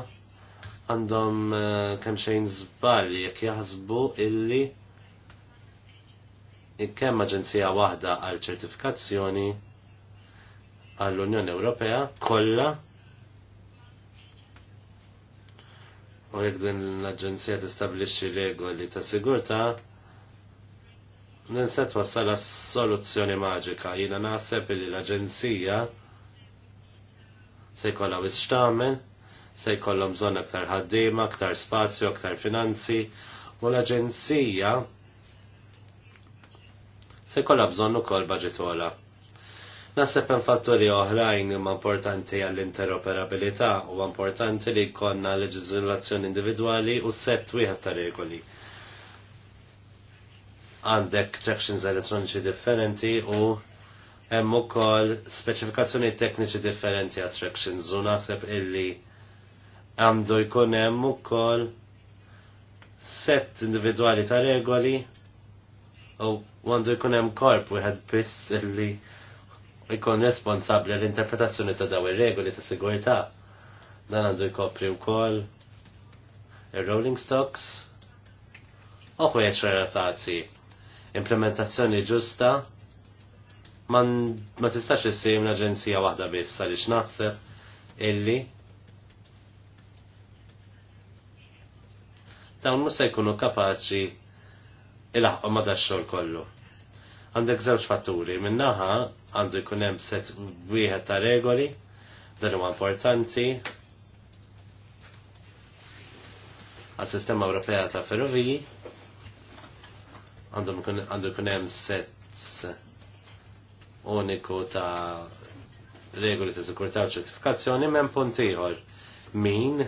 għandhom eh, kemm xejn żball jek jahzbu illi kemm aġenzija waħda għal ċertifikazzjoni għall-Unjoni Ewropea kollha u jekk din l-aġenzija tistabbilixxi regoli ta' sigurtà ninset wassala soluzzjoni maġika. Jina naħseb li l-Aġenzija se jkollha wis x'tagħmel, se jkollhom bżonn aktar ħaddiema, aktar spazju, aktar finanzi, u l-Aġenzija se jkollha bżonn ukoll baġit ola. Naħseb hemm fatturi oħrajn huma importanti għall-interoperabilità u importanti li jkollna leġiżlazzjoni individwali u sett wieħed ta' regoli għandek tractions elektroniċi differenti u hemm ukoll speċifikazzjoni tekniċi differenti għat tractions u naħseb illi għandu jkun hemm ukoll set individwali ta' regoli u għandu jkun hemm korp wieħed biss illi jkun responsabbli l-interpretazzjoni ta' daw ir-regoli ta' sigurtà. Dan għandu jkopri wkoll ir-rolling stocks u ħwieġ relatazzi implementazzjoni ġusta man, ma tistax issir minn aġenzija waħda biss għaliex naħseb illi dawn mhux se jkunu kapaċi ilaħqu ma dax-xogħol kollu. Għandek żewġ fatturi, minn naħa għandu jkun hemm set wieħed ta' regoli, dan huwa importanti, għas-Sistema Ewropea ta' Ferroviji, għandu kunem hemm set uniku ta' regoli ta' sikurtà u ċertifikazzjoni m'hemm punt ieħor min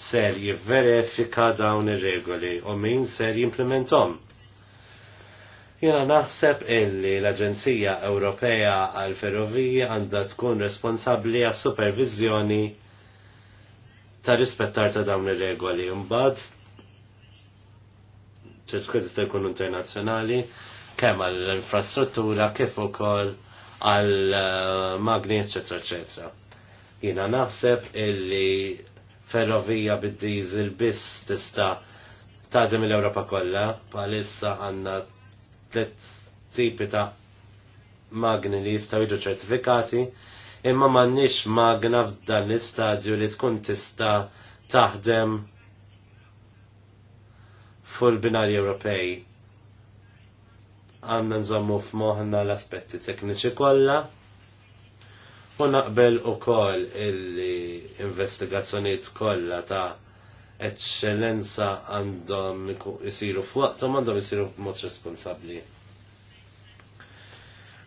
ser jivverifika dawn ir-regoli u min ser jimplementom. Jena naħseb illi l-Aġenzija Ewropea għal ferrovija għandha tkun responsabbli għas supervizjoni ta' rispettar ta' dawn ir-regoli. Mbagħad ċertkwiet jkun jkunu internazzjonali, kemm għall-infrastruttura kif ukoll għall-magni, eh, eċetera, eċetera. Jiena naħseb illi ferrovija bid dizil biss tista' tagħdim l-Ewropa kollha, bħalissa għandna tliet tipi ta' magni li jistgħu jiġu ċertifikati, imma m'għandniex magna f'dan l-istadju li tkun tista' taħdem fuq il-binari Ewropej. Għanna nżommu f'moħna l-aspetti tekniċi kollha u naqbel u koll il-investigazzjoniet kollha ta' eccellenza għandhom jisiru f'waqthom għandhom jisiru b'mod responsabbli.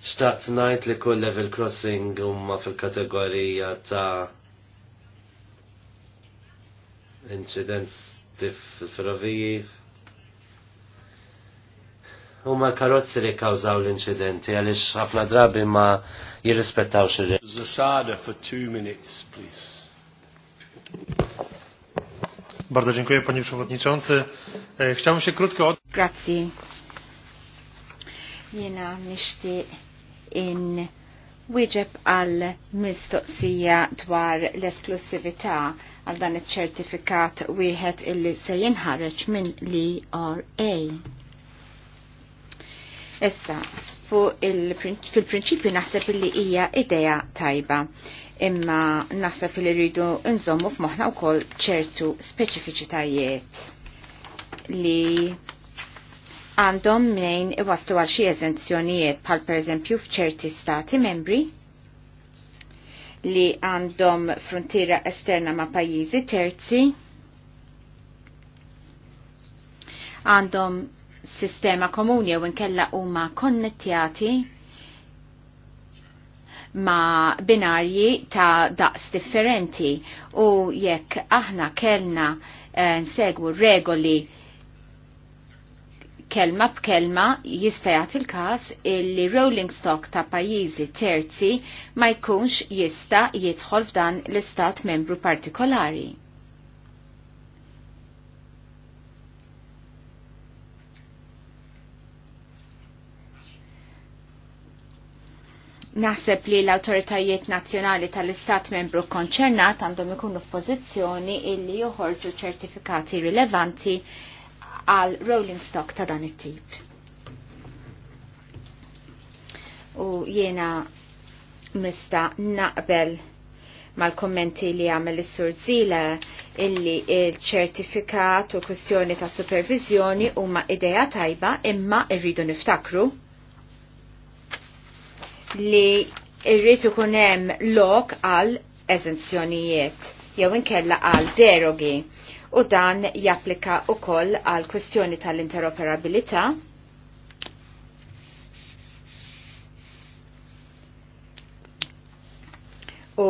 Xtaqt ngħid li kull level crossing huma fil-kategorija ta' incidents fil-ferroviji huma l-karozzi li kawżaw l incidenti għalix ħafna drabi ma jirrispettaw xirri. Zasada for two minutes, please. Bardzo dziękuję panie przewodniczący. E, chciałbym się krótko od... Grazie. Jena nishti in wieġeb għal mistoqsija dwar l esklusivita għal dan il ċertifikat wieħed illi se jinħareġ minn l-ERA. Issa, fil-prinċipju naħseb li hija idea tajba, imma naħseb li rridu nżommu f'moħħna wkoll ċertu speċifiċitajiet li għandhom minn iwaslu għal xi eżenzjonijiet bħal pereżempju f'ċerti stati membri li għandhom frontiera esterna ma' pajjiżi terzi għandhom sistema komuni u nkella huma konnettjati ma' binarji ta' daqs differenti u jekk aħna kellna eh, nsegwu regoli kelma b'kelma jista' jagħti il-każ li rolling stock ta' pajjiżi terzi ma jkunx jista' jidħol f'dan l-istat membru partikolari. Naħseb li l-autoritajiet nazzjonali tal-istat membru konċernat għandhom ikunu f'pożizzjoni illi joħorġu ċertifikati rilevanti għal rolling stock ta' dan it-tip. U jiena mista naqbel mal-kommenti li għamel is-sur Zila illi il-ċertifikat u kwestjoni ta' supervizjoni huma idea tajba imma irridu niftakru li irritu ikun hemm lok għal eżenzjonijiet jew inkella għal derogi u dan japplika koll għal kwestjoni tal-interoperabilità u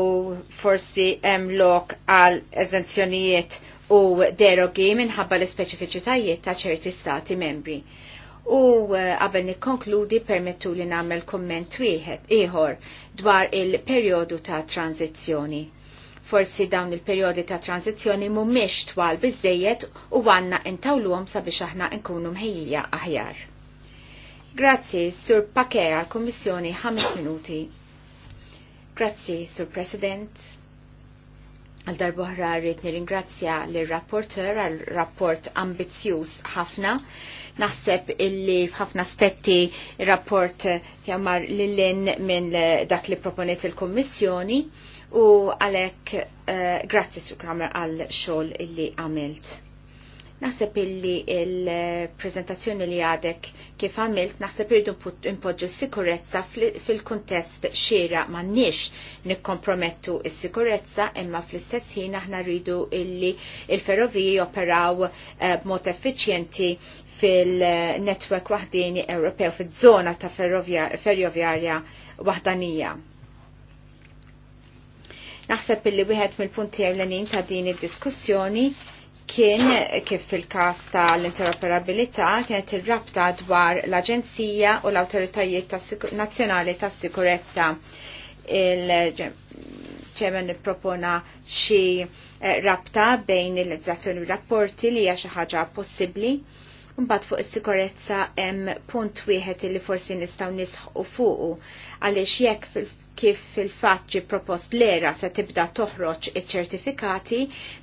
forsi hemm lok għal eżenzjonijiet u derogi minħabba l-ispeċifiċitajiet ta' ċerti stati membri. U eh, qabel nikkonkludi permettu li nagħmel komment wieħed ieħor dwar il-perjodu ta' tranzizzjoni. Forsi dawn il-perjodi ta' tranzizzjoni mhumiex twal biżejjed u għandna intawluhom sabiex aħna nkunu mħejja aħjar. Grazzi, Sur Pakea Komissjoni, 5 minuti. Grazzi, Sur President. Għal darbohra rrit nirringrazzja l-rapporter għal rapport ambizjuż ħafna Naħseb illi f'ħafna aspetti rapport jammar lillin minn dak li proponiet il-Kommissjoni u għalek uh, eh, grazzi su Kramer għal xol illi għamilt. Naħseb illi il-prezentazzjoni li għadek kif għamilt naħseb irridu impoġġu sikurezza fil-kontest xira ma nix nikkompromettu s-sikurezza imma fl-istess ħin aħna rridu illi il-ferroviji operaw eh, b'mod effiċjenti fil-netwerk waħdini Ewropew fil-żona ta' ferroviarja waħdanija. Naħseb illi wieħed mill-punti ewlenin ta' din id-diskussjoni kien kif fil-kas ta' l-interoperabilità kienet ir-rabta dwar l-Aġenzija u l-Awtoritajiet Nazzjonali tas-Sikurezza il-ċemen propona xi eh, rabta bejn il-leġizzazzjoni u rapporti li hija xi ħaġa possibbli Mbagħad fuq is-sikurezza hemm punt wieħed li forsi nistgħu nisħu fuqu għaliex jekk fil kif fil-fatt ġi propost l-era se tibda toħroġ iċ-ċertifikati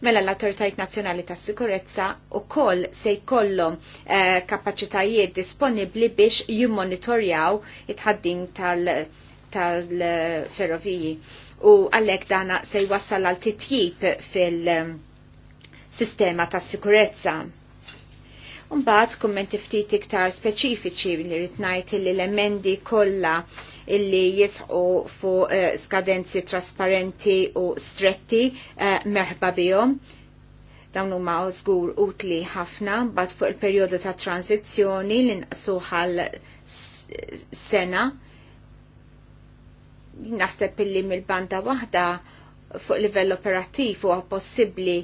mela l autoritajt Nazzjonali tas-Sikurezza wkoll se jkollhom eh, kapaċitajiet disponibbli biex jimmonitorjaw it-ħaddim tal-ferroviji tal u għalhekk dana se jwassal għal titjib fil- eh, sistema ta' sikurezza Mbagħad kummenti ftit iktar speċifiċi li rrid ngħid li l-emendi kollha illi jisħu fuq uh, skadenzi trasparenti u stretti uh, merħba bihom. Dawn huma żgur utli ħafna bat fuq il-perjodu ta' tranzizzjoni li nqsuħa sena Naħseb illi mill-banda waħda fuq livell operattiv huwa possibbli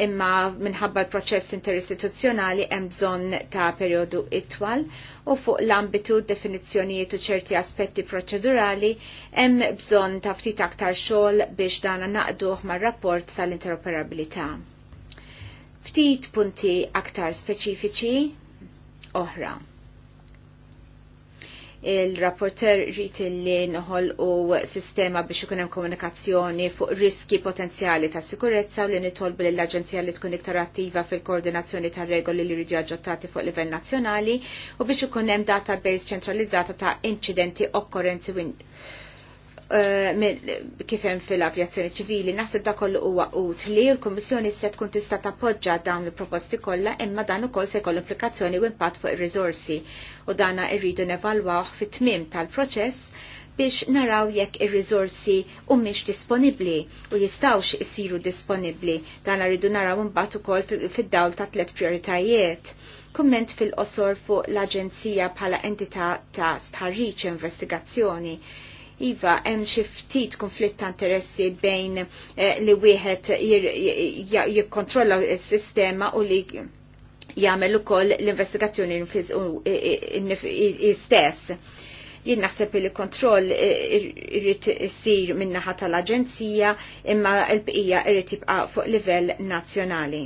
imma minħabba l-proċess interistituzzjonali hemm bżonn ta' perjodu itwal u fuq l-ambitu definizzjonijiet u ċerti aspetti proċedurali hemm bżonn ta' ftit aktar xogħol biex dana naqduh mar-rapport sal-interoperabilità. Ftit punti aktar speċifiċi oħra il-rapporter rrit li nħol u sistema biex ikun hemm komunikazzjoni fuq riski potenzjali ta' sikurezza u li nitolbu lill aġenzija li tkun iktar attiva fil-koordinazzjoni ta' regoli li jridu aġġottati fuq livell nazzjonali u biex ikun hemm database ċentralizzata ta' incidenti okkorrenzi Eh, kif hemm fil-avjazzjoni ċivili naħseb da kollu huwa utli u l-Kummissjoni se tkun tista' tappoġġa dawn il-proposti kollha imma dan ukoll se jkollu implikazzjoni u impatt fuq ir-riżorsi u dana rridu nevalwah fit-tmiem tal-proċess biex naraw jekk ir-riżorsi mhumiex disponibbli u jistgħux isiru disponibbli dan rridu naraw imbagħad ukoll fid-dawl ta' tliet prioritajiet. Kumment fil-qosor fuq l-Aġenzija bħala entità ta' stħarriċ investigazzjoni Iva, hemm xi ftit konflitt ta' interessi bejn eh, li wieħed jikkontrolla s-sistema u li jagħmel ukoll l-investigazzjoni stess. Jien naħseb li kontroll eh, irrid isir min-naħa tal-Aġenzija imma l-bqija irrid jibqa' fuq livell nazzjonali.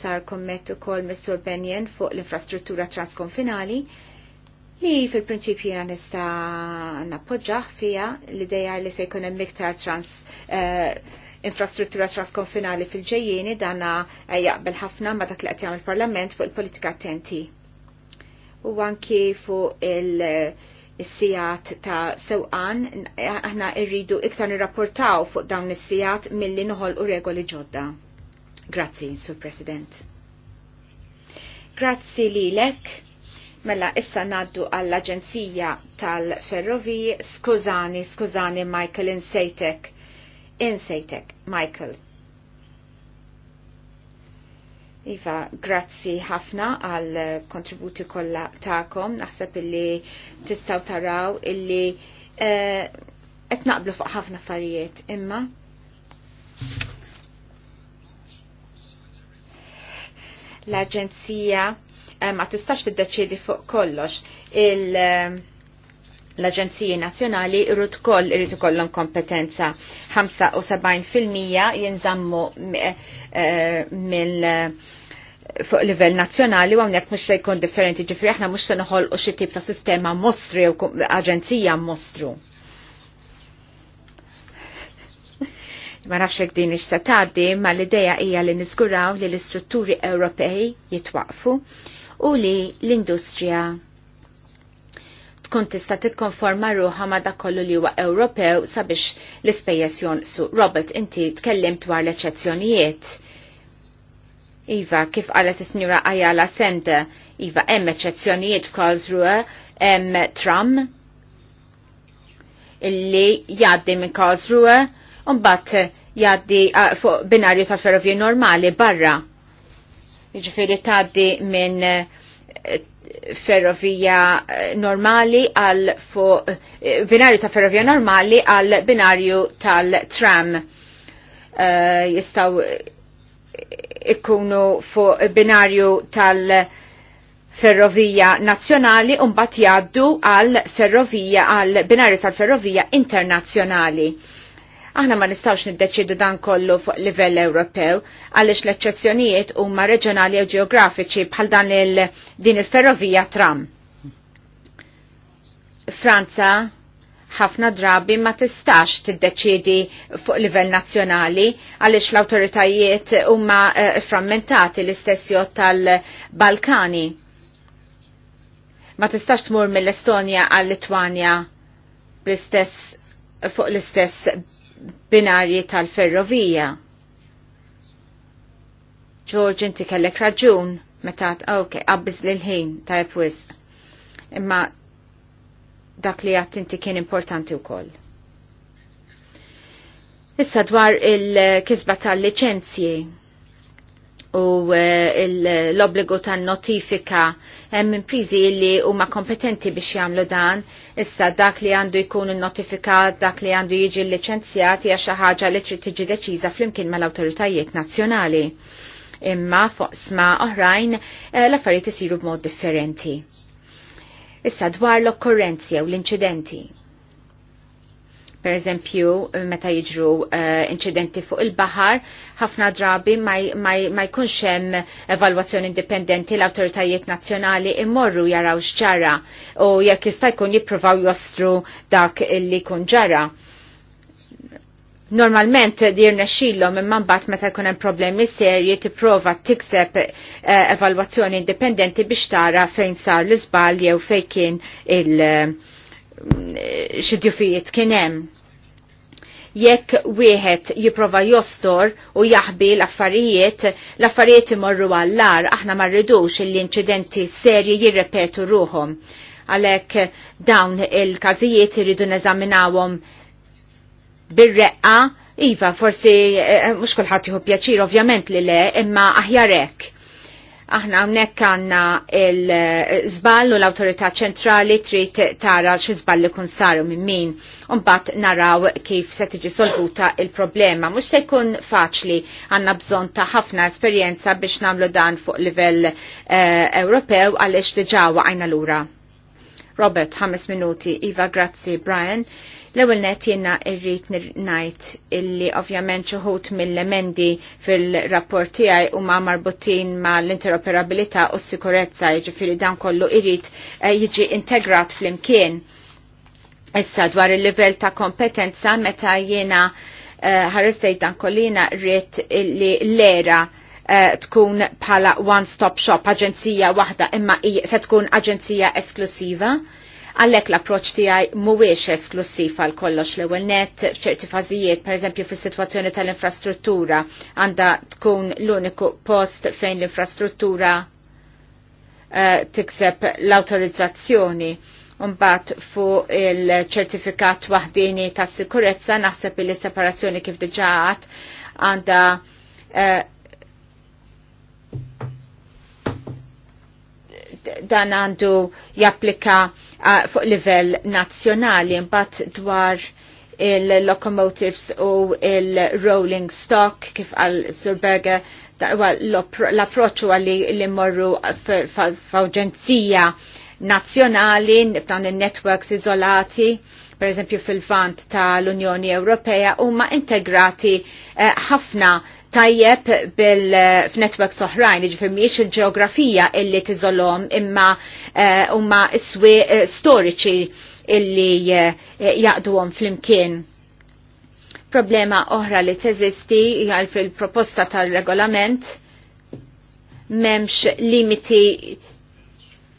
Sar kommettu ukoll Mr. Benjen fuq l-infrastruttura transkonfinali li fil-prinċipju jena nista nappoġġaħ fija l-ideja li se jkun hemm iktar trans uh, infrastruttura transkonfinali fil-ġejjieni danna eh, jaqbel ħafna ma dak li qed jagħmel parlament fuq il-politika attenti. U anki fuq il-sijat ta' sewqan, aħna irridu iktar nirrapportaw fuq dawn is-sijat milli noħolqu regoli ġodda. Grazzi, Sur President. Grazzi lilek Mela, issa naddu għall-Aġenzija tal-Ferroviji. Skużani, skużani, Michael, insejtek. Insejtek, Michael. Iva, grazzi ħafna għal kontributi kollha tagħkom. Naħseb illi tistgħu taraw illi eh, qed naqblu fuq ħafna affarijiet imma l-Aġenzija Eh, ma tistax tiddeċidi fuq kollox il- eh, l-Aġenziji Nazzjonali irrid ukoll irid ikollhom kompetenza 75% jinżammu eh, mill fuq livell nazzjonali u hawnhekk mhux se jkun differenti ġifri aħna mhux se noħolqu xi tip ta' sistema mostri jew aġenzija mostru. Ma nafx hekk din ix tgħaddi, ma l-idea hija li niżguraw li l-istrutturi Ewropej jitwaqfu u li l-industrija tkun tista' tikkonforma ruħha ma' dak kollu li huwa Ewropew sabiex l-ispejjeż su Robert, inti tkellim dwar l-eċezzjonijiet. Iva, kif qalet is-Sinjura Ajala Sende, Iva, hemm eċezzjonijiet f'Karlsruhe, hemm tram illi jgħaddi minn Karlsruhe u mbagħad jgħaddi uh, fuq binarju ta' ferrovju normali barra Jiġifieri tgħaddi minn eh, ferrovija eh, normali għal fuq eh, binarju ta' ferrovija normali għal binarju tal-tram. Uh, jistaw ikkunu fuq binarju tal-ferrovija nazzjonali un bat jaddu għal ferrovija għal binarju tal-ferrovija internazzjonali Aħna ma nistawx niddeċidu dan kollu fuq livell Ewropew għaliex l-eċċezzjonijiet huma reġjonali u ġeografiċi bħal dan il din il-ferrovija tram. Franza ħafna drabi ma tistax tiddeċidi fuq livell nazzjonali għaliex l-awtoritajiet huma eh, frammentati l-istess tal-Balkani. Ma tistax tmur mill-Estonja għall-Litwanja fuq l-istess binarji tal-ferrovija. George, inti kellek raġun, meta ok, qabbiż lil ħin ta' jepwis. Imma dak li għat inti kien importanti wkoll. Issa dwar il-kisba tal-licenzji u eh, l-obbligu ta' notifika hemm imprizi li huma kompetenti biex jagħmlu dan, issa dak li għandu jkun notifikat, dak li għandu jiġi liċenzjat hija xi ħaġa li trid tiġi deċiża flimkien mal-awtoritajiet nazzjonali. Imma fuq sma oħrajn eh, l-affarijiet isiru b'mod differenti. Issa dwar l okkurrenzja jew l-inċidenti. Per eżempju, meta jiġru eh, incidenti fuq il-bahar, ħafna drabi ma jkunx hemm evalwazzjoni indipendenti l-awtoritajiet nazzjonali immorru jaraw x'ġara u jekk jista' jkun jippruvaw jostru dak li jkun ġara normalment dir nexxilhom imma mbagħad meta jkun hemm problemi serji tipprova tikseb eh, evalwazzjoni indipendenti biex tara fejn sar l-iżbal jew fejn kien il xidjufijiet kien hemm jekk wieħed jipprova jostor u jaħbi l-affarijiet, l-affarijiet imorru għallar, aħna ma rridux l-inċidenti serji jirrepetu ruhom. Għalhekk dawn il-każijiet irridu neżaminawhom bir-reqqa, iva, forsi eh, mhux kulħadd jieħu pjaċir ovvjament li le, imma aħjarek Aħna hawnhekk għandna l-żball eh, u l-awtorità ċentrali trid tara xi żball li kun saru minn min. Mbagħad naraw kif se tiġi solvuta il-problema. Mhux se jkun faċli għandna bżonn ta' ħafna esperjenza biex nagħmlu dan fuq livell eh, Ewropew għaliex diġà waqajna lura. Robert, ħames minuti. Iva, grazzi, Brian. L-ewwel net jiena rrid ngħid illi ovvjament xi ħut mill-emendi fil-rapport tiegħi huma marbutin mal-interoperabilità u s-sikurezza, jiġifieri dan kollu irid eh, jiġi integrat flimkien. Issa dwar il-livell ta' kompetenza meta jiena eh, ħares dan kollina rrit li l-era eh, tkun bħala one-stop shop, aġenzija waħda, imma se tkun aġenzija esklusiva Għallek l-approċ tijaj muwiex esklusiv għal kollox l ewwel net, fċerti fazijiet, per eżempju, fis situazzjoni tal-infrastruttura, għanda tkun l-uniku post fejn l-infrastruttura uh, tikseb l-autorizzazzjoni. Umbat fu il-ċertifikat wahdini ta' sikurezza naħseb li separazzjoni kif diġaħat għanda eh, dan għandu japplika fuq livell nazzjonali mbagħad dwar il-locomotives u il-rolling stock kif għal Surberga l-approċċu għalli li morru f'awġenzija nazzjonali dan il networks iżolati per eżempju fil-vant tal-Unjoni Ewropea huma integrati eh, ħafna eh, tajjeb bil-networks eh, oħrajn, iġifir miex il-ġeografija illi tiżolom imma eh, umma iswi eh, storiċi illi jaqduhom fl-imkien. Problema oħra li teżisti għal fil-proposta tal-regolament memx limiti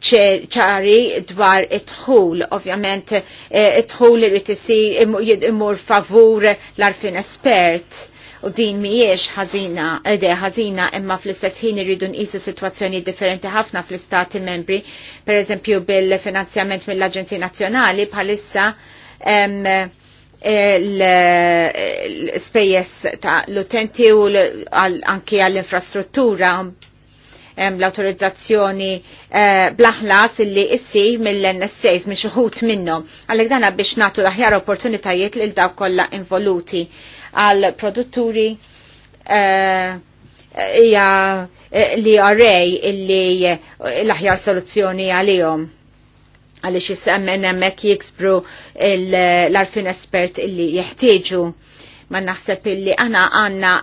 ċari dwar it-ħul, ovvjament it-ħul irrid isir imur favur l-arfin espert u din miex ħażina ede ħażina imma fl-istess ħin irridu nqisu sitwazzjoni differenti ħafna fl-istati membri, per eżempju bil-finanzjament mill-Aġenzji Nazzjonali bħalissa l-spejjes ta' l-utenti u anki għall-infrastruttura l-autorizzazzjoni eh, blaħlas illi issir mill-NSAs miex uħut minnhom. Għalhekk dana biex nagħtu l-aħjar opportunitajiet lil dawk kollha involuti għal produtturi eh, hija eh, li għarrej illi eh, l-aħjar soluzzjoni għalihom għaliex jissemmen hemmhekk jiksbru l-arfin espert illi jeħtieġu ma naħseb illi aħna għandna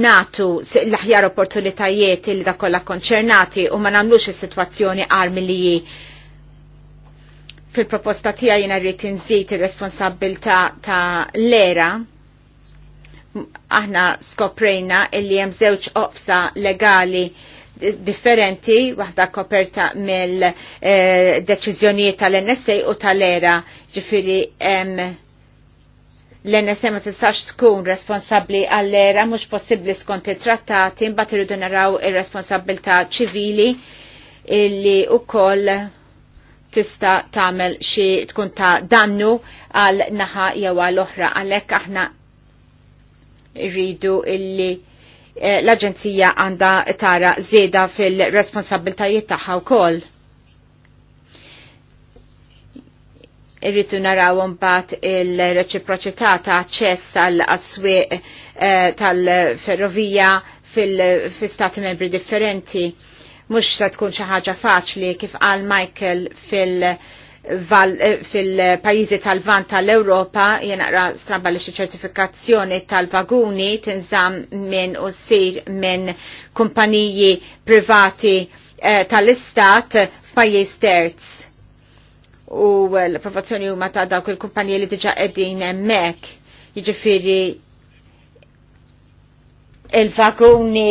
natu l-aħjar opportunitajiet illi dakolla konċernati u ma nagħmlux is-sitwazzjoni armi li fil-proposta tija jina rritin nżid ir responsabilta ta' l-era aħna skoprejna illi hemm żewġ oqsa legali differenti, waħda koperta mill eh, deċiżjonijiet tal-NSA u tal-era, ġifiri l-NSA ma tistax tkun responsabli għall-era, mhux possibbli skont it-trattati, mbagħad iridu naraw ir-responsabilità ċivili illi wkoll tista tagħmel xi tkun ta' dannu għal naħa jew għal oħra għalhekk aħna rridu illi eh, l-Aġenzija għanda tara zeda fil-responsabiltajiet tagħha wkoll. Irridu naraw mbagħad il-reċiproċità ta' aċċess għal aswieq eh, tal-ferrovija fil-stati membri differenti. Mhux se tkun xi ħaġa faċli kif qal Michael fil- Eh, fil-pajizi tal-vant tal-Europa jenaqra straba li ċertifikazzjoni tal-vaguni tinżam minn u sir minn kumpaniji privati eh, tal-istat f'pajjiż terz. U eh, l-approvazzjoni huma ta' dawk il-kumpaniji li diġa qegħdin hemmhekk. Jiġifieri il-vaguni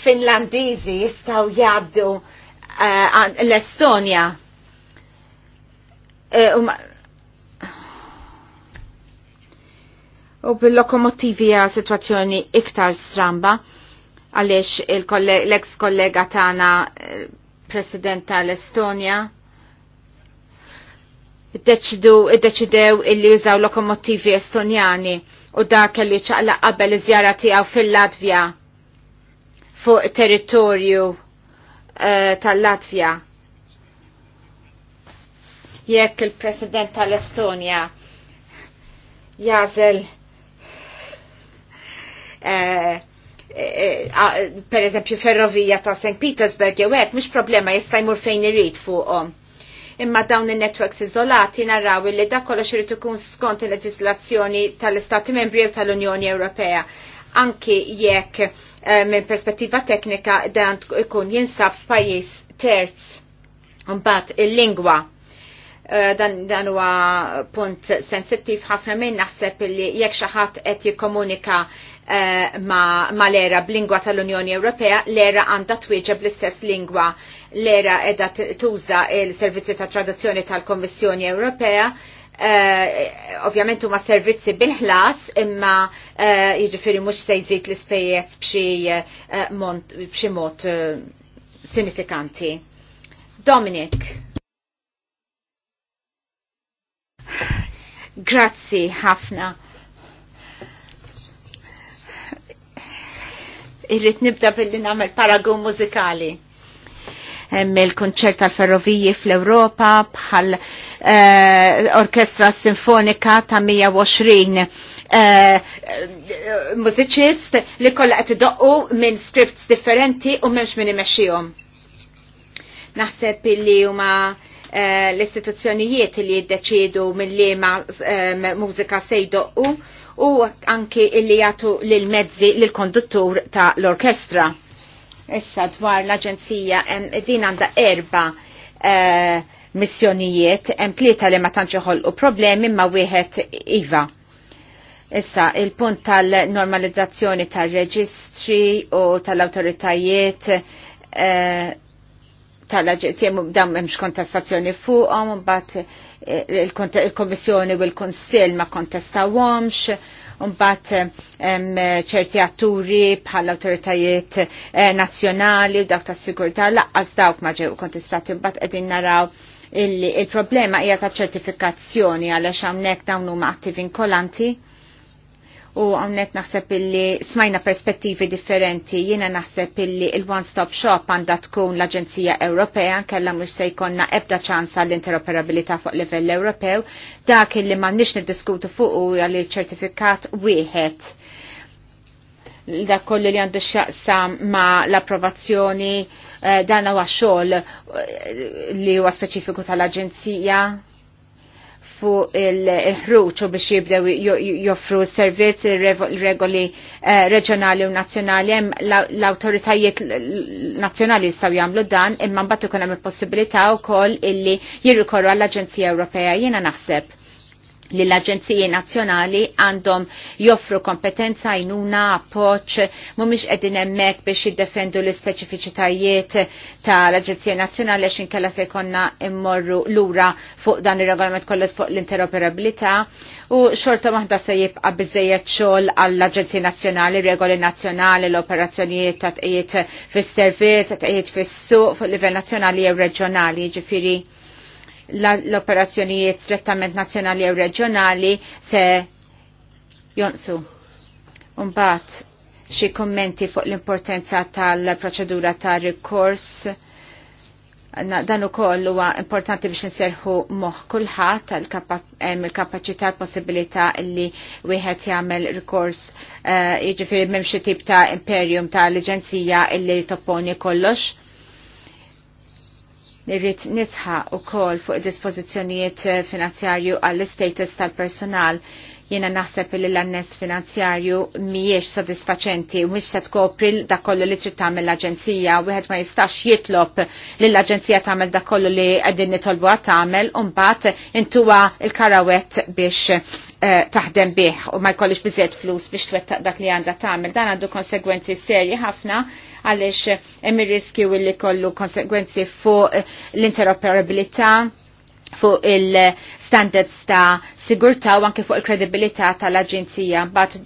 Finlandiżi jistgħu jgħaddu l-Estonja Eh, u bil-lokomotivi għal situazzjoni iktar stramba għaliex l-ex kollega tagħna eh, president tal-Estonja id-deċidew illi jużaw lokomotivi estonjani u da kelli ċaqla qabel iżjara tiegħu fil-Latvja fuq territorju eh, tal-Latvja jekk il-President tal-Estonja jażel eh, eh, per eżempju ferrovija ta' St. Petersburg jew hekk mhux problema jista' jmur fejn irid fuqhom imma dawn il-networks izolati narraw li da kollox irid ikun skont il-leġislazzjoni tal-Istati Membri u tal-Unjoni Ewropea. Anki jekk eh, minn perspettiva teknika dan ikun jinsab f'pajjiż terz. Mbagħad il-lingwa Eh, dan, dan huwa punt sensittiv ħafna minn naħseb li jekk xi ħadd qed jikkomunika eh, ma, ma l-era b'lingwa tal-Unjoni Ewropea, l-era għandha twieġa bl istess lingwa l-era edha tuża il-servizzi ta' traduzzjoni tal-Kommissjoni Ewropea. Uh, ovvjament huma servizzi bil-ħlas imma uh, jiġifieri mhux se jżid l-ispejjeż b'xi mod sinifikanti. Dominic. Grazzi ħafna. Irrit nibda billi namel paragun mużikali. Hemm il-kunċert tal-ferroviji fl-Ewropa bħal uh, orkestra sinfonika ta' 120 eh, mużiċist li kollha qed idoqqu minn scripts differenti u m'hemmx min imexxihom. Naħseb illi huma Eh, l-istituzzjonijiet li jiddeċidu mill-lema eh, mużika sejdoqqu u anki illi jagħtu lill-mezzi lill-konduttur ta' l-orkestra. Issa dwar l-Aġenzija din għandha erba' eh, missjonijiet hemm tlieta li ma tantx u problemi ma wieħed iva. Issa, il-punt tal-normalizzazzjoni tal-reġistri u tal-autoritajiet tal-aġenzija dam hemmx kontestazzjoni fuqhom, mbagħad eh, il-Kommissjoni u l-Kunsill ma kontestawhomx, mbagħad eh, ċerti atturi bħal awtoritajiet eh, nazzjonali u dawk tas-sigurtà laqqas dawk ma ġew kontestati mbagħad qegħdin naraw il-problema hija ta' ċertifikazzjoni għaliex hawnhekk dawn huma attiv inkolanti? u għamnet naħseb illi smajna perspettivi differenti jiena naħseb illi il-one-stop shop għanda tkun l-Aġenzija Ewropea kella mux se ebda ċansa l-interoperabilità fuq livell Ewropew dak illi ma nix niddiskutu fuq u għalli ċertifikat wieħed da kollu li għandu xaqsa ma l-approvazzjoni dana eh, dan huwa xogħol eh, li huwa speċifiku tal-Aġenzija fuq il-ħruċ u biex jibdew joffru servizz regoli eh, reġjonali u nazzjonali hemm l-awtoritajiet nazzjonali jistgħu jagħmlu dan imma mbagħad ikun hemm il-possibilità wkoll illi jirrikorru għall-Aġenzija Ewropea jiena naħseb li l-Aġenziji Nazzjonali għandhom joffru kompetenza jnuna poċ, mumiex edin emmek biex jiddefendu l-speċifiċitajiet tal-Aġenziji Nazzjonali għax inkella se jkonna immorru lura fuq dan il-regolament kollet fuq l-interoperabilità u xorta maħda se jibqa bizzejiet xogħol għall-Aġenziji Nazzjonali, regoli nazzjonali, l-operazzjonijiet ta' tqijiet fis-servizz, ta' tqijiet fis-suq fuq livell nazzjonali jew reġjonali, jiġifieri l-operazzjonijiet strettament nazzjonali jew reġjonali se jonsu. Umbat, xi kommenti fuq l-importanza tal-proċedura ta' rikors dan ukoll huwa importanti biex nserħu moħħ kulħadd il-kapaċità l-possibilità li wieħed jagħmel rikors eh, jiġifieri m'hemm xi tip ta' imperium ta' l-Aġenzija illi topponi kollox nirrit nisħa u kol fuq dispozizjonijiet eh, finanzjarju għall-status tal-personal jena naħseb li l-annes finanzjarju miex sodisfaċenti u miex se tkopri da kollu li trid tagħmel l-aġenzija u wieħed ma jistax jitlob li l-aġenzija tagħmel da kollu li qegħdin nitolbu għat tagħmel u mbagħad intuwa l-karawett biex eh, taħdem bih u ma jkollix biżiet flus biex twettaq dak li għandha tagħmel. Dan għandu konsegwenzi serji ħafna għaliex hemm ir u li kollu konsekwenzi fuq l-interoperabilità fuq il-standards ta' sigurtà u anke fuq il-kredibilità tal-Aġenzija, bat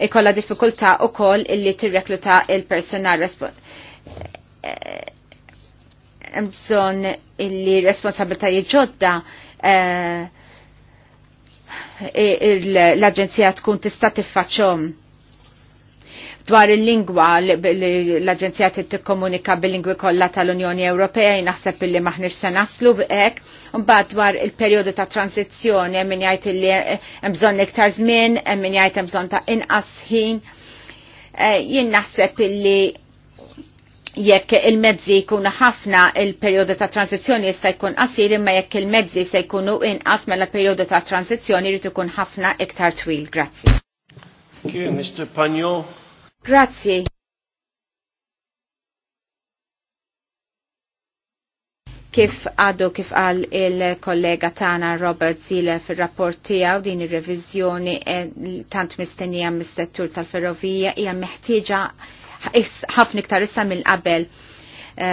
ikolla diffikultà u koll illi tirrekluta il-personal Mżon illi responsabiltajiet ġodda eh, l-Aġenzija tkun tista' tiffaċċhom dwar il-lingwa l-Aġenzija trid tikkomunika bil-lingwi kollha tal-Unjoni Ewropea naħseb illi maħniex se naslu b'hekk, Mbagħad dwar il-perjodu ta' transizzjoni hemm min jgħid illi hemm bżonn iktar żmien, hemm min jgħid hemm bżonn ta' inqas ħin. Eh, jien naħseb illi jekk il-mezzi jkunu ħafna il-perjodu ta' transizzjoni jista' jkun qasir imma jekk il-mezzi se jkunu inqas mela perjodu ta' transizzjoni jrid ikun ħafna iktar twil. Grazzi. Mr. Pagno. Grazzi. Kif għadu kif għal il-kollega tana Robert Zile fil-rapport tijaw din il-revizjoni e, tant mistennija mis-settur tal-ferrovija hija meħtieġa ħafna iktar issa mill-qabel e,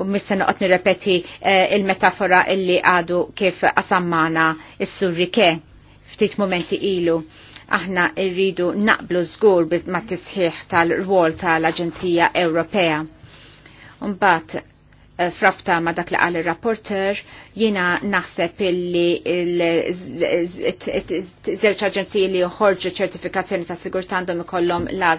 u missa noqgħod nirrepeti e, il-metafora illi għadu kif asammana is-surrike ftit momenti ilu Aħna irridu naqblu żgur ma' tisħiħ tal-rwol tal-Aġenzija Ewropea. Un-bat, Eh, frabta ma dak li għal il-rapporter, jina naħseb illi zewċ aġenziji li joħorġu ċertifikazzjoni ta' sigurtà għandhom ikollhom l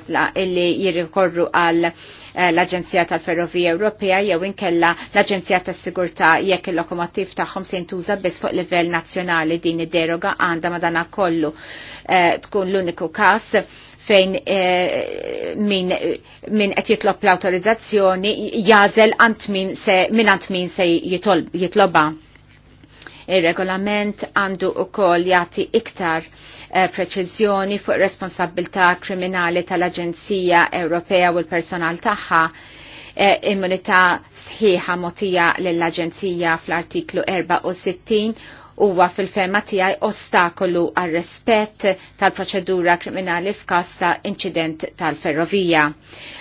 illi jirrikorru għal eh, l-Aġenzija tal-Ferrovija Ewropea jew inkella l-Aġenzija tas-Sigurtà jekk il-lokomotiv tagħhom se jintuża biss fuq livell nazzjonali din id-deroga għandha madana kollu eh, tkun l-uniku każ fejn eh, min qed jitlob l-awtorizzazzjoni jażel ant min se min ant min se jitlobha. Ir-regolament għandu ukoll jagħti iktar eh, preċiżjoni fuq responsabilità kriminali tal-Aġenzija Ewropea u l-personal tagħha eh, immunità sħiħa motija l-Aġenzija fl-artiklu 64 huwa fil-fema tiegħi ostakolu għal rispett tal-proċedura kriminali f'każ ta' inċident tal-ferrovija.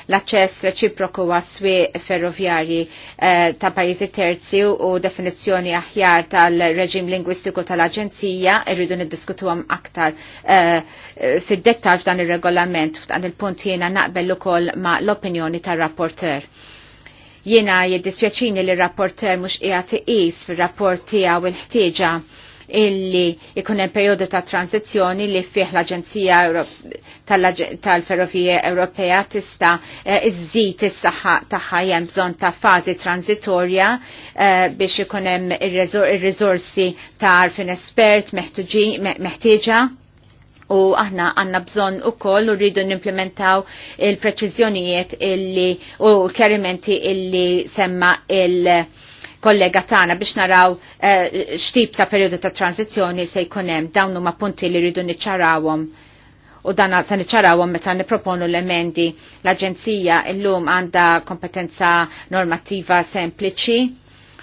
L-aċċess reċiproku għas-swi ferrovjarji eh, ta' pajjiżi terzi u definizzjoni aħjar tal-reġim lingwistiku tal-Aġenzija irridu niddiskutuhom aktar eh, fid dettall f'dan ir-regolament f'dan il-punt jiena naqbel ukoll ma' l-opinjoni tar-rapporter Jiena jiddispjaċini li rapporter mhux qiegħed iqis fir-rapport tiegħu il-ħtieġa illi ikun hemm perjodu ta' tranzizzjoni li fih l-Aġenzija tal-Ferrovija Ewropea tista' eh, iżżid is-saħħa tagħha hemm bżonn ta' fażi transitorja eh, biex ikun hemm ir-riżorsi ta' arfin espert meħtieġa u aħna għanna bżon u koll u rridu n-implementaw il-preċizjonijiet illi u l-kerimenti illi semma il- kollega tagħna biex naraw uh, xtip ta' periodu ta' tranzizjoni se jkun hemm dawn huma punti li rridu niċċarawhom u dan se niċċarawhom meta nipproponu l-emendi. L-Aġenzija llum għandha kompetenza normattiva sempliċi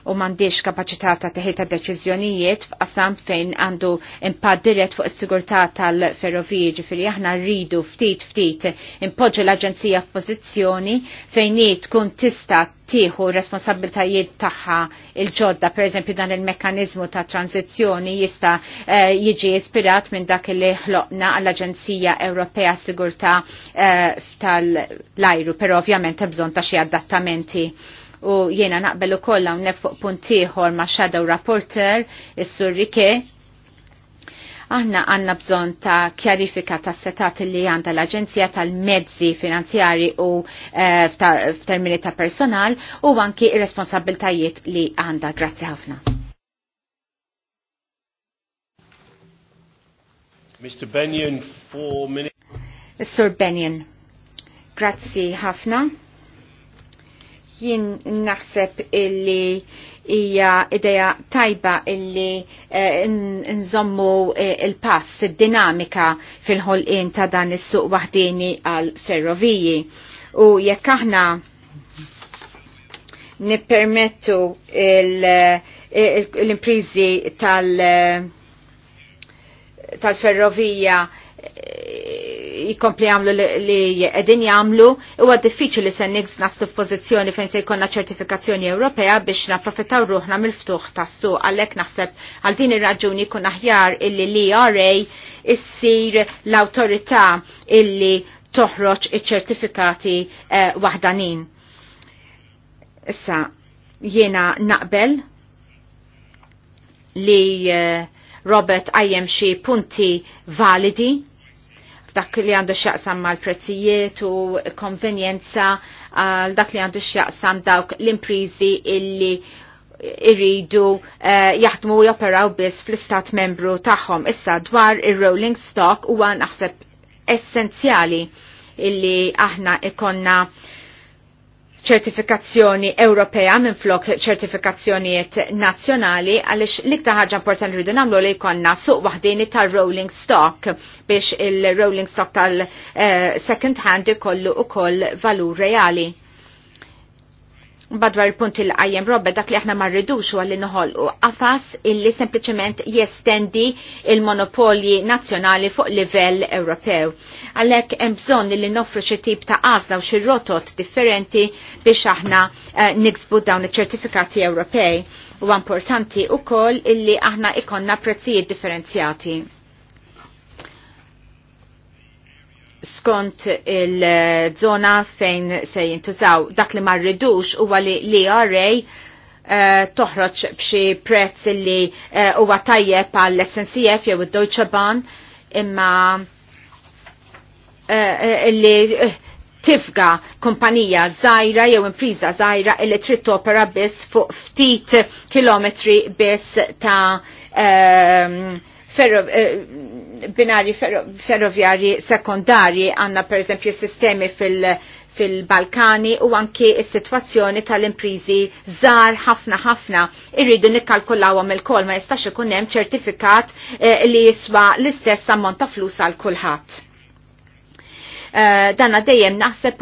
u mandiex kapacità ta' teħita deċiżjonijiet f'qasam fejn għandu impatt dirett fuq is-sigurtà tal-ferroviji ġifieri aħna rridu ftit ftit impoġġu l-aġenzija f'pożizzjoni fejn hi tkun tista' tieħu responsabiltajiet tagħha il-ġodda, pereżempju dan il-mekkaniżmu ta' tranzizzjoni jista' eh, jiġi ispirat minn dak li ħloqna għall-Aġenzija Ewropea Sigurtà eh, tal-ajru, però ovvjament hemm bżonn ta' xi adattamenti u jiena naqbel kolla hawnhekk fuq punt ieħor ma' Shadow Rapporter is-Sur Rike. Aħna għanna bżon ta' kjarifika ta' setat li għanda l-Aġenzija tal-Mezzi Finanzjari u eh, f'termini ta' personal u anki responsabiltajiet li għanda. Grazzi ħafna. Mr. Benjen, four minutes. Sir Benjen, grazzi ħafna jien naħseb illi hija ideja tajba illi eh, nżommu eh, il-pass, id-dinamika fil-ħolqien ta' dan is-suq waħdini għal ferroviji. U jekk aħna nippermettu l-imprizi tal- eh, tal-ferrovija jikompli għamlu li edin jamlu, u għad diffiċi li sen niks naslu f-pozizjoni fejn se jkonna ċertifikazzjoni Ewropea biex naprofitaw ruħna mill-ftuħ tassu għallek naħseb għal din ir-raġuni kun aħjar illi li e RA issir l-autorità illi toħroċ iċ-ċertifikati waħdanin. Eh, wahdanin. Issa, jiena naqbel li eh, Robert għajjem punti validi Dak li għandu x'jaqsam mal-prezzijiet u konvenjenza għal dak li għandu x'jaqsam dawk l-imprizi illi irridu uh, jaħdmu u joperaw biss fl-istat membru tagħhom. Issa dwar ir-rolling stock huwa naħseb essenzjali illi aħna ikonna ċertifikazzjoni Ewropea minn flok ċertifikazzjonijiet nazzjonali għaliex l-iktar ħaġa importanti rridu nagħmlu li jkollna suq waħdini tal-rolling stock biex il-rolling stock tal-second eh, hand ikollu ukoll valur reali. Badwar il-punt il-qajjem robbe dak li aħna ma rridux u għalli noħol u għafas illi sempliciment jestendi il-monopolji nazzjonali fuq livell Ewropew. Għallek hemm bżonn li noffru xi tip ta' għażla u xi rotot differenti biex aħna uh, niksbu dawn iċ-ċertifikati Ewropej. U importanti u koll illi aħna ikonna prezzijiet differenzjati skont il-zona fejn se jintużaw dak li marridux u għali li għarrej e eh, toħroċ bxi prezz li eh, huwa uh, tajjeb għall sncf jew id-Deutsche Bahn imma eh, li tifga kumpanija zaħira jew impriża zaħira illi trid topera biss fuq ftit kilometri biss ta' ferro, binari ferroviari sekondarji għanna per esempio sistemi fil- fil-Balkani u anki s sitwazzjoni tal-imprizi zar ħafna ħafna irridu nikkalkulawhom il-kol ma jistax ikun hemm ċertifikat eh, li jiswa l-istess ammont ta' flus għal kulħadd. Eh, danna dejjem naħseb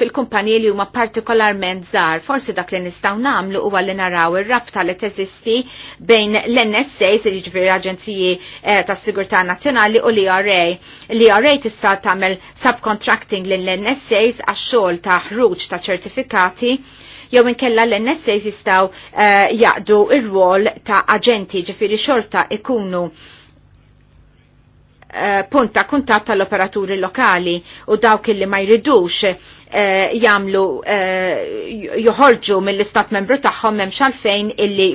fil-kumpanji li huma partikolarment żgħar. Forsi dak li nistgħu nagħmlu huwa li naraw ir-rabta li teżisti bejn l-NSA, se jiġifieri aġenziji eh, tas-Sigurtà Nazzjonali u l-IRA. L-IRA e tista' tagħmel subcontracting lill-NSAs għax-xogħol ta' ħruġ ta' ċertifikati jew inkella l-NSA jistgħu eh, jaqdu ir-rwol ta' aġenti ġifieri xorta ikunu Eh, punt ta' kuntatt tal-operaturi lokali u dawk li ma jridux eh, jamlu eh, joħorġu mill-istat membru tagħhom hemm xalfejn illi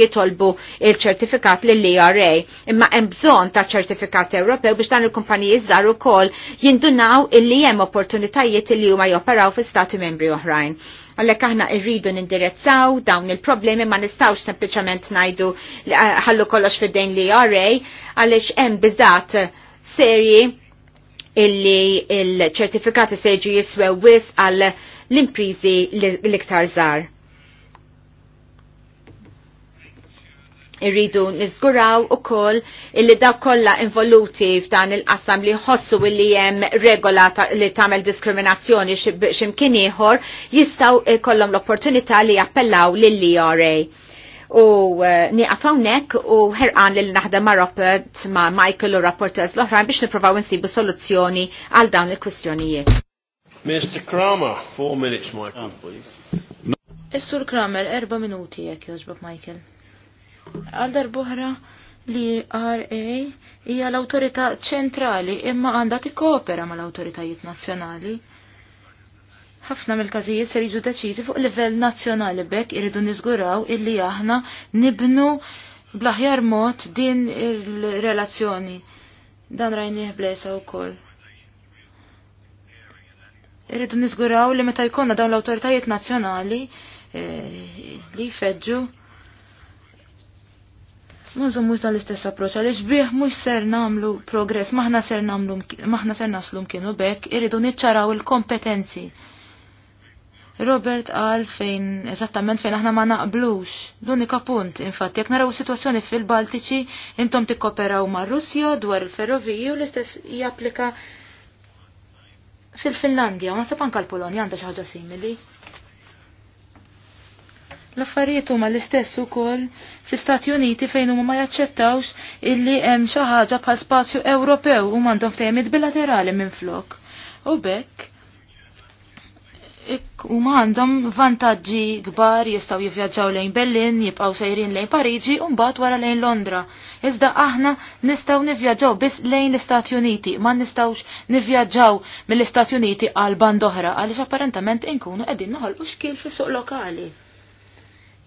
jitolbu il-ċertifikat lill-ERA. Imma hemm bżonn ta' ċertifikat Ewropew biex dan il-kumpaniji żgħar ukoll jindunaw illi hemm opportunitajiet illi huma joperaw fi stati membri oħrajn. Għallek aħna irridu nindirezzaw dawn il-problemi ma nistawx sempliciment najdu ah, ħallu kollox fid-dejn li jarrej għalix hemm biżat serji illi il-ċertifikati seġu jiswew wis għall l-imprizi l-iktar zar. irridu nizguraw u koll illi da kolla involuti f'dan il-qassam li jħossu illi jem regola ta li tamel diskriminazzjoni ximkien ieħor jistaw kollom l-opportunità li jappellaw lill-ERA. U eh, niqafawnek u ħerqan li naħdem ma' Robert ma' Michael u rapporters l-oħrajn biex niprofaw nsibu soluzzjoni għal dawn il-kwistjonijiet. Mr. Kramer, four minutes, Michael, ah, please. Mr. sur Kramer, erba minuti jekk jozbok, Michael. Għal buħra li RA hija l-autorità ċentrali imma għandha tikkopera mal-awtoritajiet nazzjonali. Ħafna mill-każijiet se jiġu deċiżi fuq livell nazzjonali bekk irridu niżguraw illi aħna nibnu blaħjar mod din ir-relazzjoni. Dan rajnieh blesa wkoll. Irridu niżguraw li meta jkollna dawn l-awtoritajiet nazzjonali eh, li jfeġġu Mużum mux tal-istess approċ, għalix bieħ mux ser namlu progress, maħna ser namlu, maħna ser naslu mkienu bekk, irridu nitċaraw il-kompetenzi. Robert għal fejn, eżattament fejn aħna ma naqblux. L-unika punt, infatti, jek naraw situazzjoni fil-Baltiċi, intom tikkoperaw ma' Russja dwar il-ferroviju l-istess japplika fil-Finlandja, u nasib anka l-Polonja għandha xi ħaġa simili. L-affarijiet huma l-istess ukoll fl-Istati Uniti fejn huma ma jaċċettawx illi hemm xi ħaġa bħal spazju Ewropew u m'għandhom ftehimiet bilaterali minn flok. U bekk huma għandhom vantaġġi kbar jistgħu jivvjaġġaw lejn Berlin, jibqgħu sejrin lejn Pariġi u mbagħad wara lejn Londra. Iżda aħna nistgħu nivvjaġġaw biss lejn l-Istati Uniti, ma nistgħux nivvjaġġaw mill-Istati Uniti għal band oħra għaliex apparentament inkunu qegħdin noħolqu xkil fis-suq lokali.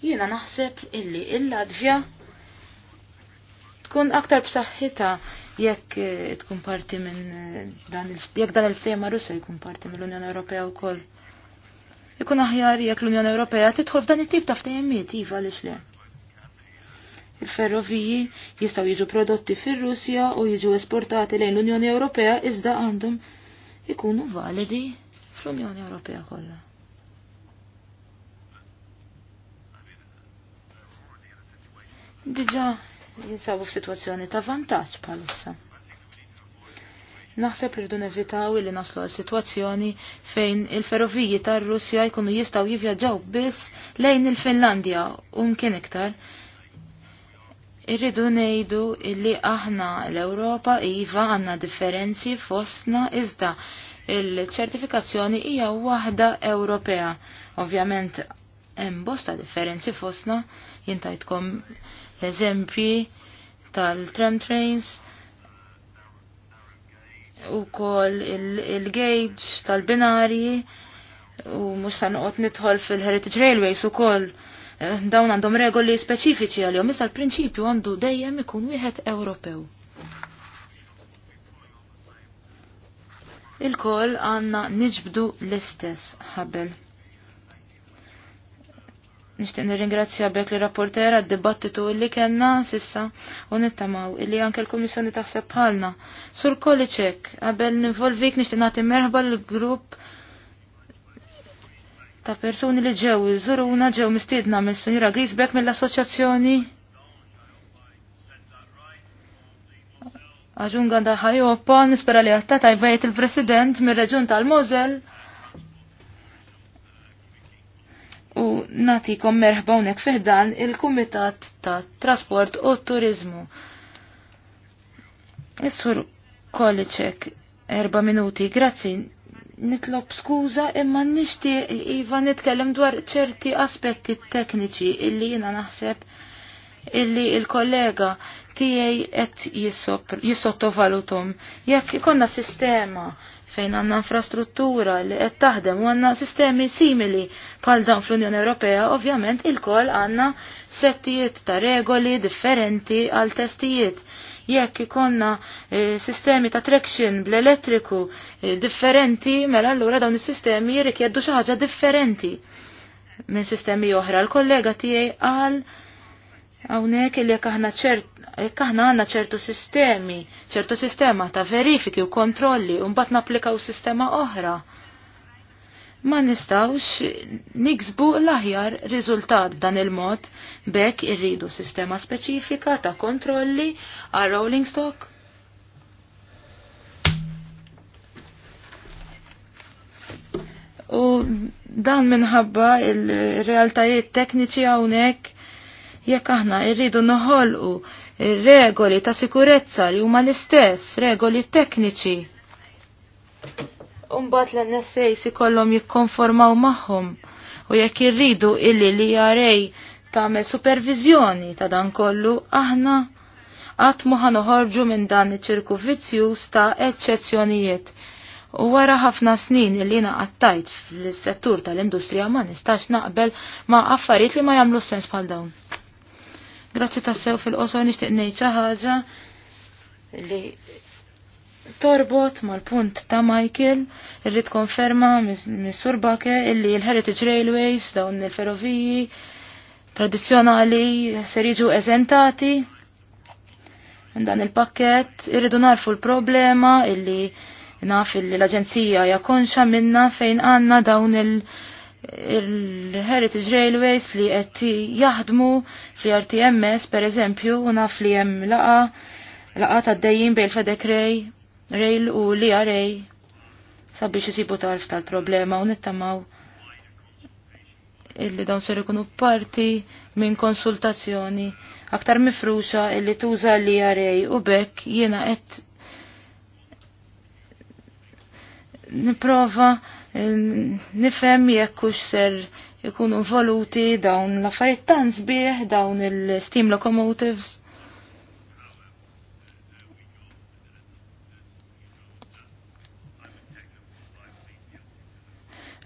Jiena naħseb illi il-Latvja tkun aktar b'saħħitha jekk eh, tkun parti minn eh, dan jekk dan il tema Russja jkun parti mill-Unjoni Ewropea wkoll. Ikun aħjar jekk l-Unjoni Ewropea tidħol f'dan it-tip ta' ftehimiet iva għaliex le. Il-ferroviji jistgħu jiġu prodotti fir-Russja u jiġu esportati lejn l-Unjoni Ewropea iżda għandhom ikunu validi fl-Unjoni Ewropea kollha. diġa jinsabu f'sitwazzjoni ta' vantaġġ bħalissa. Naħseb li rridu nevitaw li naslu għal sitwazzjoni fejn il-ferroviji tar-Russja jkunu jistgħu jivvjaġġaw biss lejn il-Finlandja u mkien iktar irridu nejdu illi aħna l-Europa iva għanna differenzi fostna iżda il-ċertifikazzjoni hija waħda Ewropea. Ovvjament hemm bosta differenzi fostna jintajtkom eżempji tal-tram trains u kol il-gauge il gauge tal binarji u mux sanqot nidħol fil-Heritage Railways u kol eh, dawn għandhom regoli speċifiċi għal-jom, iżda l-prinċipju għandu dejjem ikun wieħed Ewropew. Il-kol għanna niġbdu l-istess ħabel. Nishtiq nirringrazzja bek li rapportera d-dibattitu illi kena sissa u nittamaw illi anke l-Komissjoni taħseb bħalna. Sur kolli ċek, għabel nivolvik nishtiq nagħti merħba l-grupp ta' persuni li ġew iżuruna ġew mistiedna minn Sunjura Grisbeck mill-Assoċjazzjoni Aġunga daħajoppa nispera li għatta tajbajiet il-President mir-Reġun tal-Mozel. u natikom merħba unek fiħdan il-Kumitat ta' Trasport u Turizmu. Is-sur Kolicek, erba minuti, grazzi. Nitlob skuża imma nixtieq iva nitkellem dwar ċerti aspetti tekniċi illi jiena naħseb illi il-kollega tiegħi qed jissottovalutom. Jekk ikonna sistema fejn għandna infrastruttura li qed taħdem u għandna sistemi simili bħal dan fl-Unjoni Ewropea, ovvjament il-koll għandna settijiet ta' regoli differenti għal testijiet jekk ikonna e, sistemi ta' traction bl-elettriku e, differenti, mela allura dawn is-sistemi jirrikjeddu xi ħaġa differenti minn sistemi oħra. L-kollega tiegħi għal Hawnhekk li aħna ċert għandna ċertu sistemi, ċertu sistema ta' verifiki u kontrolli u mbagħad napplikaw sistema oħra. Ma nistawx niksbu l-aħjar riżultat dan il-mod bekk irridu sistema speċifika ta' kontrolli għal rolling stock U dan minħabba il-realtajiet tekniċi hawnhekk Jekk aħna irridu noħolqu regoli ta' sikurezza li huma l-istess, regoli tekniċi. Umbat l-NSA si kollom jikkonformaw magħhom, u jekk irridu illi li jarej tagħmel supervizjoni ta' dan kollu aħna qatt muħan ħanoħorġu minn dan iċ-ċirku ta' eċċezzjonijiet. U wara ħafna snin li naqattajt fil-settur tal-industrija ma nistax naqbel ma' affarijiet li ma jagħmlu sens bħal dawn. Grazzi tassew fil-qosor nixtieq ngħid xi ħaġa li torbot mal-punt ta' Michael irrid konferma mis-Sur Bake illi l-Heritage Railways dawn il-ferroviji tradizzjonali ser jiġu eżentati minn dan il-pakket irridu narfu l-problema illi naf illi l-Aġenzija hija konxa minna fejn għandna dawn il- il-Heritage Railways li qed jaħdmu fl-RTMS per eżempju u naf li hemm laqa laqa ta' dejjin bejn fedek rej, rail u li rej sabiex isibu tarf tal-problema u nittamaw illi dawn ser ikunu parti minn konsultazzjoni aktar mifruxa illi tuża li rej u bekk jiena qed nipprova nifhem jekk hux ser ikunu voluti dawn l tanz tan dawn il-steam locomotives.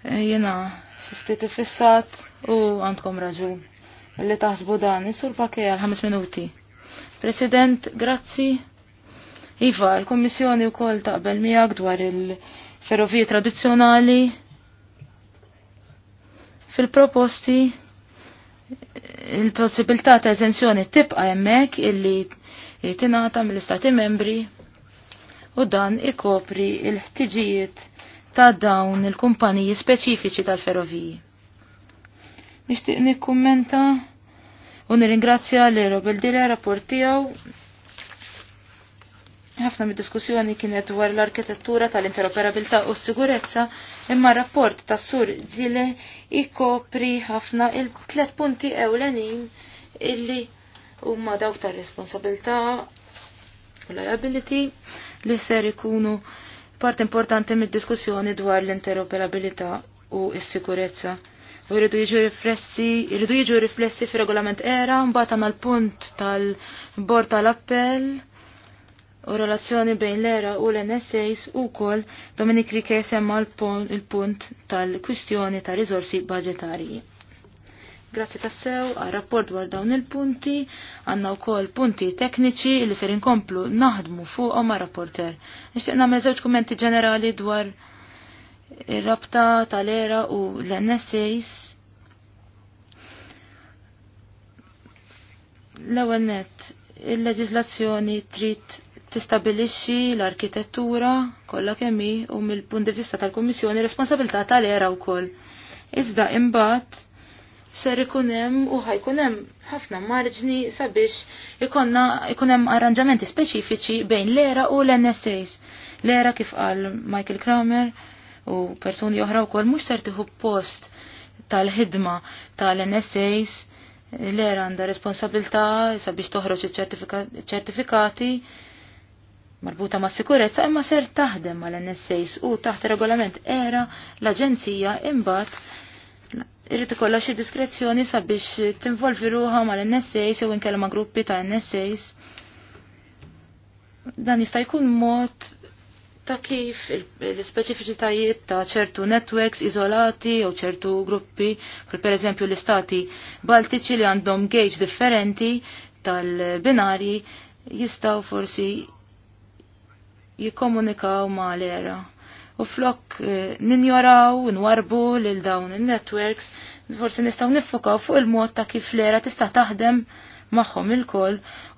Eh, jena, xiftit ifissat u għandkom raġun. Illi taħsbu dan, isur pakke għal 5 minuti. President, grazzi. Iva, l-Kommissjoni u kol taqbel miegħek dwar il- ferroviji tradizzjonali. Fil-proposti il-possibilità ta' eżenzjoni tibqa' hemmhekk illi tingħata mill-Istati Membri u dan ikopri l ħtiġijiet ta' dawn il-kumpaniji speċifiċi tal-ferroviji. Nixtieq nikkummenta u nirringrazzja li Robel Dile rapport tiegħu Ħafna mid-diskussjoni kienet dwar l-arkitettura tal-interoperabilità u s-sigurezza, imma rapport tas sur Zile ikopri ħafna il-tlet punti ewlenin illi huma dawk tar-responsabilità u liability li ser ikunu part importanti mid-diskussjoni dwar l-interoperabilità u s sigurezza U jridu jiġu riflessi, jridu jiġu riflessi fi regolament era, mbata għandna l-punt tal-bord tal-appell u relazzjoni bejn l-era u l-NSAs u kol Dominik Rike semma l-punt tal-kwistjoni ta' rizorsi budgetarji. Grazzi tassew għal rapport dwar dawn il-punti, għanna u kol punti tekniċi li ser inkomplu naħdmu fuq ma' rapporter. Nishtiq namel zewġ kommenti ġenerali dwar ir-rabta tal-era u l-NSAs. L-ewel net, il-leġizlazzjoni trid tistabilixxi l-arkitettura kollha kemm hi u mill-punt di vista tal-Kummissjoni responsabilità tal-era wkoll. Iżda imbagħad ser ikun hemm u ħajkun hemm ħafna marġni sabiex ikonna ikun hemm arranġamenti speċifiċi bejn l-era u l-NSAs. L-era kif qal Michael Kramer u persuni oħra wkoll mhux ser tieħu post tal-ħidma tal-NSAs l-era għandha responsabilità sabiex toħroġ iċ-ċertifikati marbuta ma' sikurezza imma ser taħdem mal nsas u taħt regolament era l-Aġenzija imbagħad irrid ikollha xi diskrezzjoni sabiex tinvolvi ruha mal-NSAs jew inkella ma' gruppi ta' NSAs. Dan jista' jkun mod ta' kif l-speċifiċitajiet ta' ċertu networks izolati jew ċertu gruppi, per pereżempju l-istati baltiċi li għandhom gauge differenti tal-binari jistaw forsi jikkomunikaw ma l-era. U flok eh, ninjoraw, nwarbu lil dawn il-networks, forsi nistaw nifokaw fuq il-mod ta' kif l-era tista' taħdem magħhom il-koll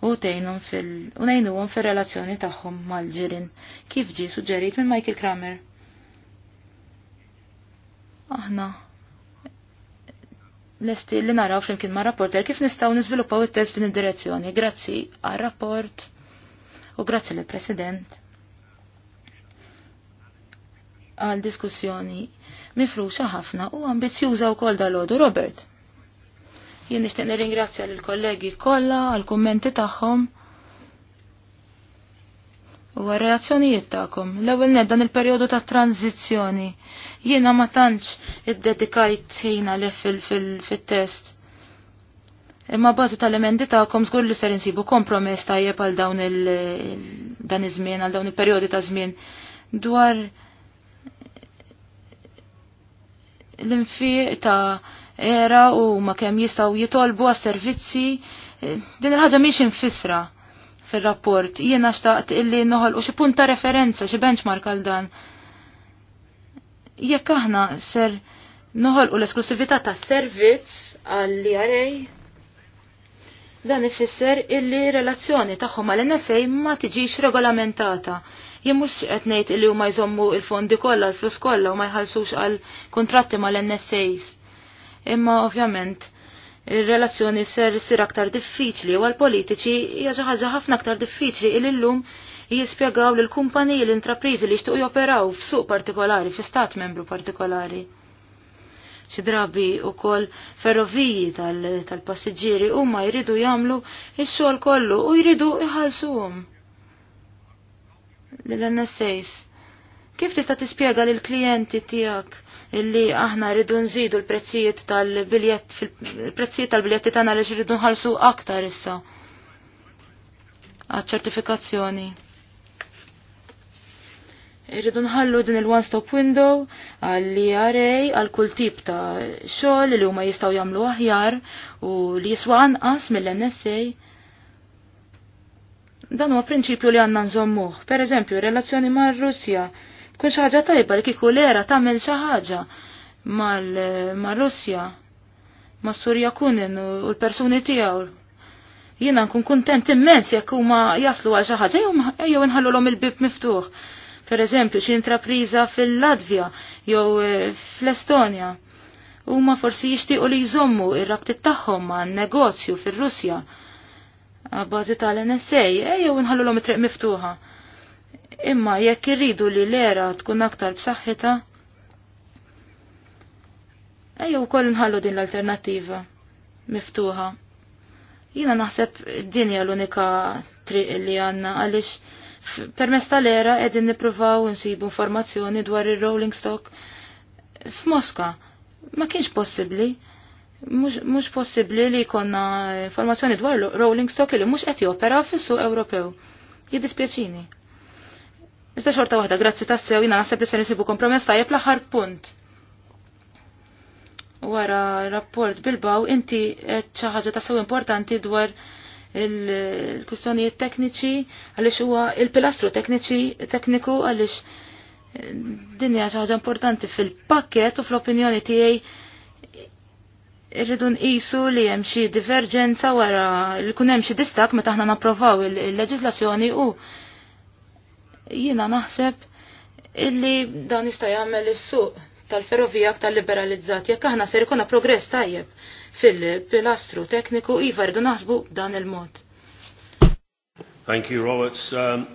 u tejnum fil u fil fir-relazzjoni tagħhom mal-ġirin. Kif ġi suġġerit minn Michael Kramer. Aħna lesti li naraw flimkien ma' rapporter kif nistaw niżviluppaw it-test din id-direzzjoni. Grazzi għal-rapport u grazzi l-President għal diskussjoni mifruxa ħafna u ambizjuża wkoll dal-għodu Robert. Jien nixtieq nirringrazzja lill kollegi kollha għal kummenti tagħhom u għal reazzjonijiet tagħkom. L-ewwel ned dan il-perjodu ta' tranzizzjoni. Jiena ma tantx iddedikajt ħina li fil-test. Imma bażi tal-emendi tagħkom żgur li ser insibu kompromess tajjeb għal dawn il-dan iż-żmien, għal dawn il-perjodi ta' żmien dwar l-infiq ta' era u ma' kem jistaw jitolbu għas servizzi eh, din il-ħagġa miex infisra fil-rapport. Jiena xtaqt illi noħol u xie punta referenza, xie benchmark għal dan. Jekk aħna ser noħol u l-esklusivita ta' servizz għalli għarej, dan ifisser illi relazzjoni tagħhom għal NSA ma tiġix regolamentata Jien mhux qed ngħid li huma jżommu l-fondi kollha l-flus kollha u ma jħallsux għal kontratti mal-NSAs. Imma ovvjament ir-relazzjoni ser sir aktar diffiċli u għal politiċi hija xi ħaġa ħafna aktar diffiċli il illum jispjegaw lil kumpaniji l-intrapriżi li jixtuq joperaw f'suq partikolari, fi stat membru partikolari xi drabi wkoll ferroviji tal-passiġġieri huma jridu jagħmlu x-xogħol kollu u jridu iħallsuhom l-NSAs. Kif tista' tispjega lil klijenti tiegħek illi aħna rridu nżidu l-prezzijiet tal-biljett fil-prezzijiet tal-biljetti tagħna li rridu nħallsu aktar issa għaċ-ċertifikazzjoni. Irridu nħallu din il-one stop window għalli għarej għal kull tip ta' xogħol li huma jistgħu jagħmlu aħjar u li jiswa anqas mill-NSA Dan huwa prinċipju li għandna nżommuh. Per eżempju, relazzjoni mar-Russja. Kun xi ħaġa tajba li l lera tagħmel xi ħaġa mar-Russja, ma' surja Kunin u l-persuni tiegħu. Jiena nkun kuntent immens jekk huma jaslu għal xi ħaġa jew om il-bib miftuħ. Per eżempju, xi intrapriża fil-Latvja jew e, fl-Estonja huma forsi jixtiequ li jżommu ir rabtit tagħhom ma' negozju fir-Russja għabbażi tal-NSA, ejjew nħallu l-om triq miftuħa. Imma jekk irridu li l-era tkun aktar b'saħħitha, ejjew ukoll nħallu din l-alternattiva miftuħa. Jina naħseb din l-unika triq li għandna għaliex permess tal-era qegħdin nippruvaw nsibu informazzjoni dwar ir-rolling stock f'Moska Ma kienx possibbli mhux possibbli li jkollna informazzjoni dwar rolling stock li mhux qed jopera fis-suq Ewropew. Jiddispjaċini. Iżda xorta waħda, grazzi tassew, jina naħseb li se nisibu kompromess tajjeb l-aħħar punt. Wara rapport Bilbaw, inti qed xi ħaġa sew importanti dwar il-kustjonijiet tekniċi, għaliex huwa il-pilastru tekniċi tekniku għaliex dinja xi ħaġa importanti fil-pakket u fl-opinjoni tiegħi irridu nqisu li hemm xi diverġenza wara li kun hemm xi distak meta aħna napprovaw il-leġislazzjoni u jiena naħseb illi dan jista' jagħmel is-suq tal-ferrovija aktar liberalizzat jekk aħna ser ikuna progress tajjeb fil-pilastru tekniku iva rridu naħsbu dan il-mod. Thank you, Roberts. Um,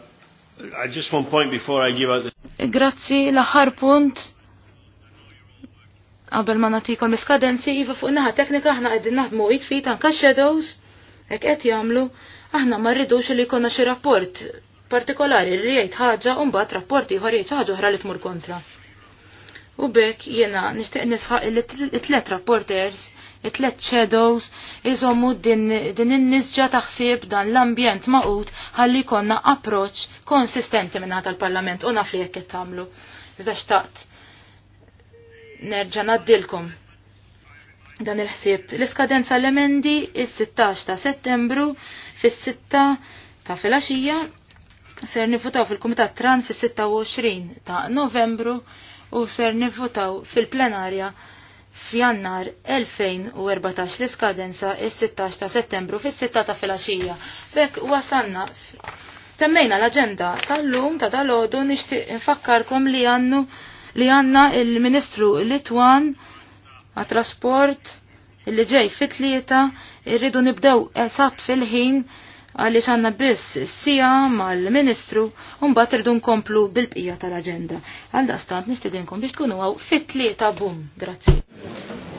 I just one point before I give out the... Grazzi, l-aħħar punt Qabel ma natikom iskadenzi, jiva fuq naħa teknika aħna qegħdin naħdmu id fit anka shadows, ek qed jagħmlu, aħna ma rridux li jkollna xi rapport partikolari li jgħid ħaġa u mbagħad rapporti ieħor jgħid ħaġa oħra li tmur kontra. U bekk jiena nixtieq nisħaq it-tlet rapporters, it-tlet shadows, iżommu din in-nisġa taħsib dan l-ambjent maqut ħalli jkollna approċċ konsistenti minn tal-Parlament u naf li jekk qed tagħmlu. Iżda xtaqt nerġa' naddilkom dan il-ħsieb. L-iskadenza l-emendi is-16 ta' Settembru fis-6 ta' filgħaxija ser nivvutaw fil-Kumitat Tran fis-26 ta' Novembru u ser nivvutaw fil-plenarja f'jannar 2014 l-iskadenza is-16 ta' settembru fis-6 ta' filgħaxija. Bekk wasanna temmejna l-aġenda tal-lum ta' dalodu nixtieq infakkarkom li għannu li għanna il-Ministru Litwan għat-trasport li ġej fit-tlieta irridu nibdew esatt fil-ħin għaliex għanna biss sija mal-Ministru mbagħad irridu nkomplu bil-bqija tal-aġenda. Għalda stant nistedinkom biex tkunu għaw fit-tlieta bum. Grazzi.